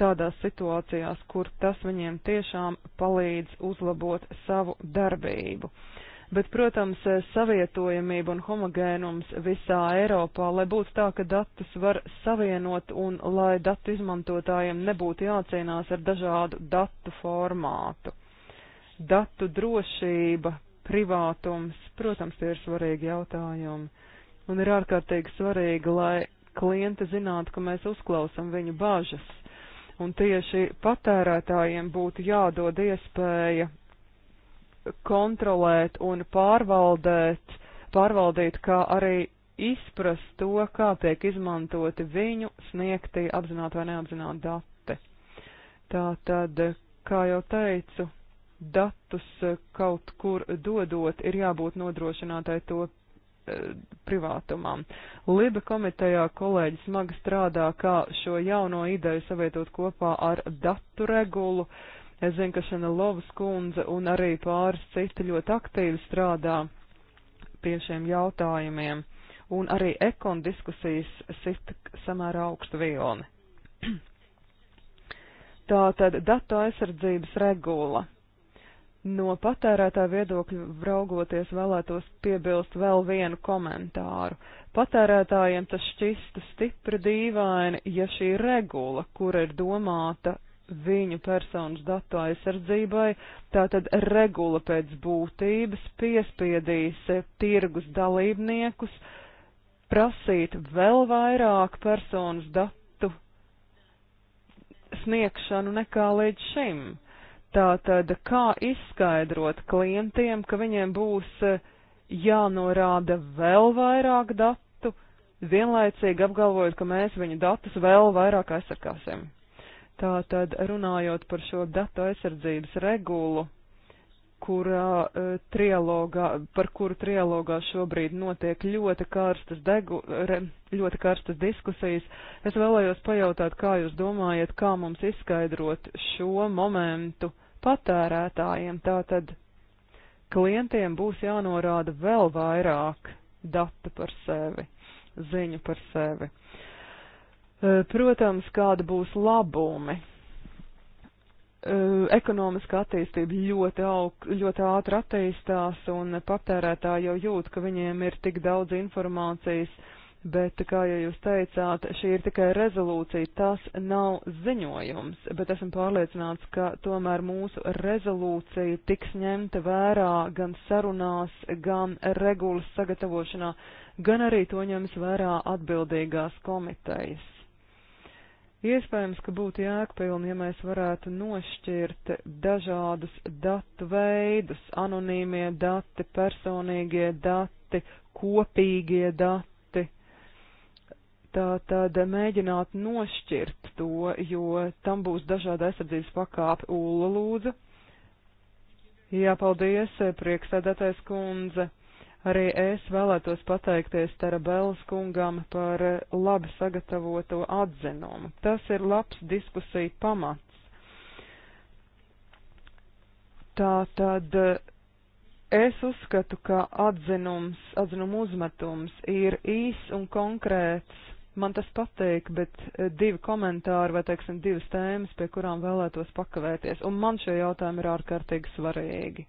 tādās situācijās, kur tas viņiem tiešām palīdz uzlabot savu darbību. Uh, bet, protams, savietojamība un homogēnums visā Eiropā, lai būtu tā, ka datus var savienot un lai datu izmantotājiem nebūtu jācīnās ar dažādu datu formātu. Datu drošība, privātums, protams, tie ir svarīgi jautājumi. Un ir ārkārtīgi svarīgi, lai klienti zinātu, ka mēs uzklausam viņu bažas. Un tieši patērētājiem būtu jādod iespēja kontrolēt un pārvaldēt, pārvaldīt, kā arī izprast to, kā tiek izmantoti viņu sniegtie apzināti vai neapzināti dati. Tā tad, kā jau teicu, datus kaut kur dodot ir jābūt nodrošinātai to e, privātumam. Liba komitejā kolēģi smagi strādā, kā šo jauno ideju savietot kopā ar datu regulu. Uh, Es zinu, ka Šana Lovas kundze un arī pāris citi ļoti aktīvi strādā pie šiem jautājumiem, un arī ekon diskusijas sit samērā augstu vilni. [CLEARS THROAT] Tātad datu aizsardzības regula. No patērētā viedokļa raugoties vēlētos piebilst vēl vienu komentāru. Patērētājiem tas šķistu stipri dīvaini, ja šī regula, kura ir domāta viņu personas datu aizsardzībai, tātad regula pēc būtības piespiedīs tirgus dalībniekus prasīt vēl vairāk personas datu sniegšanu nekā līdz šim. Tātad, kā izskaidrot klientiem, ka viņiem būs eh, jānorāda vēl vairāk datu, vienlaicīgi apgalvojot, ka mēs viņu datus vēl vairāk aizsargāsim? Tātad runājot par šo datu aizsardzības regulu, kurā, uh, trialogā, par kuru trialogā šobrīd notiek ļoti karstas, degu, re, ļoti karstas diskusijas, es vēlējos pajautāt, kā jūs domājat, kā mums izskaidrot šo momentu patērētājiem. Tātad klientiem būs jānorāda vēl vairāk datu par sevi, ziņu par sevi. Uh, Eh, protams, kāda būs labumi. Eh, ekonomiska attīstība ļoti, aug, ļoti ātri attīstās, un patērētāji jau jūt, ka viņiem ir tik daudz informācijas, bet, kā jau jūs teicāt, šī ir tikai rezolūcija, tas nav ziņojums, bet esmu pārliecināts, ka tomēr mūsu rezolūcija tiks ņemta vērā gan sarunās, gan regulas sagatavošanā, gan arī to ņems vērā atbildīgās komitejas. Iespējams, ka būtu jēgpilni, ja mēs varētu nošķirt dažādus datu veidus - anonīmie dati, personīgie dati, kopīgie dati. Tā tad mēģināt nošķirt to, jo tam būs dažāda aizsardzības pakāpe Ulla lūdzu. Jā, paldies, priekšsēdētais kundze. Arī es vēlētos pateikties Tarabels kungam par labi sagatavoto atzinumu. Tas ir labs diskusija pamats. Tā tad eh, es uzskatu, ka atzinums, atzinuma uzmetums ir īs un konkrēts. Man tas patīk, bet eh, divi komentāri vai, teiksim, divas tēmas, pie kurām vēlētos pakavēties. Un man šie jautājumi ir ārkārtīgi svarīgi.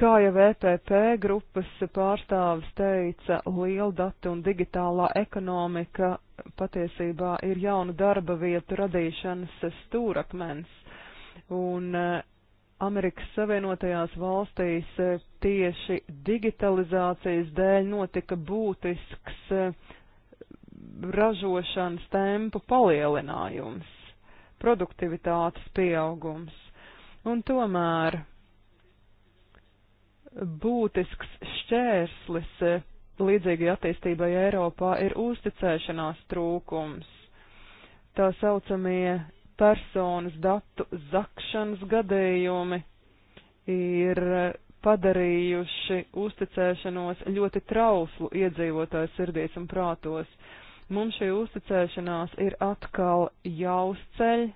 Kā jau EPP grupas pārstāvis teica, liela data un digitālā ekonomika patiesībā ir jaunu darba vietu radīšanas stūrakmens. Un e, Amerikas Savienotajās valstīs e, tieši digitalizācijas dēļ notika būtisks e, ražošanas tempu palielinājums, produktivitātes pieaugums. Un tomēr būtisks šķērslis e, līdzīgai attīstībai Eiropā ir uzticēšanās trūkums. Tā saucamie personas datu zakšanas gadījumi ir e, padarījuši uzticēšanos ļoti trauslu iedzīvotāju sirdīs un prātos. Mums šī uzticēšanās ir atkal jāuzceļ,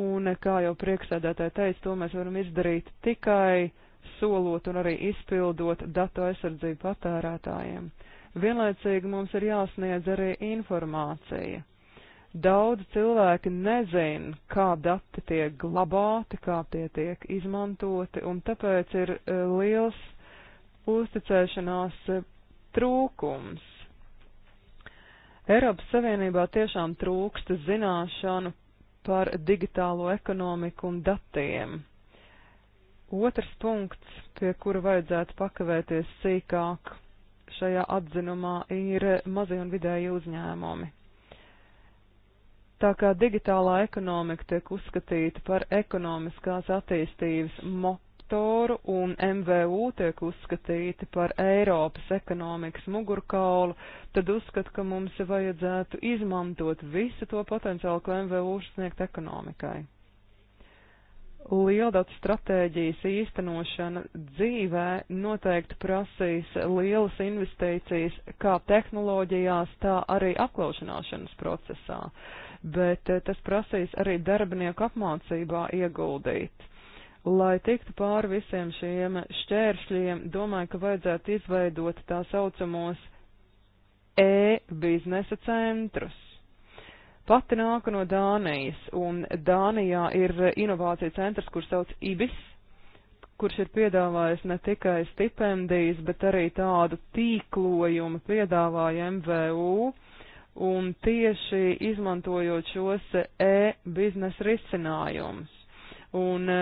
un, e, kā jau priekšsēdētāji teica, to mēs varam izdarīt tikai solot un arī izpildot datu aizsardzību patērētājiem. Vienlaicīgi mums ir jāsniedz arī informācija. Daudz cilvēki nezin, kā dati tiek glabāti, kā tie tiek izmantoti, un tāpēc ir e, liels uzticēšanās e, trūkums. Eiropas Savienībā tiešām trūkst zināšanu par digitālo ekonomiku un datiem. Otrs punkts, pie kura vajadzētu pakavēties sīkāk šajā atzinumā, ir mazie un vidēji uzņēmumi. Tā kā digitālā ekonomika tiek uzskatīta par ekonomiskās attīstības motoru un MVU tiek uzskatīta par Eiropas ekonomikas mugurkaulu, tad uzskat, ka mums vajadzētu izmantot visu to potenciālu, ko MVU sniegt ekonomikai. Lieldats stratēģijas īstenošana dzīvē noteikti prasīs lielas investīcijas kā tehnoloģijās, tā arī aklaušanāšanas procesā, bet eh, tas prasīs arī darbinieku apmācībā ieguldīt. Lai tiktu pāri visiem šiem šķēršļiem, domāju, ka vajadzētu izveidot tā saucamos e-biznesa centrus Pati nāku no Dānijas, un Dānijā ir inovācija centrs, kurš sauc IBIS, kurš ir piedāvājis ne tikai stipendijas, bet arī tādu tīklojumu piedāvāja MVU, un tieši izmantojot šos e-biznesa risinājumus. Un e,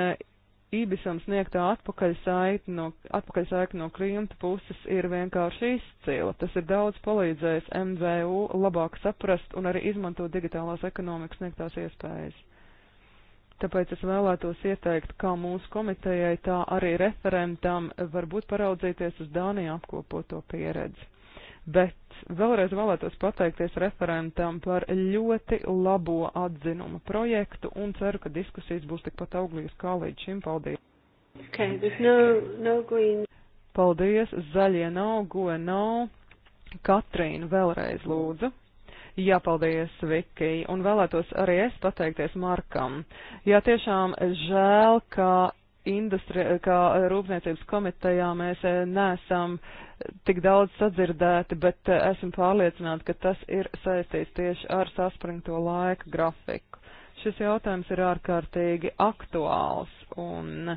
Ibisam sniegtā atpakaļsaikne no, atpakaļ no klienta puses ir vienkārši izcila. Tas ir daudz palīdzējis MVU labāk saprast un arī izmantot digitālās ekonomikas sniegtās iespējas. Tāpēc es vēlētos ieteikt kā mūsu komitejai, tā arī referentam varbūt paraudzīties uz Dāniju apkopoto pieredzi bet vēlreiz vēlētos pateikties referentam par ļoti labo atzinumu projektu un ceru, ka diskusijas būs tikpat auglīgas kā līdz šim. Paldies! Okay, no, no green. Paldies! Zaļie nav, goja nav. Katrīna vēlreiz lūdzu. Jā, paldies, Viki, un vēlētos arī es pateikties Markam. Jā, tiešām žēl, ka industri, kā rūpniecības komitejā mēs eh, nesam tik daudz sadzirdēti, bet eh, esmu pārliecināta, ka tas ir saistīts tieši ar saspringto laika grafiku. Šis jautājums ir ārkārtīgi aktuāls un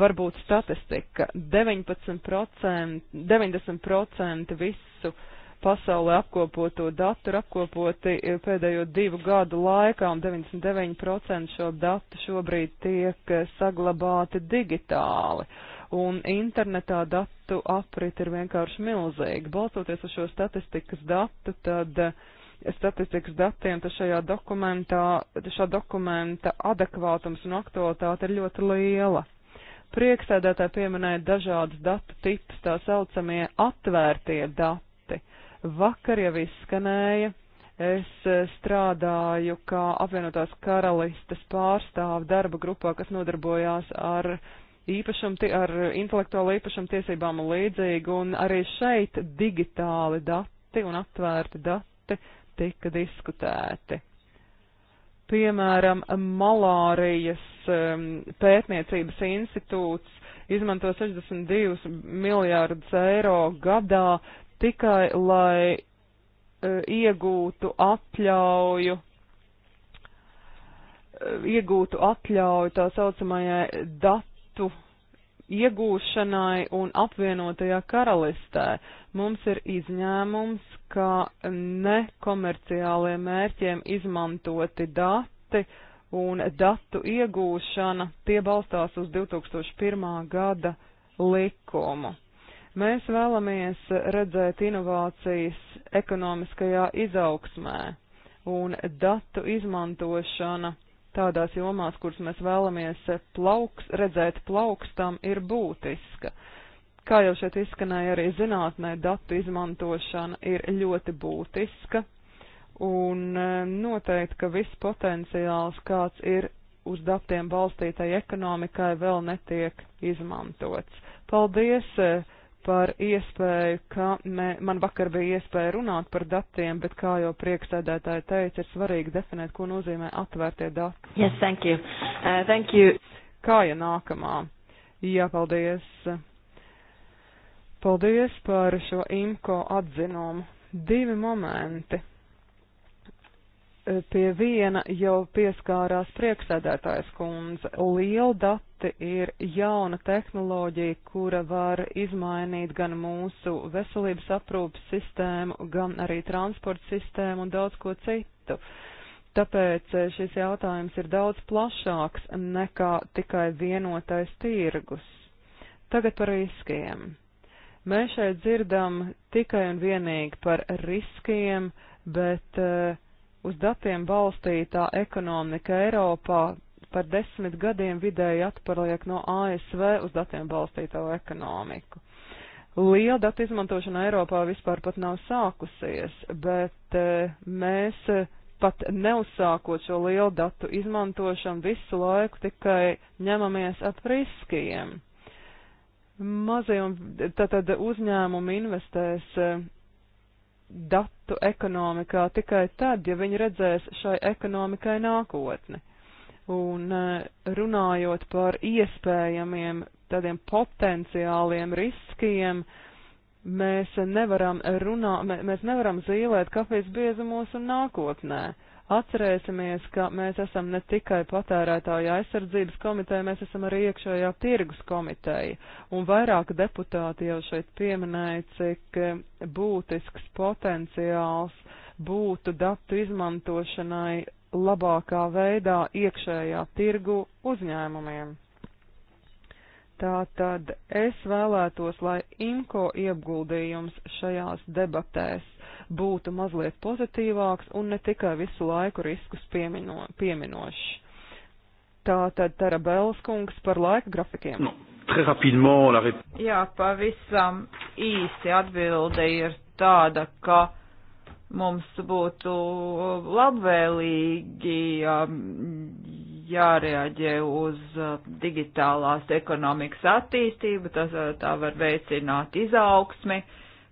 varbūt statistika 19%, 90% visu uh, pasaulē apkopoto datu ir apkopoti eh, pēdējo divu gadu laikā, un 99% šo datu šobrīd tiek eh, saglabāti digitāli. Un internetā datu aprit ir vienkārši milzīga. Balstoties uz šo statistikas datu, tad eh, statistikas datiem, tad šajā dokumentā, šā dokumenta adekvātums un aktualitāte ir ļoti liela priekšsēdētāji pieminēja dažādas datu tipus, tā saucamie atvērtie dati. Vakar jau izskanēja, es eh, strādāju kā apvienotās karalistes pārstāvu darba grupā, kas nodarbojās ar īpašam, ar intelektuālo īpašam tiesībām un līdzīgi, un arī šeit digitāli dati un atvērti dati tika diskutēti. Piemēram, malārijas um, pētniecības institūts izmanto 62 miljārdus eiro gadā, tikai lai e, iegūtu atļauju e, iegūtu atļauju tā saucamajai datu iegūšanai un apvienotajā karalistē. Mums ir izņēmums, ka nekomerciāliem mērķiem izmantoti dati un datu iegūšana tie balstās uz 2001. gada likumu. Mēs vēlamies redzēt inovācijas ekonomiskajā izaugsmē un datu izmantošana tādās jomās, kuras mēs vēlamies plauks, redzēt plaukstam, ir būtiska. Kā jau šeit izskanēja arī zinātnē, datu izmantošana ir ļoti būtiska un e, noteikti, ka viss potenciāls, kāds ir uz datiem balstītai ekonomikai, vēl netiek izmantots. Paldies! E, par iespēju, ka me, man vakar bija iespēja runāt par datiem, bet kā jau priekšsēdētāji teica, ir svarīgi definēt, ko nozīmē atvērtie dati. Yes, thank you. Uh, thank you. Kā ja nākamā? Jā, paldies. Paldies par šo IMCO atzinumu. Divi momenti E, pie viena jau pieskārās prieksēdētājs kundze. Liela dati ir jauna tehnoloģija, kura var izmainīt gan mūsu veselības aprūpas sistēmu, gan arī transporta sistēmu un daudz ko citu. Tāpēc e, šis jautājums ir daudz plašāks nekā tikai vienotais tirgus. Tagad par riskiem. Mēs šeit dzirdam tikai un vienīgi par riskiem, bet uh, uz datiem balstītā ekonomika Eiropā par desmit gadiem vidēji atpaliek no ASV uz datiem balstīto ekonomiku. Liela datu izmantošana Eiropā vispār pat nav sākusies, bet e, mēs e, pat neuzsākot šo lielu datu izmantošanu visu laiku tikai ņemamies ap riskiem. Mazie un tātad uzņēmumi investēs e, datu ekonomikā tikai tad, ja viņi redzēs šai ekonomikai nākotni. Un eh, runājot par iespējamiem tādiem potenciāliem riskiem, mēs nevaram, runā, mēs nevaram zīlēt kafijas biezumos un nākotnē. Uh, Atcerēsimies, ka mēs esam ne tikai patērētāja aizsardzības komiteja, mēs esam arī iekšējā tirgus komiteja. Un vairāki deputāti jau šeit pieminēja, cik būtisks potenciāls būtu datu izmantošanai labākā veidā iekšējā tirgu uzņēmumiem. Tātad es vēlētos, lai IMCO ieguldījums šajās debatēs būtu mazliet pozitīvāks un ne tikai visu laiku riskus piemino, pieminošs. Tā tad Tarabels kungs par laika grafikiem. No, nu, la... Jā, pavisam īsi atbilde ir tāda, ka mums būtu labvēlīgi um, jārēģē uz uh, digitālās ekonomikas attīstību, tas uh, tā var veicināt izaugsmi,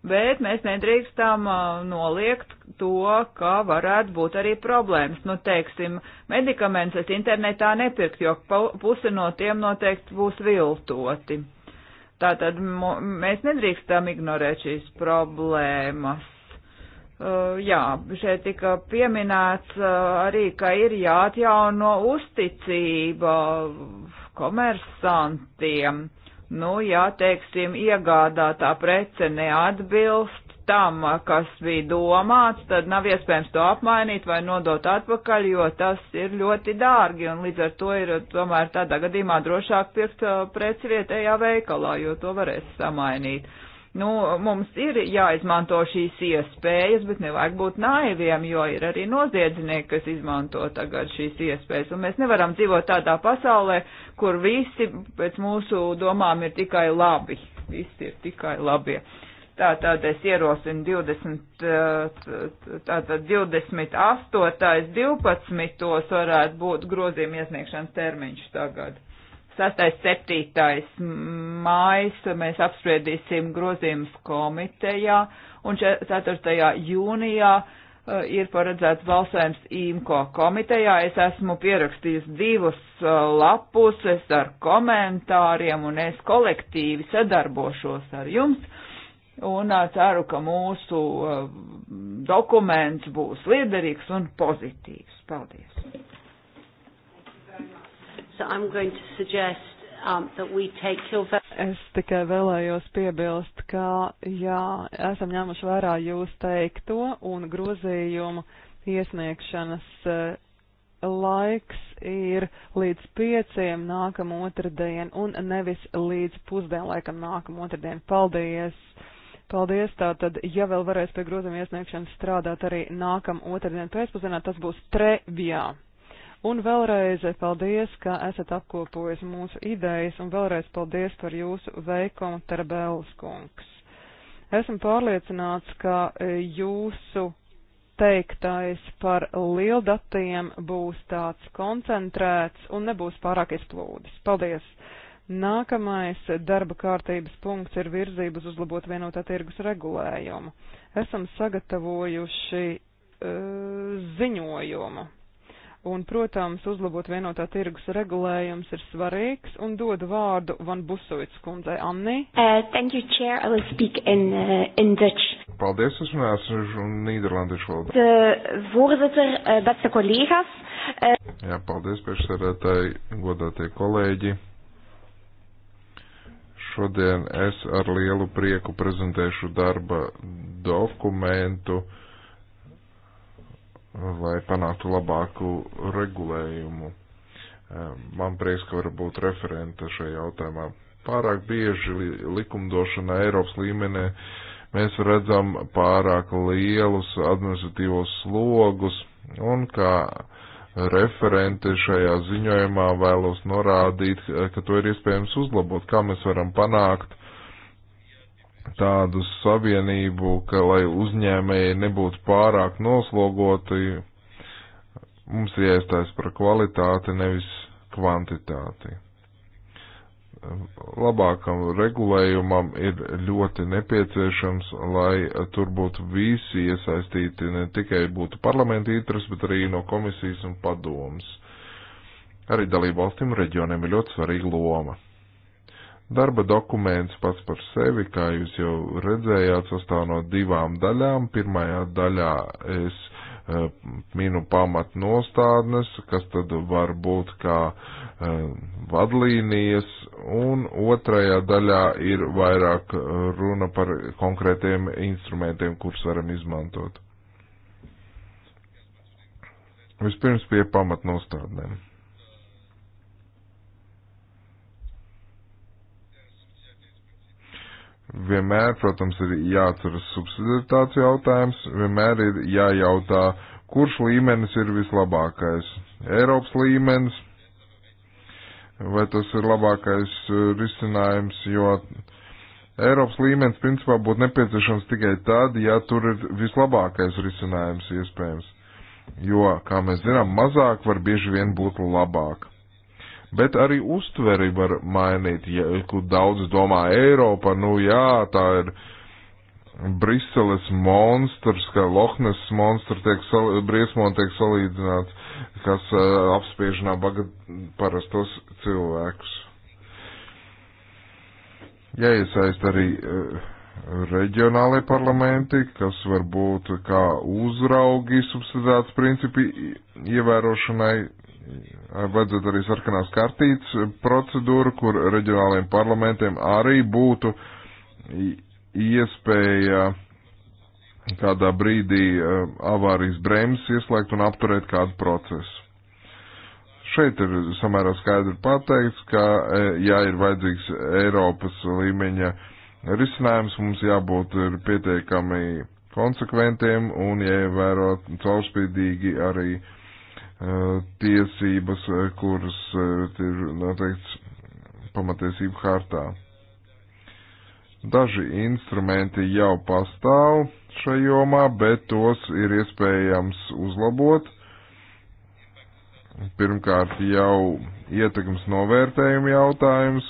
bet mēs nedrīkstam noliegt to, ka varētu būt arī problēmas. Nu, teiksim, medikaments es internetā nepirkt, jo puse no tiem noteikti būs viltoti. Tātad mēs nedrīkstam ignorēt šīs problēmas. Uh, jā, šeit tika pieminēts uh, arī, ka ir jāatjauno uzticība komersantiem. Uh, Nu, ja, teiksim, iegādātā prece neatbilst tam, kas bija domāts, tad nav iespējams to apmainīt vai nodot atpakaļ, jo tas ir ļoti dārgi, un līdz ar to ir tomēr tādā gadījumā drošāk pirkt uh, preci vietējā veikalā, jo to varēs samainīt. Uh, Nu, mums ir jāizmanto šīs iespējas, bet nevajag būt naiviem, jo ir arī noziedznieki, kas izmanto tagad šīs iespējas. Un mēs nevaram dzīvot tādā pasaulē, kur visi pēc mūsu domām ir tikai labi. Visi ir tikai labie. Tātad es ierosinu 20, tātad 28. 12. varētu būt grozījuma iesniegšanas termiņš tagad. Sastais septītais mājas mēs apspriedīsim grozījumus komitejā, un 4. jūnijā uh, ir paredzēts balsojums IMKO komitejā. Es esmu pierakstījis divus uh, lapuses ar komentāriem, un es kolektīvi sadarbošos ar jums, un uh, ceru, ka mūsu uh, dokuments būs liederīgs un pozitīvs. Paldies! So I'm going to suggest um, that we take your vote. Es tikai vēlējos piebilst, ka jā, esam ņēmuši vērā jūs teikto un grozījumu iesniegšanas eh, laiks ir līdz pieciem nākam otrdien un nevis līdz pusdienlaikam nākam otrdien. Paldies! Paldies, tātad, ja vēl varēs pie grozījuma iesniegšanas strādāt arī nākam otrdien pēcpusdienā, tas būs trevijā. Un vēlreiz paldies, ka esat apkopojis mūsu idejas, un vēlreiz paldies par jūsu veikumu, Terabēlas kungs. Esmu pārliecināts, ka e, jūsu teiktais par lieldatiem būs tāds koncentrēts un nebūs pārāk izplūdes. Paldies! Nākamais darba kārtības punkts ir virzības uzlabot vienotā tirgus regulējumu. Esam sagatavojuši uh, ziņojumu Un, protams, uzlabot vienotā tirgus regulējums ir svarīgs un dodu vārdu Van Busovic kundzei Anni. Uh, thank you, Chair. I will speak in, uh, in Dutch. Paldies, es runāšu Nīderlandiešu valodā. De voorzitter, uh, beste collega's. Uh... Jā, paldies, priekšsēdētāji, godātie kolēģi. Šodien es ar lielu prieku prezentēšu darba dokumentu. Uh, lai panāktu labāku regulējumu. Man prieks, ka var būt referenta šajā jautājumā. Pārāk bieži likumdošana Eiropas līmenī mēs redzam pārāk lielus administratīvos slogus un kā referente šajā ziņojumā vēlos norādīt, ka to ir iespējams uzlabot, kā mēs varam panākt tādu savienību, ka lai uzņēmēji nebūtu pārāk noslogoti, mums ir jāiestājas par kvalitāti, nevis kvantitāti. Labākam regulējumam ir ļoti nepieciešams, lai tur būtu visi iesaistīti, ne tikai būtu parlamenta interes, bet arī no komisijas un padomas. Arī dalību valstīm reģioniem ir ļoti svarīga loma. Darba dokuments pats par sevi, kā jūs jau redzējāt, sastāv no divām daļām. Pirmajā daļā es uh, minu pamat nostādnes, kas tad var būt kā uh, vadlīnijas, un otrajā daļā ir vairāk e, runa par konkrētiem instrumentiem, kurus varam izmantot. Vispirms pie pamatnostādnēm. Vienmēr, protams, ir jāatceras subsidiaritātes jautājums, vienmēr ir jājautā, kurš līmenis ir vislabākais. Eiropas līmenis, vai tas ir labākais uh, risinājums, jo Eiropas līmenis principā būtu nepieciešams tikai tad, ja tur ir vislabākais risinājums iespējams. Jo, kā mēs zinām, mazāk var bieži vien būt labāk bet arī uztveri var mainīt. Ja, daudz domā Eiropa, nu jā, tā ir Briseles monstrs, kā Lohnes monstrs tiek, sal, briesmon tiek salīdzināts, kas uh, apspiešanā bagad parastos cilvēkus. Jāiesaist arī uh, reģionālai parlamenti, kas var būt kā uzraugi subsidēts principi ievērošanai, vajadzētu arī sarkanās kartītes procedūru, kur reģionāliem parlamentiem arī būtu iespēja kādā brīdī um, avārijas bremzes ieslēgt un apturēt kādu procesu. Šeit ir samērā skaidri pateikts, ka, e, ja ir vajadzīgs Eiropas līmeņa risinājums, mums jābūt pietiekami konsekventiem un jāievēro caurspīdīgi arī uh, tiesības, eh, kuras eh, ir noteikts pamatiesību hartā. Daži instrumenti jau pastāv šajā jomā, bet tos ir iespējams uzlabot. Pirmkārt jau ietekmes novērtējuma jautājums,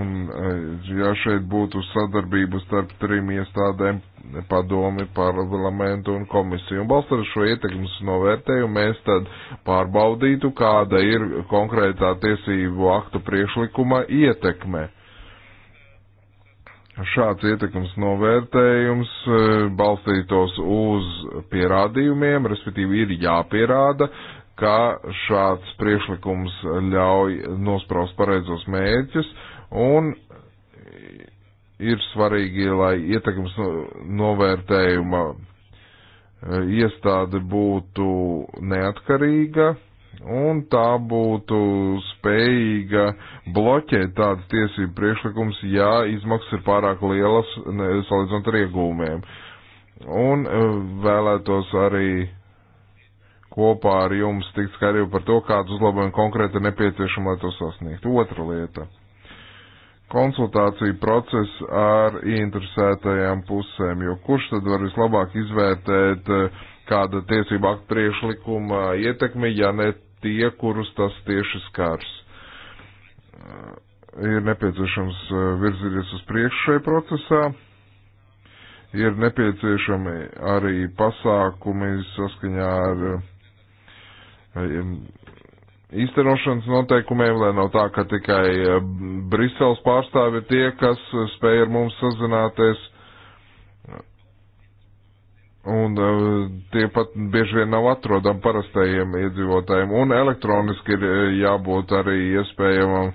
un eh, ja šeit būtu sadarbība starp trim iestādēm padomi, parlamentu un komisiju. Un balstot uz šo ietekmes novērtējumu, mēs tad pārbaudītu, kāda ir konkrētā tiesību aktu priekšlikuma ietekme. Šāds ietekmes novērtējums e, balstītos uz pierādījumiem, respektīvi ir jāpierāda, ka šāds priekšlikums ļauj nospraust pareizos mēķus un ir svarīgi, lai ietekmes novērtējuma e, iestāde būtu neatkarīga un tā būtu spējīga bloķēt tādas tiesību priekšlikums, ja izmaksas ir pārāk lielas salīdzinot ar iegūmiem. Un e, vēlētos arī kopā ar jums tikt skaidrību par to, kāds uzlabojumi konkrēti ir nepieciešami, lai to sasniegtu. Otra lieta konsultāciju procesu ar interesētajām pusēm, jo kurš tad var vislabāk izvērtēt eh, kāda tiesība aktu priešlikuma ietekmi, ja ne tie, kurus tas tieši skars. Eh, ir nepieciešams eh, virzīties uz priekšu šajā procesā, ir nepieciešami arī pasākumi saskaņā ar īstenošanas noteikumiem, lai nav tā, ka tikai eh, Briseles pārstāvi ir tie, kas spēj ar mums sazināties. Un eh, tie pat bieži vien nav atrodami parastajiem iedzīvotājiem. Un elektroniski ir eh, jābūt arī iespējamam,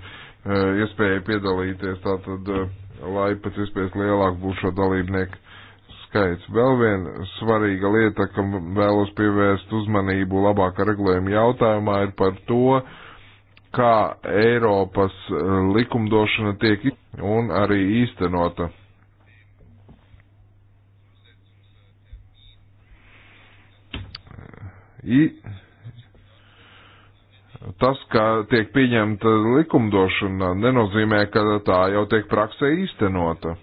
iespējai piedalīties, tātad, lai pēc iespējas lielāk būtu šo dalībnieku skaits. Vēl viena svarīga lieta, kam vēlos pievērst uzmanību labāka regulējuma jautājumā, ir par to, kā Eiropas eh, likumdošana tiek un arī īstenota. I, tas, ka tiek pieņemta likumdošana, nenozīmē, ka tā jau tiek praksē īstenota.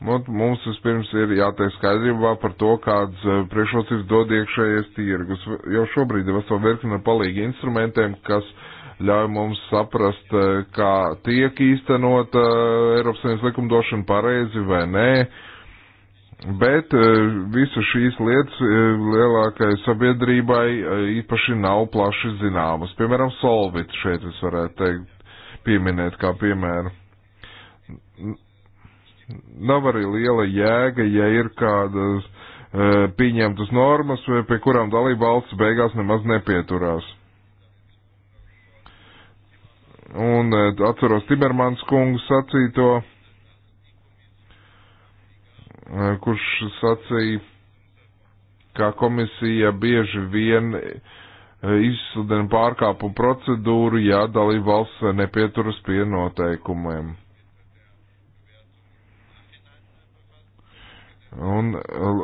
Nu, mums vispirms ir jātiek skaidrībā par to, kādas eh, priekšrocības dod iekšējais tirgus. Jau šobrīd ir vesela virkne palīgi instrumentiem, kas ļauj mums saprast, eh, kā tiek īstenot eh, Eiropas Savienības likumdošana pareizi vai nē. Bet visu šīs lietas lielākai sabiedrībai īpaši nav plaši zināmas. Piemēram, Solvit šeit es varētu teikt, pieminēt kā piemēru Nav arī liela jēga, ja ir kādas e, pieņemtas normas, e, pie kurām dalība valsts beigās nemaz nepieturās. Un e, atceros Timermans kungu sacīto, e, kurš sacīja, ka komisija bieži vien e, izsludina pārkāpumu procedūru, ja dalība valsts nepieturas pie noteikumiem. Un uh,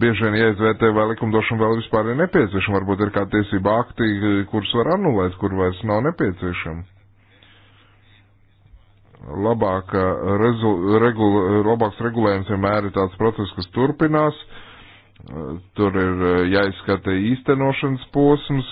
bieži vien jāizvērtē, vai likumdošana vēl vispār ir nepieciešama. Varbūt ir kā tiesība akti, kurus var anulēt, kur vairs nav nepieciešama. Labāka rezu, regul, labāks regulējums vienmēr ir tāds process, kas turpinās. Tur ir uh, jāizskata īstenošanas posms,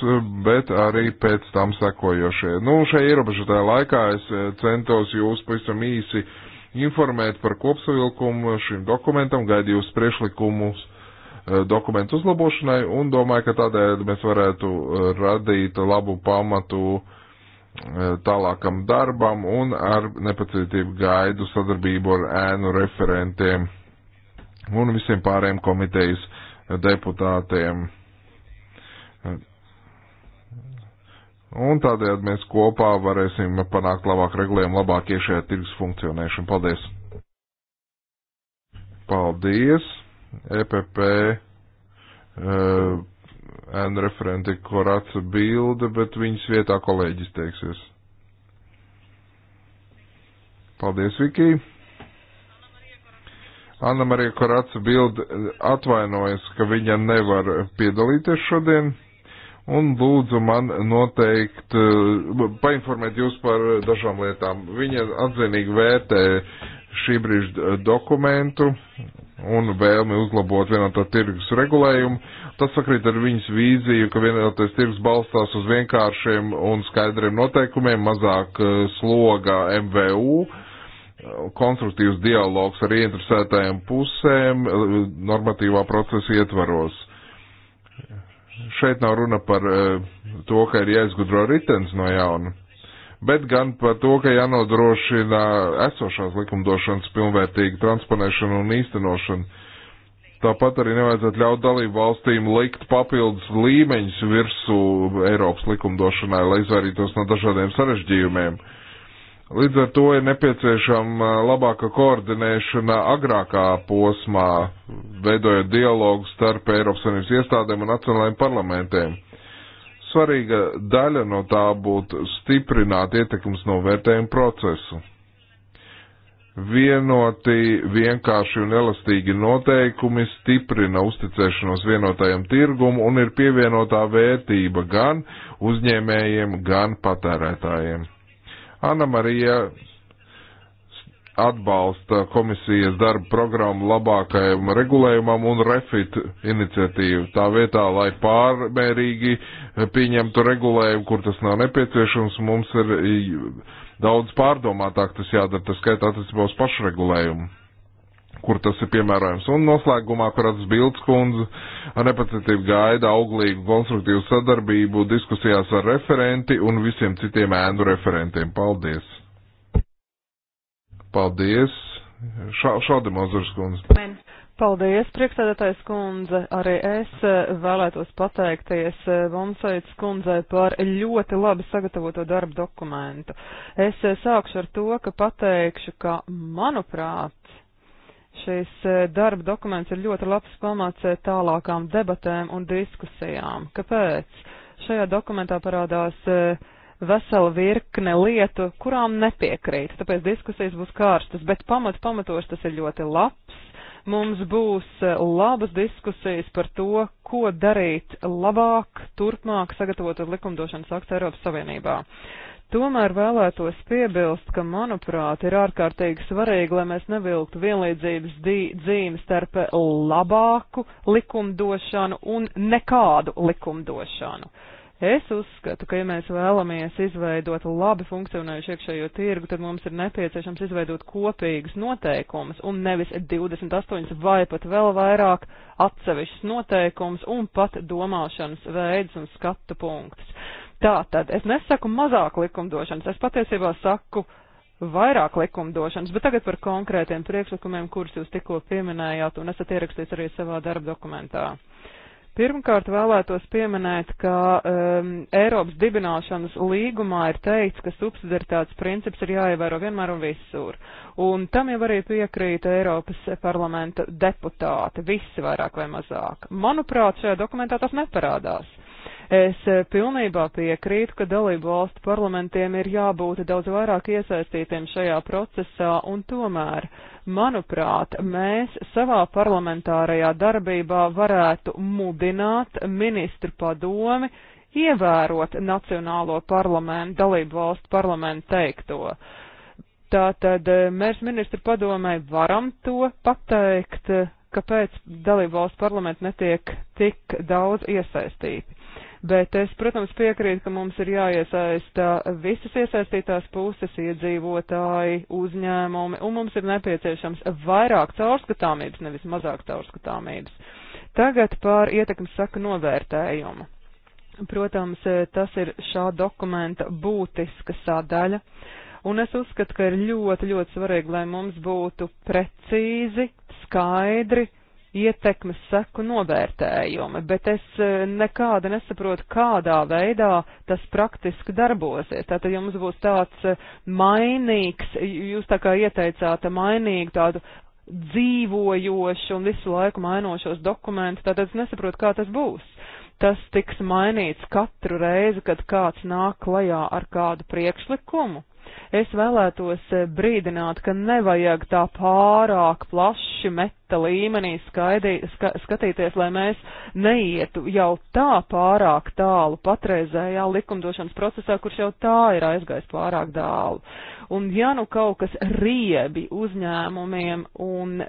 bet arī pēc tam sekojošie. Nu, šajā ierobežotajā laikā es uh, centos jūs pavisam īsi uh, informēt par kopsavilkumu šim dokumentam, gaidu jūs priešlikumus eh, dokumentu uzlabošanai un domāju, ka tādēļ mēs varētu eh, radīt labu pamatu eh, tālākam darbam un ar nepacietību gaidu sadarbību ar ēnu referentiem un visiem pārējiem komitejas deputātiem. Un tādējādi mēs kopā varēsim panākt labāk regulējumu, labāk iešējā tirgus funkcionēšanu. Paldies! Paldies! EPP ēnu uh, eh, referenti Koraca Bilde, bet viņas vietā kolēģis teiksies. Paldies, Viki! Anna Marija Koraca Bilde atvainojas, ka viņa nevar piedalīties šodien un lūdzu man noteikti eh, painformēt jūs par dažām lietām. Viņa atzinīgi vērtē šī brīža dokumentu un vēlmi uzlabot vienotā tirgus regulējumu. Tas sakrīt ar viņas vīziju, ka vienotais tirgus balstās uz vienkāršiem un skaidriem noteikumiem, mazāk eh, sloga MVU, konstruktīvs dialogs ar ieinteresētajām pusēm eh, normatīvā procesa ietvaros Šeit nav runa par e, to, ka ir jāizgudro ritens no jauna, bet gan par to, ka jānodrošina esošās likumdošanas pilnvērtīga transponēšana un īstenošana. Tāpat arī nevajadzētu ļaut dalību valstīm likt papildus līmeņus virsū Eiropas likumdošanai, lai izvairītos no dažādiem sarežģījumiem. Uh, Līdz ar to ir nepieciešama labāka koordinēšana agrākā posmā, veidojot dialogu starp Eiropas Savienības iestādēm un nacionālajiem parlamentiem. Svarīga daļa no tā būtu stiprināt ietekmes novērtējumu procesu. Vienoti, vienkārši un elastīgi noteikumi stiprina uzticēšanos vienotajam tirgumu un ir pievienotā vērtība gan uzņēmējiem, gan patērētājiem. Anna Marija atbalsta komisijas darba programmu labākajam regulējumam un refit iniciatīvu. Tā vietā, lai pārmērīgi pieņemtu regulējumu, kur tas nav nepieciešams, mums ir daudz pārdomātāk tas jādara, tas skaitā attiecībā uz pašregulējumu kur tas ir piemērojams. Un noslēgumā Karats Bilds kundze ar nepacietību gaida auglīgu konstruktīvu sadarbību diskusijās ar referenti un visiem citiem ēnu referentiem. Paldies! Paldies! Šā, šādi mazars kundze. Men. Paldies, priekšsēdētājs kundze. Arī es eh, vēlētos pateikties eh, Vonsaits kundzei par ļoti labi sagatavoto darbu dokumentu. Es eh, sākšu ar to, ka pateikšu, ka, manuprāt, Šis eh, darba dokuments ir ļoti labs pamats eh, tālākām debatēm un diskusijām. Kāpēc? Šajā dokumentā parādās eh, vesela virkne lietu, kurām nepiekrīt, tāpēc diskusijas būs kārstas, bet pamat pamatos tas ir ļoti labs. Mums būs labas diskusijas par to, ko darīt labāk, turpmāk sagatavot likumdošanas aktu Eiropas Savienībā. Uh, Tomēr vēlētos piebilst, ka, manuprāt, ir ārkārtīgi svarīgi, lai mēs nevilktu vienlīdzības dzīvi starp labāku likumdošanu un nekādu likumdošanu. Es uzskatu, ka, ja mēs vēlamies izveidot labi funkcionējušu iekšējo tirgu, tad mums ir nepieciešams izveidot kopīgas noteikumus un nevis 28 vai pat vēl vairāk atsevišķas noteikumus un pat domāšanas veidus un skatu punktus. Tātad es nesaku mazāk likumdošanas, es patiesībā saku vairāk likumdošanas, bet tagad par konkrētiem priekšlikumiem, kurus jūs tikko pieminējāt un esat ierakstījis arī savā darba dokumentā. Pirmkārt vēlētos pieminēt, ka um, Eiropas dibināšanas līgumā ir teikts, ka subsidiaritātes princips ir jāievēro vienmēr un visur. Un tam jau arī piekrīt Eiropas parlamenta deputāti, visi vairāk vai mazāk. Manuprāt, šajā dokumentā tas neparādās. Es eh, pilnībā piekrītu, ka dalību valstu parlamentiem ir jābūt daudz vairāk iesaistītiem šajā procesā, un tomēr, manuprāt, mēs savā parlamentārajā darbībā varētu mudināt ministru padomi ievērot nacionālo parlamentu, dalību valstu parlamentu teikto. Tātad eh, mēs ministru padomai varam to pateikt, eh, kāpēc dalību valstu parlamentu netiek tik daudz iesaistīti bet es, protams, piekrītu, ka mums ir jāiesaista visas iesaistītās puses, iedzīvotāji, uzņēmumi, un mums ir nepieciešams vairāk caurskatāmības, nevis mazāk caurskatāmības. Tagad par ietekmes saku novērtējumu. Protams, tas ir šā dokumenta būtiska sadaļa, un es uzskatu, ka ir ļoti, ļoti svarīgi, lai mums būtu precīzi, skaidri ietekmes seku novērtējumi, bet es e, nekāda nesaprotu, kādā veidā tas praktiski darbosies. Tātad jums būs tāds e, mainīgs, jūs tā kā ieteicāt e, mainīgu tādu dzīvojošu un visu laiku mainošos dokumentus, tātad es nesaprotu, kā tas būs. Tas tiks mainīts katru reizi, kad kāds nāk klajā ar kādu priekšlikumu. Es vēlētos brīdināt, ka nevajag tā pārāk plaši met budžeta līmenī skaidī, ska, skatīties, lai mēs neietu jau tā pārāk tālu patreizējā likumdošanas procesā, kurš jau tā ir aizgājis pārāk tālu. Un ja nu kaut kas riebi uzņēmumiem un e,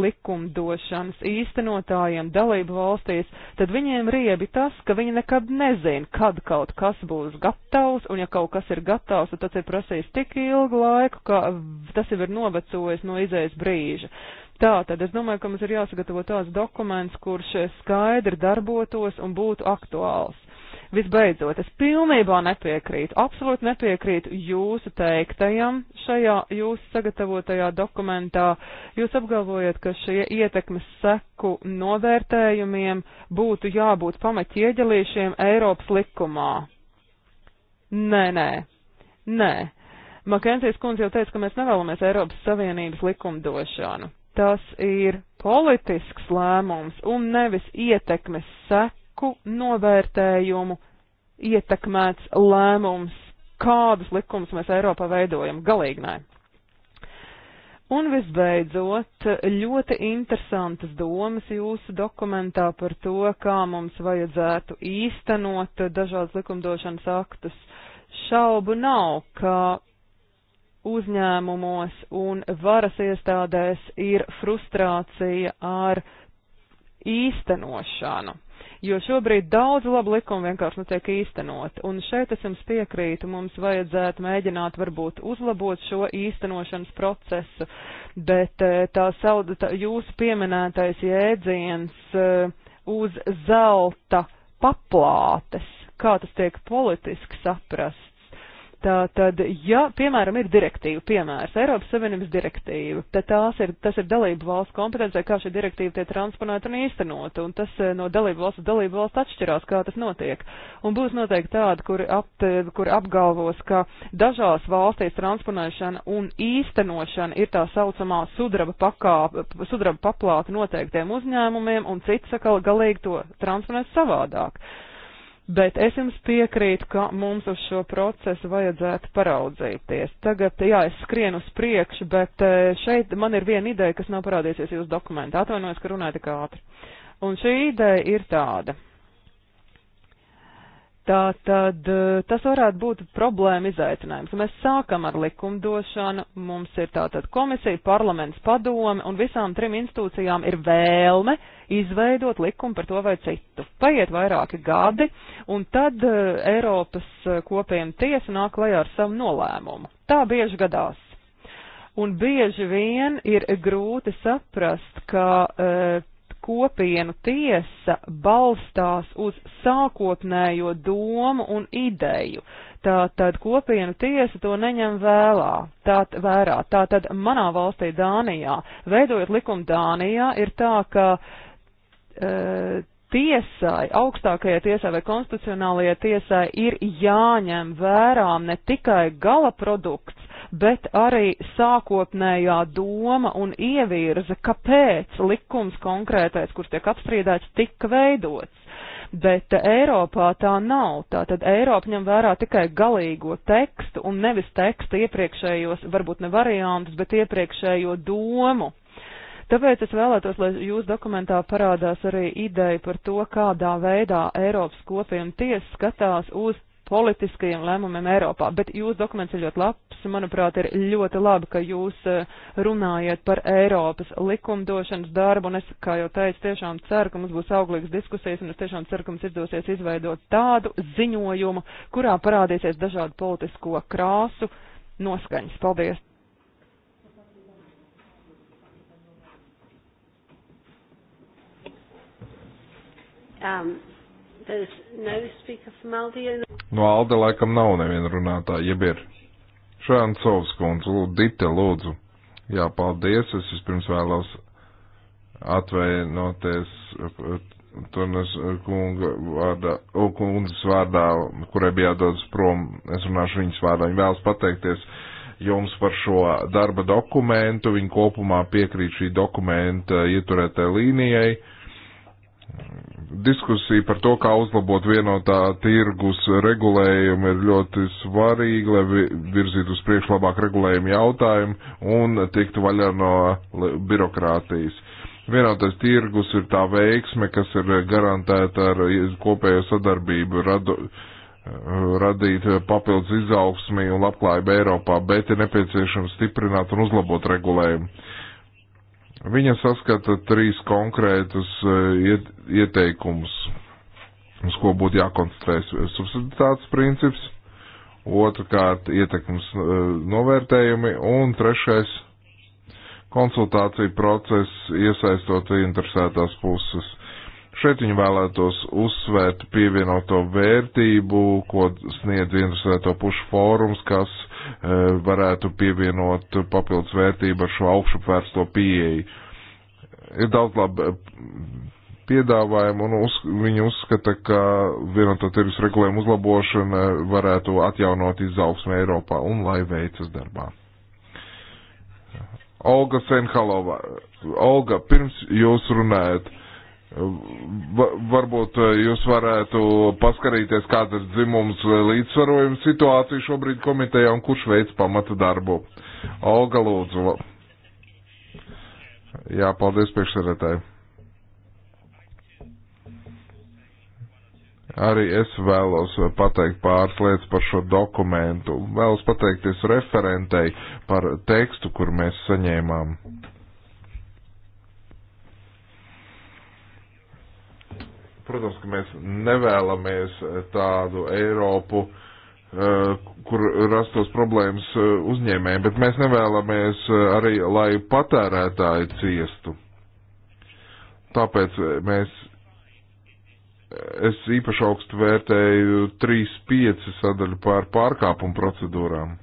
likumdošanas īstenotājiem dalību valstīs, tad viņiem riebi tas, ka viņi nekad nezina, kad kaut kas būs gatavs, un ja kaut kas ir gatavs, tad tas ir prasījis tik ilgu laiku, ka tas jau ir novecojis no izējas brīža. Tātad es domāju, ka mums ir jāsagatavo tāds dokuments, kurš skaidri darbotos un būtu aktuāls. Visbeidzot, es pilnībā nepiekrītu, absolūti nepiekrītu jūsu teiktajam šajā jūsu sagatavotajā dokumentā. Jūs apgalvojat, ka šie ietekmes seku novērtējumiem būtu jābūt pamaķieģelīšiem Eiropas likumā. Nē, nē, nē. Makensijas kundze jau teica, ka mēs nevēlamies Eiropas Savienības likumdošanu. Tas ir politisks lēmums un nevis ietekmes seku novērtējumu ietekmēts lēmums, kādus likumus mēs Eiropā veidojam. Galīgi nē. Un visbeidzot, ļoti interesantas domas jūsu dokumentā par to, kā mums vajadzētu īstenot dažādas likumdošanas aktus. Šaubu nav, ka uzņēmumos un varas iestādēs ir frustrācija ar īstenošanu. Jo šobrīd daudz labu likumu vienkārši netiek īstenot, un šeit es jums piekrītu, mums vajadzētu mēģināt varbūt uzlabot šo īstenošanas procesu, bet eh, tā sauda, tā, jūsu pieminētais jēdziens eh, uz zelta paplātes, kā tas tiek politiski saprast, Tātad, ja, piemēram, ir direktīva, piemērs, Eiropas Savienības direktīva, tad tās ir, tas ir dalību valsts kompetencija, kā šī direktīva tiek transponēta un īstenota, un tas eh, no dalību valsts dalību valsts atšķirās, kā tas notiek. Un būs noteikti tāda, kur, ap, kur apgalvos, ka dažās valstīs transponēšana un īstenošana ir tā saucamā sudraba, pakāp, sudraba paplāta noteiktiem uzņēmumiem, un cits, sakal, galīgi to transponēs savādāk bet es jums piekrītu, ka mums uz šo procesu vajadzētu paraudzīties. Tagad, jā, es skrienu uz priekšu, bet eh, šeit man ir viena ideja, kas nav parādījusies jūsu dokumentā. Atvainojos, ka runāju tik ātri. Un šī ideja ir tāda. Tā tad eh, tas varētu būt problēma izaicinājums. Mēs sākam ar likumdošanu, mums ir tātad komisija, parlaments, padome, un visām trim institūcijām ir vēlme izveidot likumu par to vai citu. Paiet vairāki gadi, un tad eh, Eiropas eh, kopējiem tiesa nāk lejā ar savu nolēmumu. Tā bieži gadās. Un bieži vien ir grūti saprast, ka. E, kopienu tiesa balstās uz sākotnējo domu un ideju. Tātad kopienu tiesa to neņem vēlā, tāt vērā. Tātad manā valstī Dānijā, veidojot likumu Dānijā, ir tā, ka e, tiesai, augstākajai tiesai vai konstitucionālajai tiesai ir jāņem vērā ne tikai gala produkts, bet arī sākotnējā doma un ievirze, kāpēc likums konkrētais, kurš tiek apstrīdēts, tika veidots. Bet Eiropā tā nav. Tātad Eiropa ņem vērā tikai galīgo tekstu un nevis teksta iepriekšējos, varbūt ne variantus, bet iepriekšējo domu. Tāpēc es vēlētos, lai jūs dokumentā parādās arī ideja par to, kādā veidā Eiropas kopiena tiesa skatās uz politiskajiem lēmumiem Eiropā. Bet jūsu dokuments ir ļoti labs, manuprāt, ir ļoti labi, ka jūs eh, runājat par Eiropas likumdošanas darbu, un es, kā jau teicu, tiešām ceru, ka mums būs auglīgas diskusijas, un es tiešām ceru, ka mums izdosies izveidot tādu ziņojumu, kurā parādīsies dažādu politisko krāsu noskaņas. Paldies! Um, No, no Alde laikam nav neviena runātāja, jeb ir. Šāncovs kundze, lūdzu, Dita, lūdzu. Jā, paldies, es vispirms vēlos atvainoties Tunas kunga vārdā, o, kundzes vārdā, kurai bija jādodas prom, es runāšu viņas vārdā, viņa vēlas pateikties jums par šo darba dokumentu, viņa kopumā piekrīt šī dokumenta ieturētai līnijai diskusija par to, kā uzlabot vienotā tirgus regulējumu, ir ļoti svarīga, lai virzītu uz priekšu labāk regulējumu jautājumu un tiktu vaļā no birokrātijas. Vienotais tirgus ir tā veiksme, kas ir garantēta ar kopējo sadarbību, radu, radīt papildus izaugsmī un labklājību Eiropā, bet ir nepieciešams stiprināt un uzlabot regulējumu Viņa saskata trīs konkrētus e, ieteikumus, uz ko būtu jākoncentrēs e, subsiditātes princips, otrkārt ietekmes e, novērtējumi un trešais konsultāciju process, iesaistot interesētās puses. Šeit viņi vēlētos uzsvērt pievienoto vērtību, ko sniedz interesēto pušu fórums, kas Eh, varētu pievienot papildus vērtību ar šo augšupvērsto pieeju. Ir daudz labi eh, piedāvājumu, un uz, viņi uzskata, ka vienotā tirgus regulējuma uzlabošana varētu atjaunot izaugsmu Eiropā un lai veicas darbā. Olga Senhalova, Olga, pirms jūs runājat, Varbūt eh, jūs varētu paskarīties, kāds ir dzimums eh, līdzsvarojuma situācija šobrīd komitejā un kurš veids pamata darbu. Olga Lūdzu. Jā, paldies priekšsēdētāji. Arī es vēlos pateikt pāris lietas par šo dokumentu. Vēlos pateikties referentei par tekstu, kur mēs saņēmām. Protams, ka mēs nevēlamies eh, tādu Eiropu, eh, kur rastos problēmas eh, uzņēmējiem, bet mēs nevēlamies arī, lai patērētāji ciestu. Tāpēc mēs, es īpaši augstu vērtēju 3.5 sadaļu par pārkāpumu procedūrām.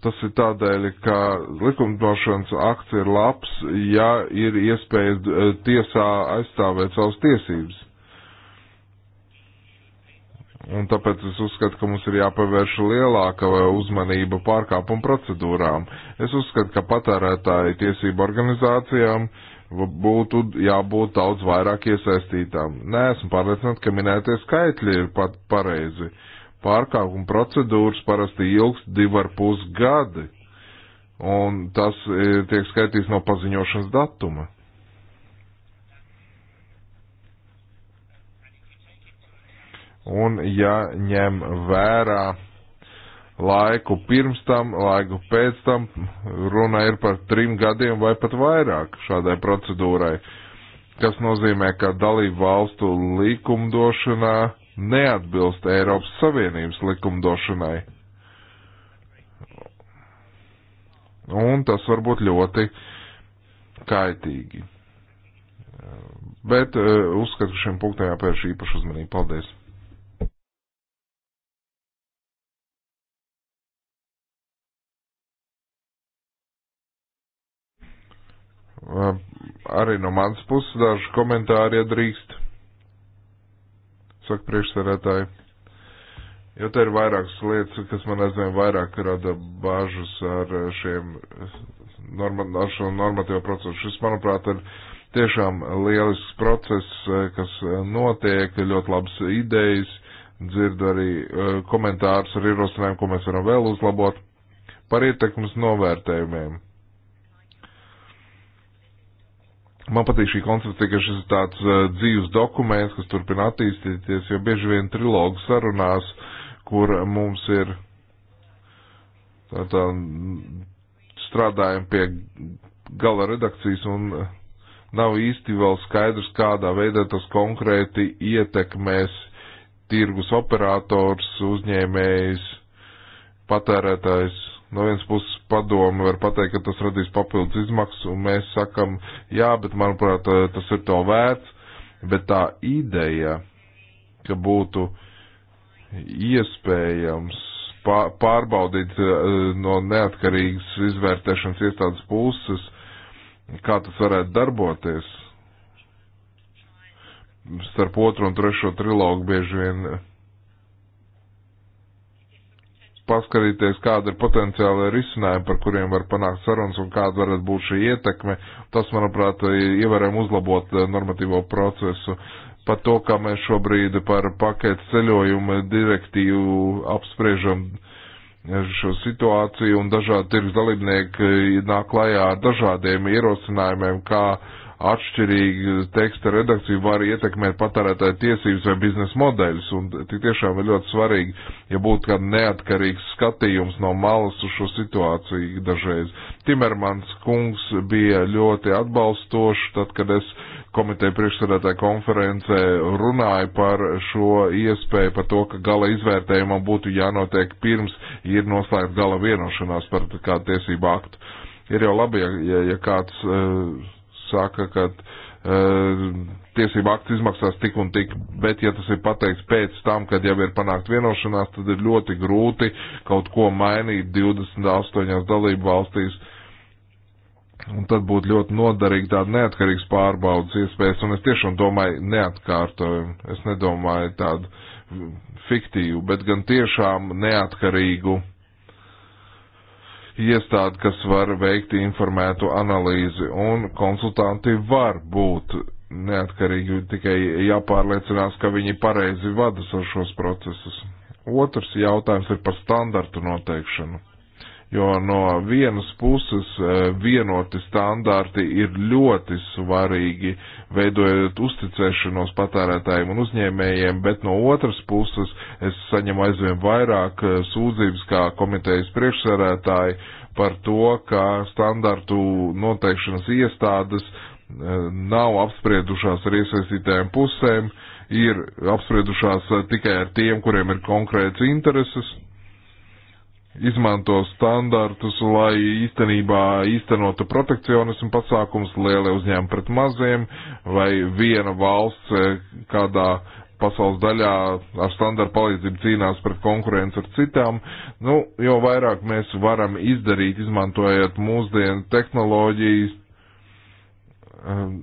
Tas ir tādēļ, ka likumdošanas akts ir labs, ja ir iespēja eh, tiesā aizstāvēt savas tiesības. Un tāpēc es uzskatu, ka mums ir jāpavērš lielāka eh, uzmanība pārkāpuma procedūrām. Es uzskatu, ka patērētāju tiesību organizācijām būtu jābūt daudz vairāk iesaistītām. Nē, esmu pārliecināts, ka minētie skaitļi ir pat pareizi. Uh, pārkāpuma procedūras parasti ilgs divi ar pus gadi, un tas e, tiek skaitīts no paziņošanas datuma. Un ja ņem vērā laiku pirms tam, laiku pēc tam, runa ir par trim gadiem vai pat vairāk šādai procedūrai, kas nozīmē, ka dalību valstu likumdošanā neatbilst Eiropas Savienības likumdošanai. Un tas var būt ļoti kaitīgi. Bet eh, uzskatu, ka šiem punktiem jāpērš īpašu uzmanību. Paldies! Eh, arī no mans puses daži komentāri, ja drīkst saka priekšsarētāji. Jo te ir vairākas lietas, kas man aizvien vairāk rada bāžas ar šiem norma, ar šo normatīvo procesu. Šis, manuprāt, ir tiešām lielisks process, kas notiek, ļoti labas idejas, dzirdu arī e, komentārus ar ierosinājumu, ko mēs varam vēl uzlabot par ietekmes novērtējumiem. Man patīk šī koncepcija, ka šis ir tāds uh, dzīves dokuments, kas turpina attīstīties, jo bieži vien trilogu sarunās, kur mums ir tā, tā, strādājam pie gala redakcijas un nav īsti vēl skaidrs, kādā veidā tas konkrēti ietekmēs tirgus operators, uzņēmējs, patērētājs No vienas puses padomu var pateikt, ka tas radīs papildus izmaksas, un mēs sakam, jā, bet manuprāt, eh, tas ir to vērts, bet tā ideja, ka būtu iespējams pārbaudīt eh, no neatkarīgas izvērtēšanas iestādes puses, kā tas varētu darboties. Starp otro un trešo trilogu bieži vien paskatīties, kāda ir potenciāla risinājuma, par kuriem var panākt sarunas un kāda varētu būt šī ietekme. Tas, manuprāt, ievērēm uzlabot eh, normatīvo procesu. Pat to, kā mēs šobrīd par paketu ceļojumu direktīvu apspriežam eh, šo situāciju un dažādi tirgus dalībnieki nāk klajā ar dažādiem ierosinājumiem, kā uh, atšķirīga teksta redakcija var ietekmēt patērētāju tiesības vai biznesa modeļus, un tik tiešām ir ļoti svarīgi, ja būtu kāda neatkarīgs skatījums no malas uz šo situāciju dažreiz. Timermans kungs bija ļoti atbalstošs, tad, kad es komiteja priekšsēdētāja konferencē runāju par šo iespēju, par to, ka gala izvērtējumam būtu jānotiek pirms ir noslēgta gala vienošanās par kādu tiesību aktu. Ir jau labi, ja, ja kāds uh, saka, ka uh, tiesība akts izmaksās tik un tik, bet ja tas ir pateikts pēc tam, kad jau ir panākt vienošanās, tad ir ļoti grūti kaut ko mainīt 28 dalību valstīs. Un tad būtu ļoti noderīgi tāda neatkarīgs pārbaudas iespējas, un es tiešām domāju neatkārtojumu. Es nedomāju tādu fiktīvu, bet gan tiešām neatkarīgu uh, iestādi, kas var veikt informētu analīzi, un konsultanti var būt neatkarīgi, tikai jāpārliecinās, ka viņi pareizi vada šos procesus. Otrs jautājums ir par standartu noteikšanu jo no vienas puses e, vienoti standarti ir ļoti svarīgi, veidojot uzticēšanos patērētājiem un uzņēmējiem, bet no otras puses es saņemu aizvien vairāk e, sūdzības kā komitejas priekšsarētāji par to, ka standartu noteikšanas iestādes e, nav apspriedušās ar iesaistītajām pusēm, ir apspriedušās tikai ar tiem, kuriem ir konkrēts intereses, izmanto standartus, lai īstenībā īstenotu protekcionismu pasākums lielie uzņēmumi pret maziem, vai viena valsts eh, kādā pasaules daļā ar standartu palīdzību cīnās pret konkurenci ar citām, nu, jo vairāk mēs varam izdarīt, izmantojot mūsdienu tehnoloģijas, ehm,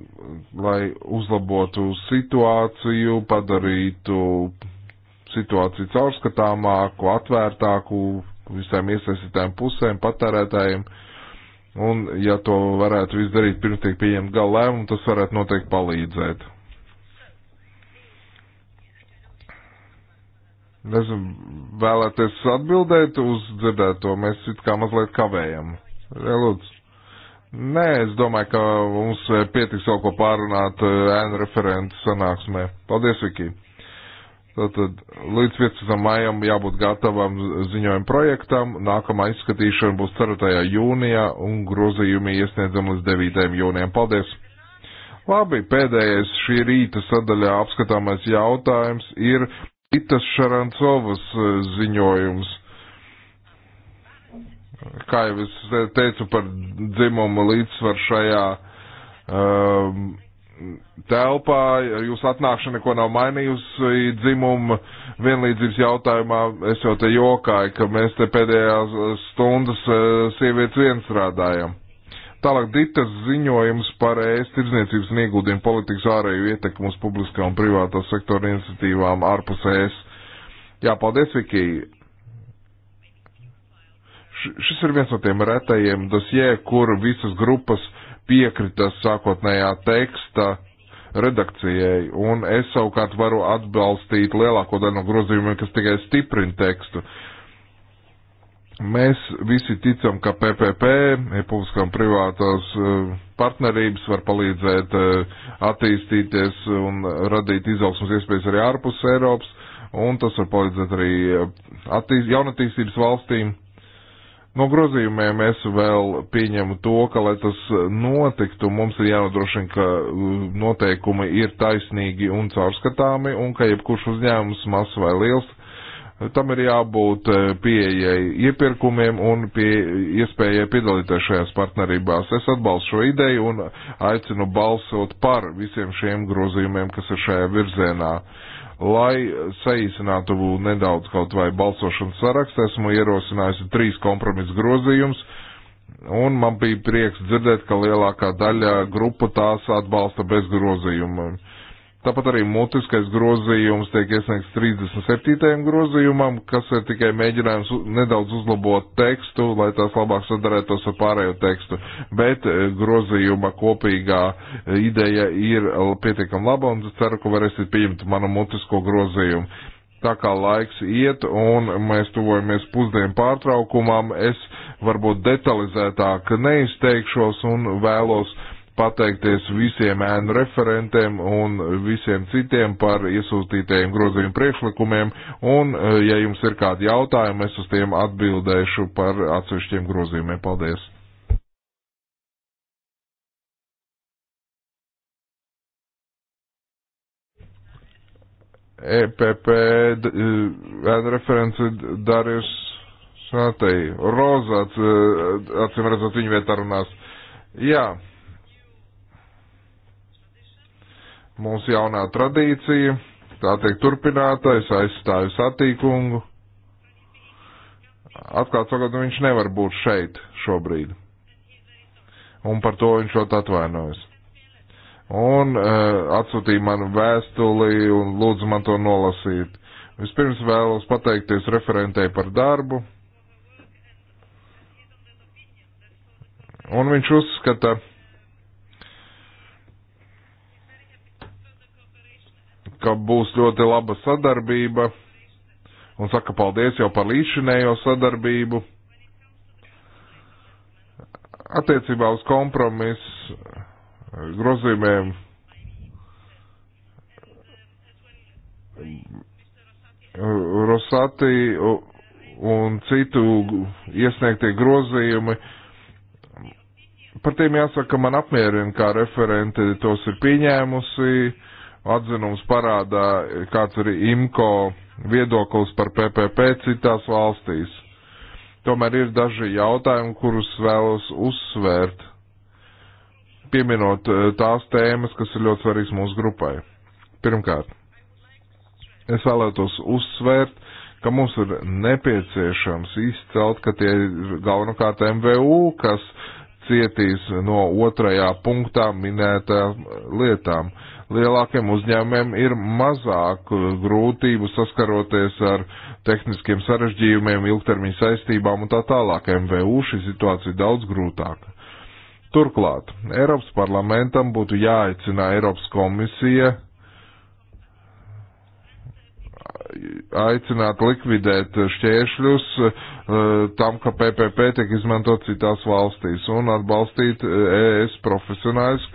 lai uzlabotu situāciju, padarītu situāciju caurskatāmāku, atvērtāku, visām iesaistītām pusēm, patērētājiem. Un, ja to varētu izdarīt pirms tiek pieņemt gala lēmumu, tas varētu noteikti palīdzēt. Nezinu, vēlēties atbildēt uz dzirdēto, mēs it kā mazliet kavējam. Lūdzu. Nē, es domāju, ka mums pietiks vēl ko pārunāt eh, ēnu referentu sanāksmē. Paldies, Viki! Tātad līdz 15. maijam jābūt gatavam ziņojumu projektam, nākamā izskatīšana būs 4. jūnijā un grozījumi iesniedzam līdz 9. jūnijam. Paldies! Labi, pēdējais šī rīta sadaļā apskatāmais jautājums ir Itas Šarancovas e, ziņojums. Kā jau es teicu par dzimumu līdzsvaru šajā um, telpā, ar jūsu atnākšanu neko nav mainījusi dzimuma vienlīdzības jautājumā. Es jau te jokāju, ka mēs te pēdējās stundas eh, sievietes vien strādājam. Tālāk Ditas ziņojums par ēst tirdzniecības nieguldījumu politikas ārēju ietekmu uz publiskā un privātā sektora iniciatīvām ārpus ēst. Jā, paldies, Vikija. Šis ir viens no tiem retajiem dosjē, kur visas grupas uh, piekrita sākotnējā teksta redakcijai, un es savukārt varu atbalstīt lielāko daļu no grozījumiem, kas tikai stiprina tekstu. Mēs visi ticam, ka PPP, publiskā un privātās eh, partnerības var palīdzēt eh, attīstīties un radīt izaugsmas iespējas arī ārpus Eiropas, un tas var palīdzēt arī eh, jaunattīstības valstīm No grozījumiem es vēl pieņemu to, ka, lai tas notiktu, mums ir jānodrošina, ka uh, noteikumi ir taisnīgi un caurskatāmi, un ka jebkurš uzņēmums, mazs vai liels, tam ir jābūt uh, pieejai iepirkumiem un pie, iespējai piedalīties šajās partnerībās. Es atbalstu šo ideju un aicinu balsot par visiem šiem grozījumiem, kas ir šajā virzienā. Uh, lai saīsinātu nedaudz kaut vai balsošanas sarakstu, esmu ierosinājusi trīs kompromisu grozījumus, un man bija prieks dzirdēt, ka lielākā daļa grupu tās atbalsta bez grozījumiem. Tāpat arī mutiskais grozījums tiek iesniegts 37. grozījumam, kas ir tikai mēģinājums nedaudz uzlabot tekstu, lai tās labāk sadarētos ar pārējo tekstu. Bet eh, grozījuma kopīgā eh, ideja ir eh, pietiekam laba un ceru, ka varēsiet pieņemt manu mutisko grozījumu. Tā kā laiks iet un mēs tuvojamies pusdienu pārtraukumam, es varbūt detalizētāk neizteikšos un vēlos pateikties visiem ēnu referentiem un visiem citiem par iesūtītajiem grozījumu priekšlikumiem, un, e, ja jums ir kādi jautājumi, es uz tiem atbildēšu par atsevišķiem grozījumiem. Paldies! EPP e, ēnu referenci Darius Šātei. Roza, e, acīm redzot, viņa vietā runās. Jā. Yeah. mūsu jaunā tradīcija, tā tiek turpināta, es aizstāju satīkungu. Atklāt sakot, nu, viņš nevar būt šeit šobrīd. Un par to viņš ļoti atvainojas. Un uh, atsūtīja man vēstuli un lūdzu man to nolasīt. Vispirms vēlos pateikties referentei par darbu. Un viņš uzskata, ka ka būs ļoti laba sadarbība un saka paldies jau par līdzinējo sadarbību. Attiecībā uz kompromisu grozījumiem Rosati un citu iesniegtie grozījumi. Par tiem jāsaka, man apmierina, kā referente tos ir pieņēmusi Atzinums parāda, kāds ir IMCO viedoklis par PPP citās valstīs. Tomēr ir daži jautājumi, kurus vēlos uzsvērt, pieminot eh, tās tēmas, kas ir ļoti svarīgas mūsu grupai. Pirmkārt, es vēlētos uzsvērt, ka mums ir nepieciešams izcelt, ka tie ir galvenokārt MVU, kas cietīs no otrajā punktā minētām lietām lielākiem uzņēmumiem ir mazāk grūtību saskaroties ar tehniskiem sarežģījumiem, ilgtermiņa saistībām un tā tālāk. MVU šī situācija ir daudz grūtāka. Turklāt Eiropas parlamentam būtu jāaicina Eiropas komisija aicināt likvidēt šķēršļus eh, tam, ka PPP tiek izmantot citās valstīs un atbalstīt ES eh, e profesionāļus,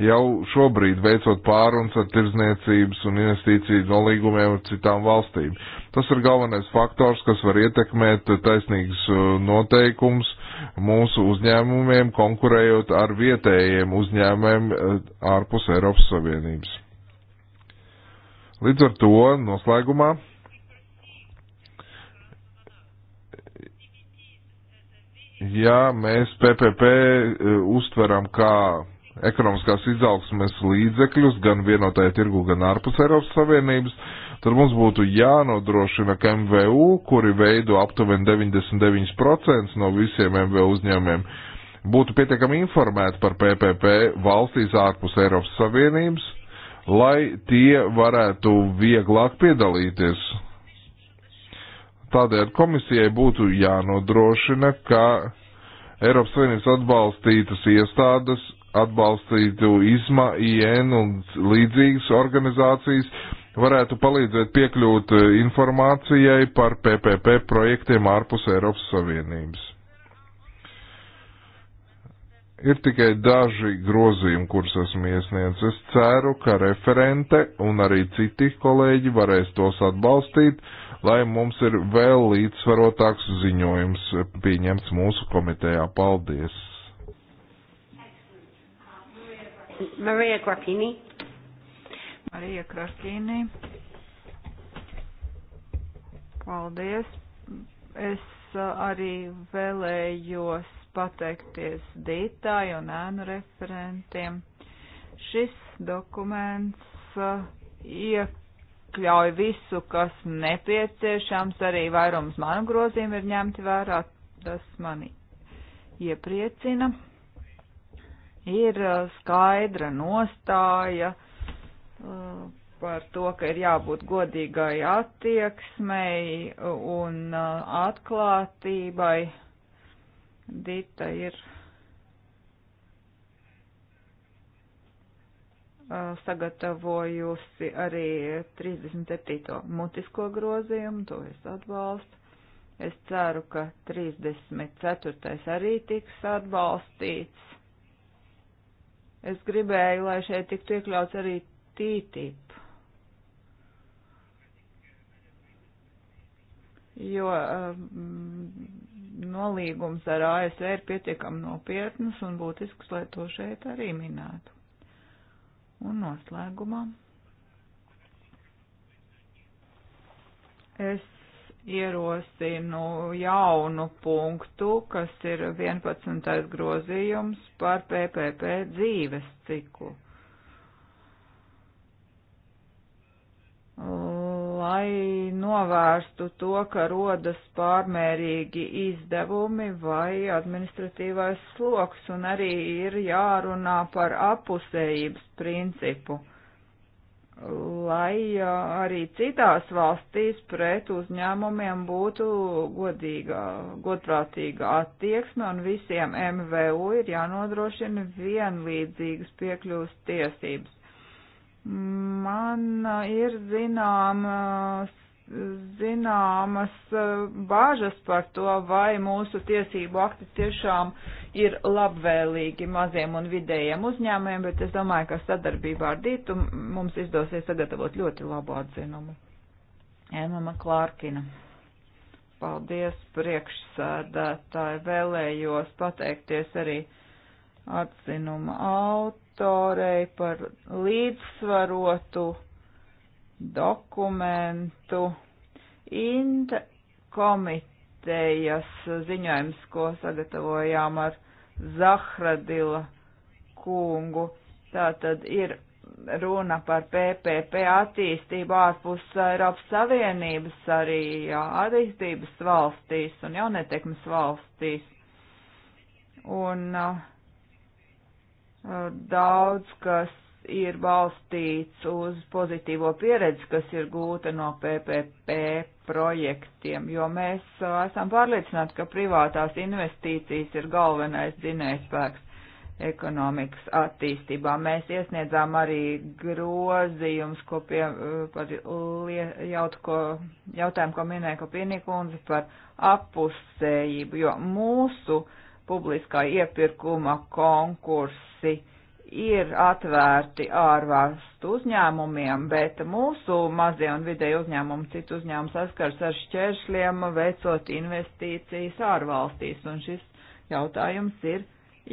jau šobrīd veicot pārunas ar tirzniecības un investīciju nolīgumiem ar citām valstīm. Tas ir galvenais faktors, kas var ietekmēt taisnīgas uh, noteikums mūsu uzņēmumiem, konkurējot ar vietējiem uzņēmumiem uh, ārpus Eiropas Savienības. Līdz ar to noslēgumā. Ja mēs PPP uh, uztveram kā ekonomiskās izaugsmes līdzekļus gan vienotajā tirgu, gan ārpus Eiropas Savienības, tad mums būtu jānodrošina, ka MVU, kuri veido aptuveni 99% no visiem MVU uzņēmiem, būtu pietiekami informēti par PPP valstīs ārpus Eiropas Savienības, lai tie varētu vieglāk piedalīties. Tādēļ komisijai būtu jānodrošina, ka Eiropas Savienības atbalstītas iestādes atbalstītu ISMA, IN un līdzīgas organizācijas, varētu palīdzēt piekļūt e, informācijai par PPP projektiem ārpus Eiropas Savienības. Ir tikai daži grozījumi, kurus esmu iesniedzis. Es ceru, ka referente un arī citi kolēģi varēs tos atbalstīt, lai mums ir vēl līdzsvarotāks ziņojums pieņemts mūsu komitejā. Paldies! Marija Grapini. Marija Grapini. Paldies. Es uh, arī vēlējos pateikties Dītāji un ēnu referentiem. Šis dokuments uh, iekļauj visu, kas nepieciešams, arī vairums manu grozījumu ir ņemti vērā. Tas mani iepriecina ir skaidra nostāja par to, ka ir jābūt godīgai attieksmei un atklātībai. Dita ir sagatavojusi arī 37. mutisko grozījumu, to es atbalstu. Es ceru, ka 34. arī tiks atbalstīts Es gribēju, lai šeit tiktu iekļauts arī TTIP. Jo um, nolīgums ar ASV ir pietiekami nopietnas un būtisks, lai to šeit arī minētu. Un noslēgumā. Es ierosinu jaunu punktu, kas ir 11. grozījums par PPP dzīves ciklu. Lai novērstu to, ka rodas pārmērīgi izdevumi vai administratīvais sloks, un arī ir jārunā par apusējības principu lai arī citās valstīs pret uzņēmumiem būtu godīga, godprātīga attieksme un visiem MVU ir jānodrošina vienlīdzīgas piekļuvas tiesības. Man ir zināmas zināmas eh, bāžas par to, vai mūsu tiesību akti tiešām ir labvēlīgi maziem un vidējiem uzņēmējiem, bet es domāju, ka sadarbībā ar Dītu mums izdosies sagatavot ļoti labu atzinumu. Emma Klārkina. Paldies priekšsēdētāji. Vēlējos pateikties arī atzinuma autorei par līdzsvarotu dokumentu. Ind komitejas ziņojums, ko sagatavojām ar Zahradila kungu, tā tad ir runa par PPP attīstību ārpus Eiropas Savienības, arī jā, attīstības valstīs un jaunetekmes valstīs. Un uh, daudz kas ir balstīts uz pozitīvo pieredzi, kas ir gūta no PPP projektiem, jo mēs uh, esam pārliecināti, ka privātās investīcijas ir galvenais dzinējspēks ekonomikas attīstībā. Mēs iesniedzām arī grozījums, ko pie, uh, par jaut, ko, jautājumu, ko minēja Kopīnī kundze par apusējību, jo mūsu publiskā iepirkuma konkursi ir atvērti ārvalstu uzņēmumiem, bet mūsu mazie un vidēji uzņēmumi, citu uzņēmumu saskars ar šķēršļiem, veicot investīcijas ārvalstīs, un šis jautājums ir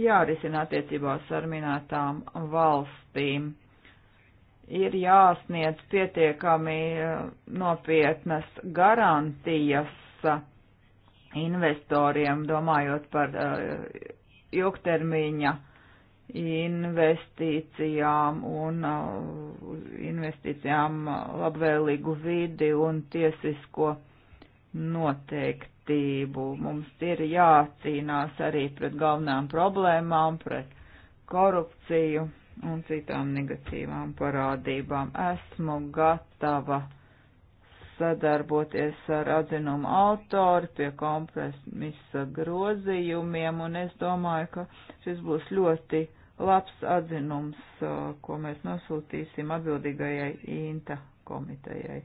jārisina attiecībās ar minētām valstīm. Ir jāsniedz pietiekami e, nopietnas garantijas investoriem, domājot par e, ilgtermiņa uh, investīcijām un uh, investīcijām labvēlīgu vidi un tiesisko noteiktību. Mums ir jācīnās arī pret galvenām problēmām, pret korupciju un citām negatīvām parādībām. Esmu gatava sadarboties ar atzinumu autori pie kompromisa grozījumiem, un es domāju, ka šis būs ļoti labs atzinums, ko mēs nosūtīsim atbildīgajai INTA komitejai.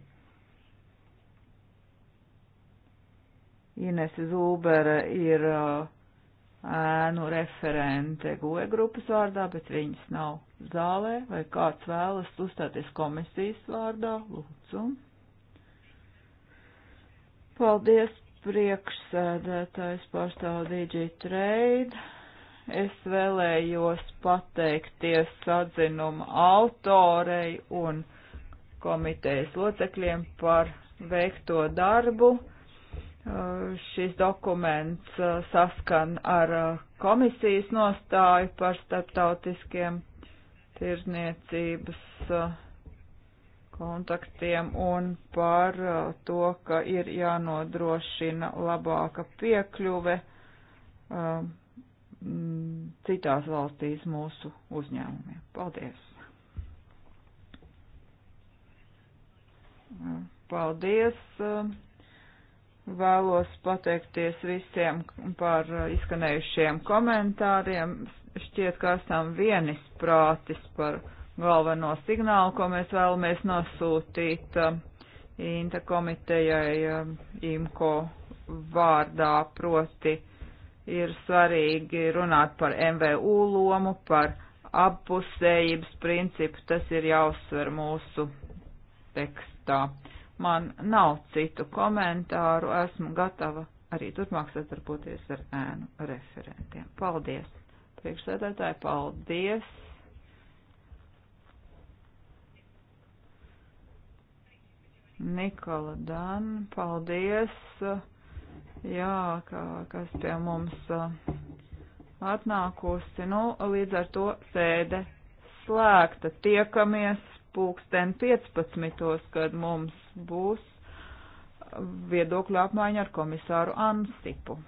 Ines Zūbere ir ēnu referente GUE grupas vārdā, bet viņas nav zālē, vai kāds vēlas uzstāties komisijas vārdā, lūdzu. Paldies, priekšsēdētājs pārstāv DJ Trade es vēlējos pateikties atzinuma autorei un komitejas locekļiem par veikto darbu. Uh, šis dokuments uh, saskan ar uh, komisijas nostāju par starptautiskiem tirzniecības kontaktiem un par to, ka ir jānodrošina labāka piekļuve um, m, mm, citās valstīs mūsu uzņēmumiem. Paldies! Paldies! Vēlos pateikties visiem par izskanējušiem komentāriem. Šķiet, ka esam vienis prātis par galveno signālu, ko mēs vēlamies nosūtīt um, Inta komitejai um, IMKO vārdā proti ir svarīgi runāt par MVU lomu, par appusējības principu, tas ir jāuzsver mūsu tekstā. Man nav citu komentāru, esmu gatava arī turpmāk sadarboties ar ēnu referentiem. Paldies! Priekšsēdētāji, paldies! Nikola Dan, paldies! jā, kā, kas pie mums uh, atnākusi. Nu, līdz ar to sēde slēgta. Tiekamies pulksten 15, kad mums būs viedokļu apmaiņa ar komisāru Ansipu.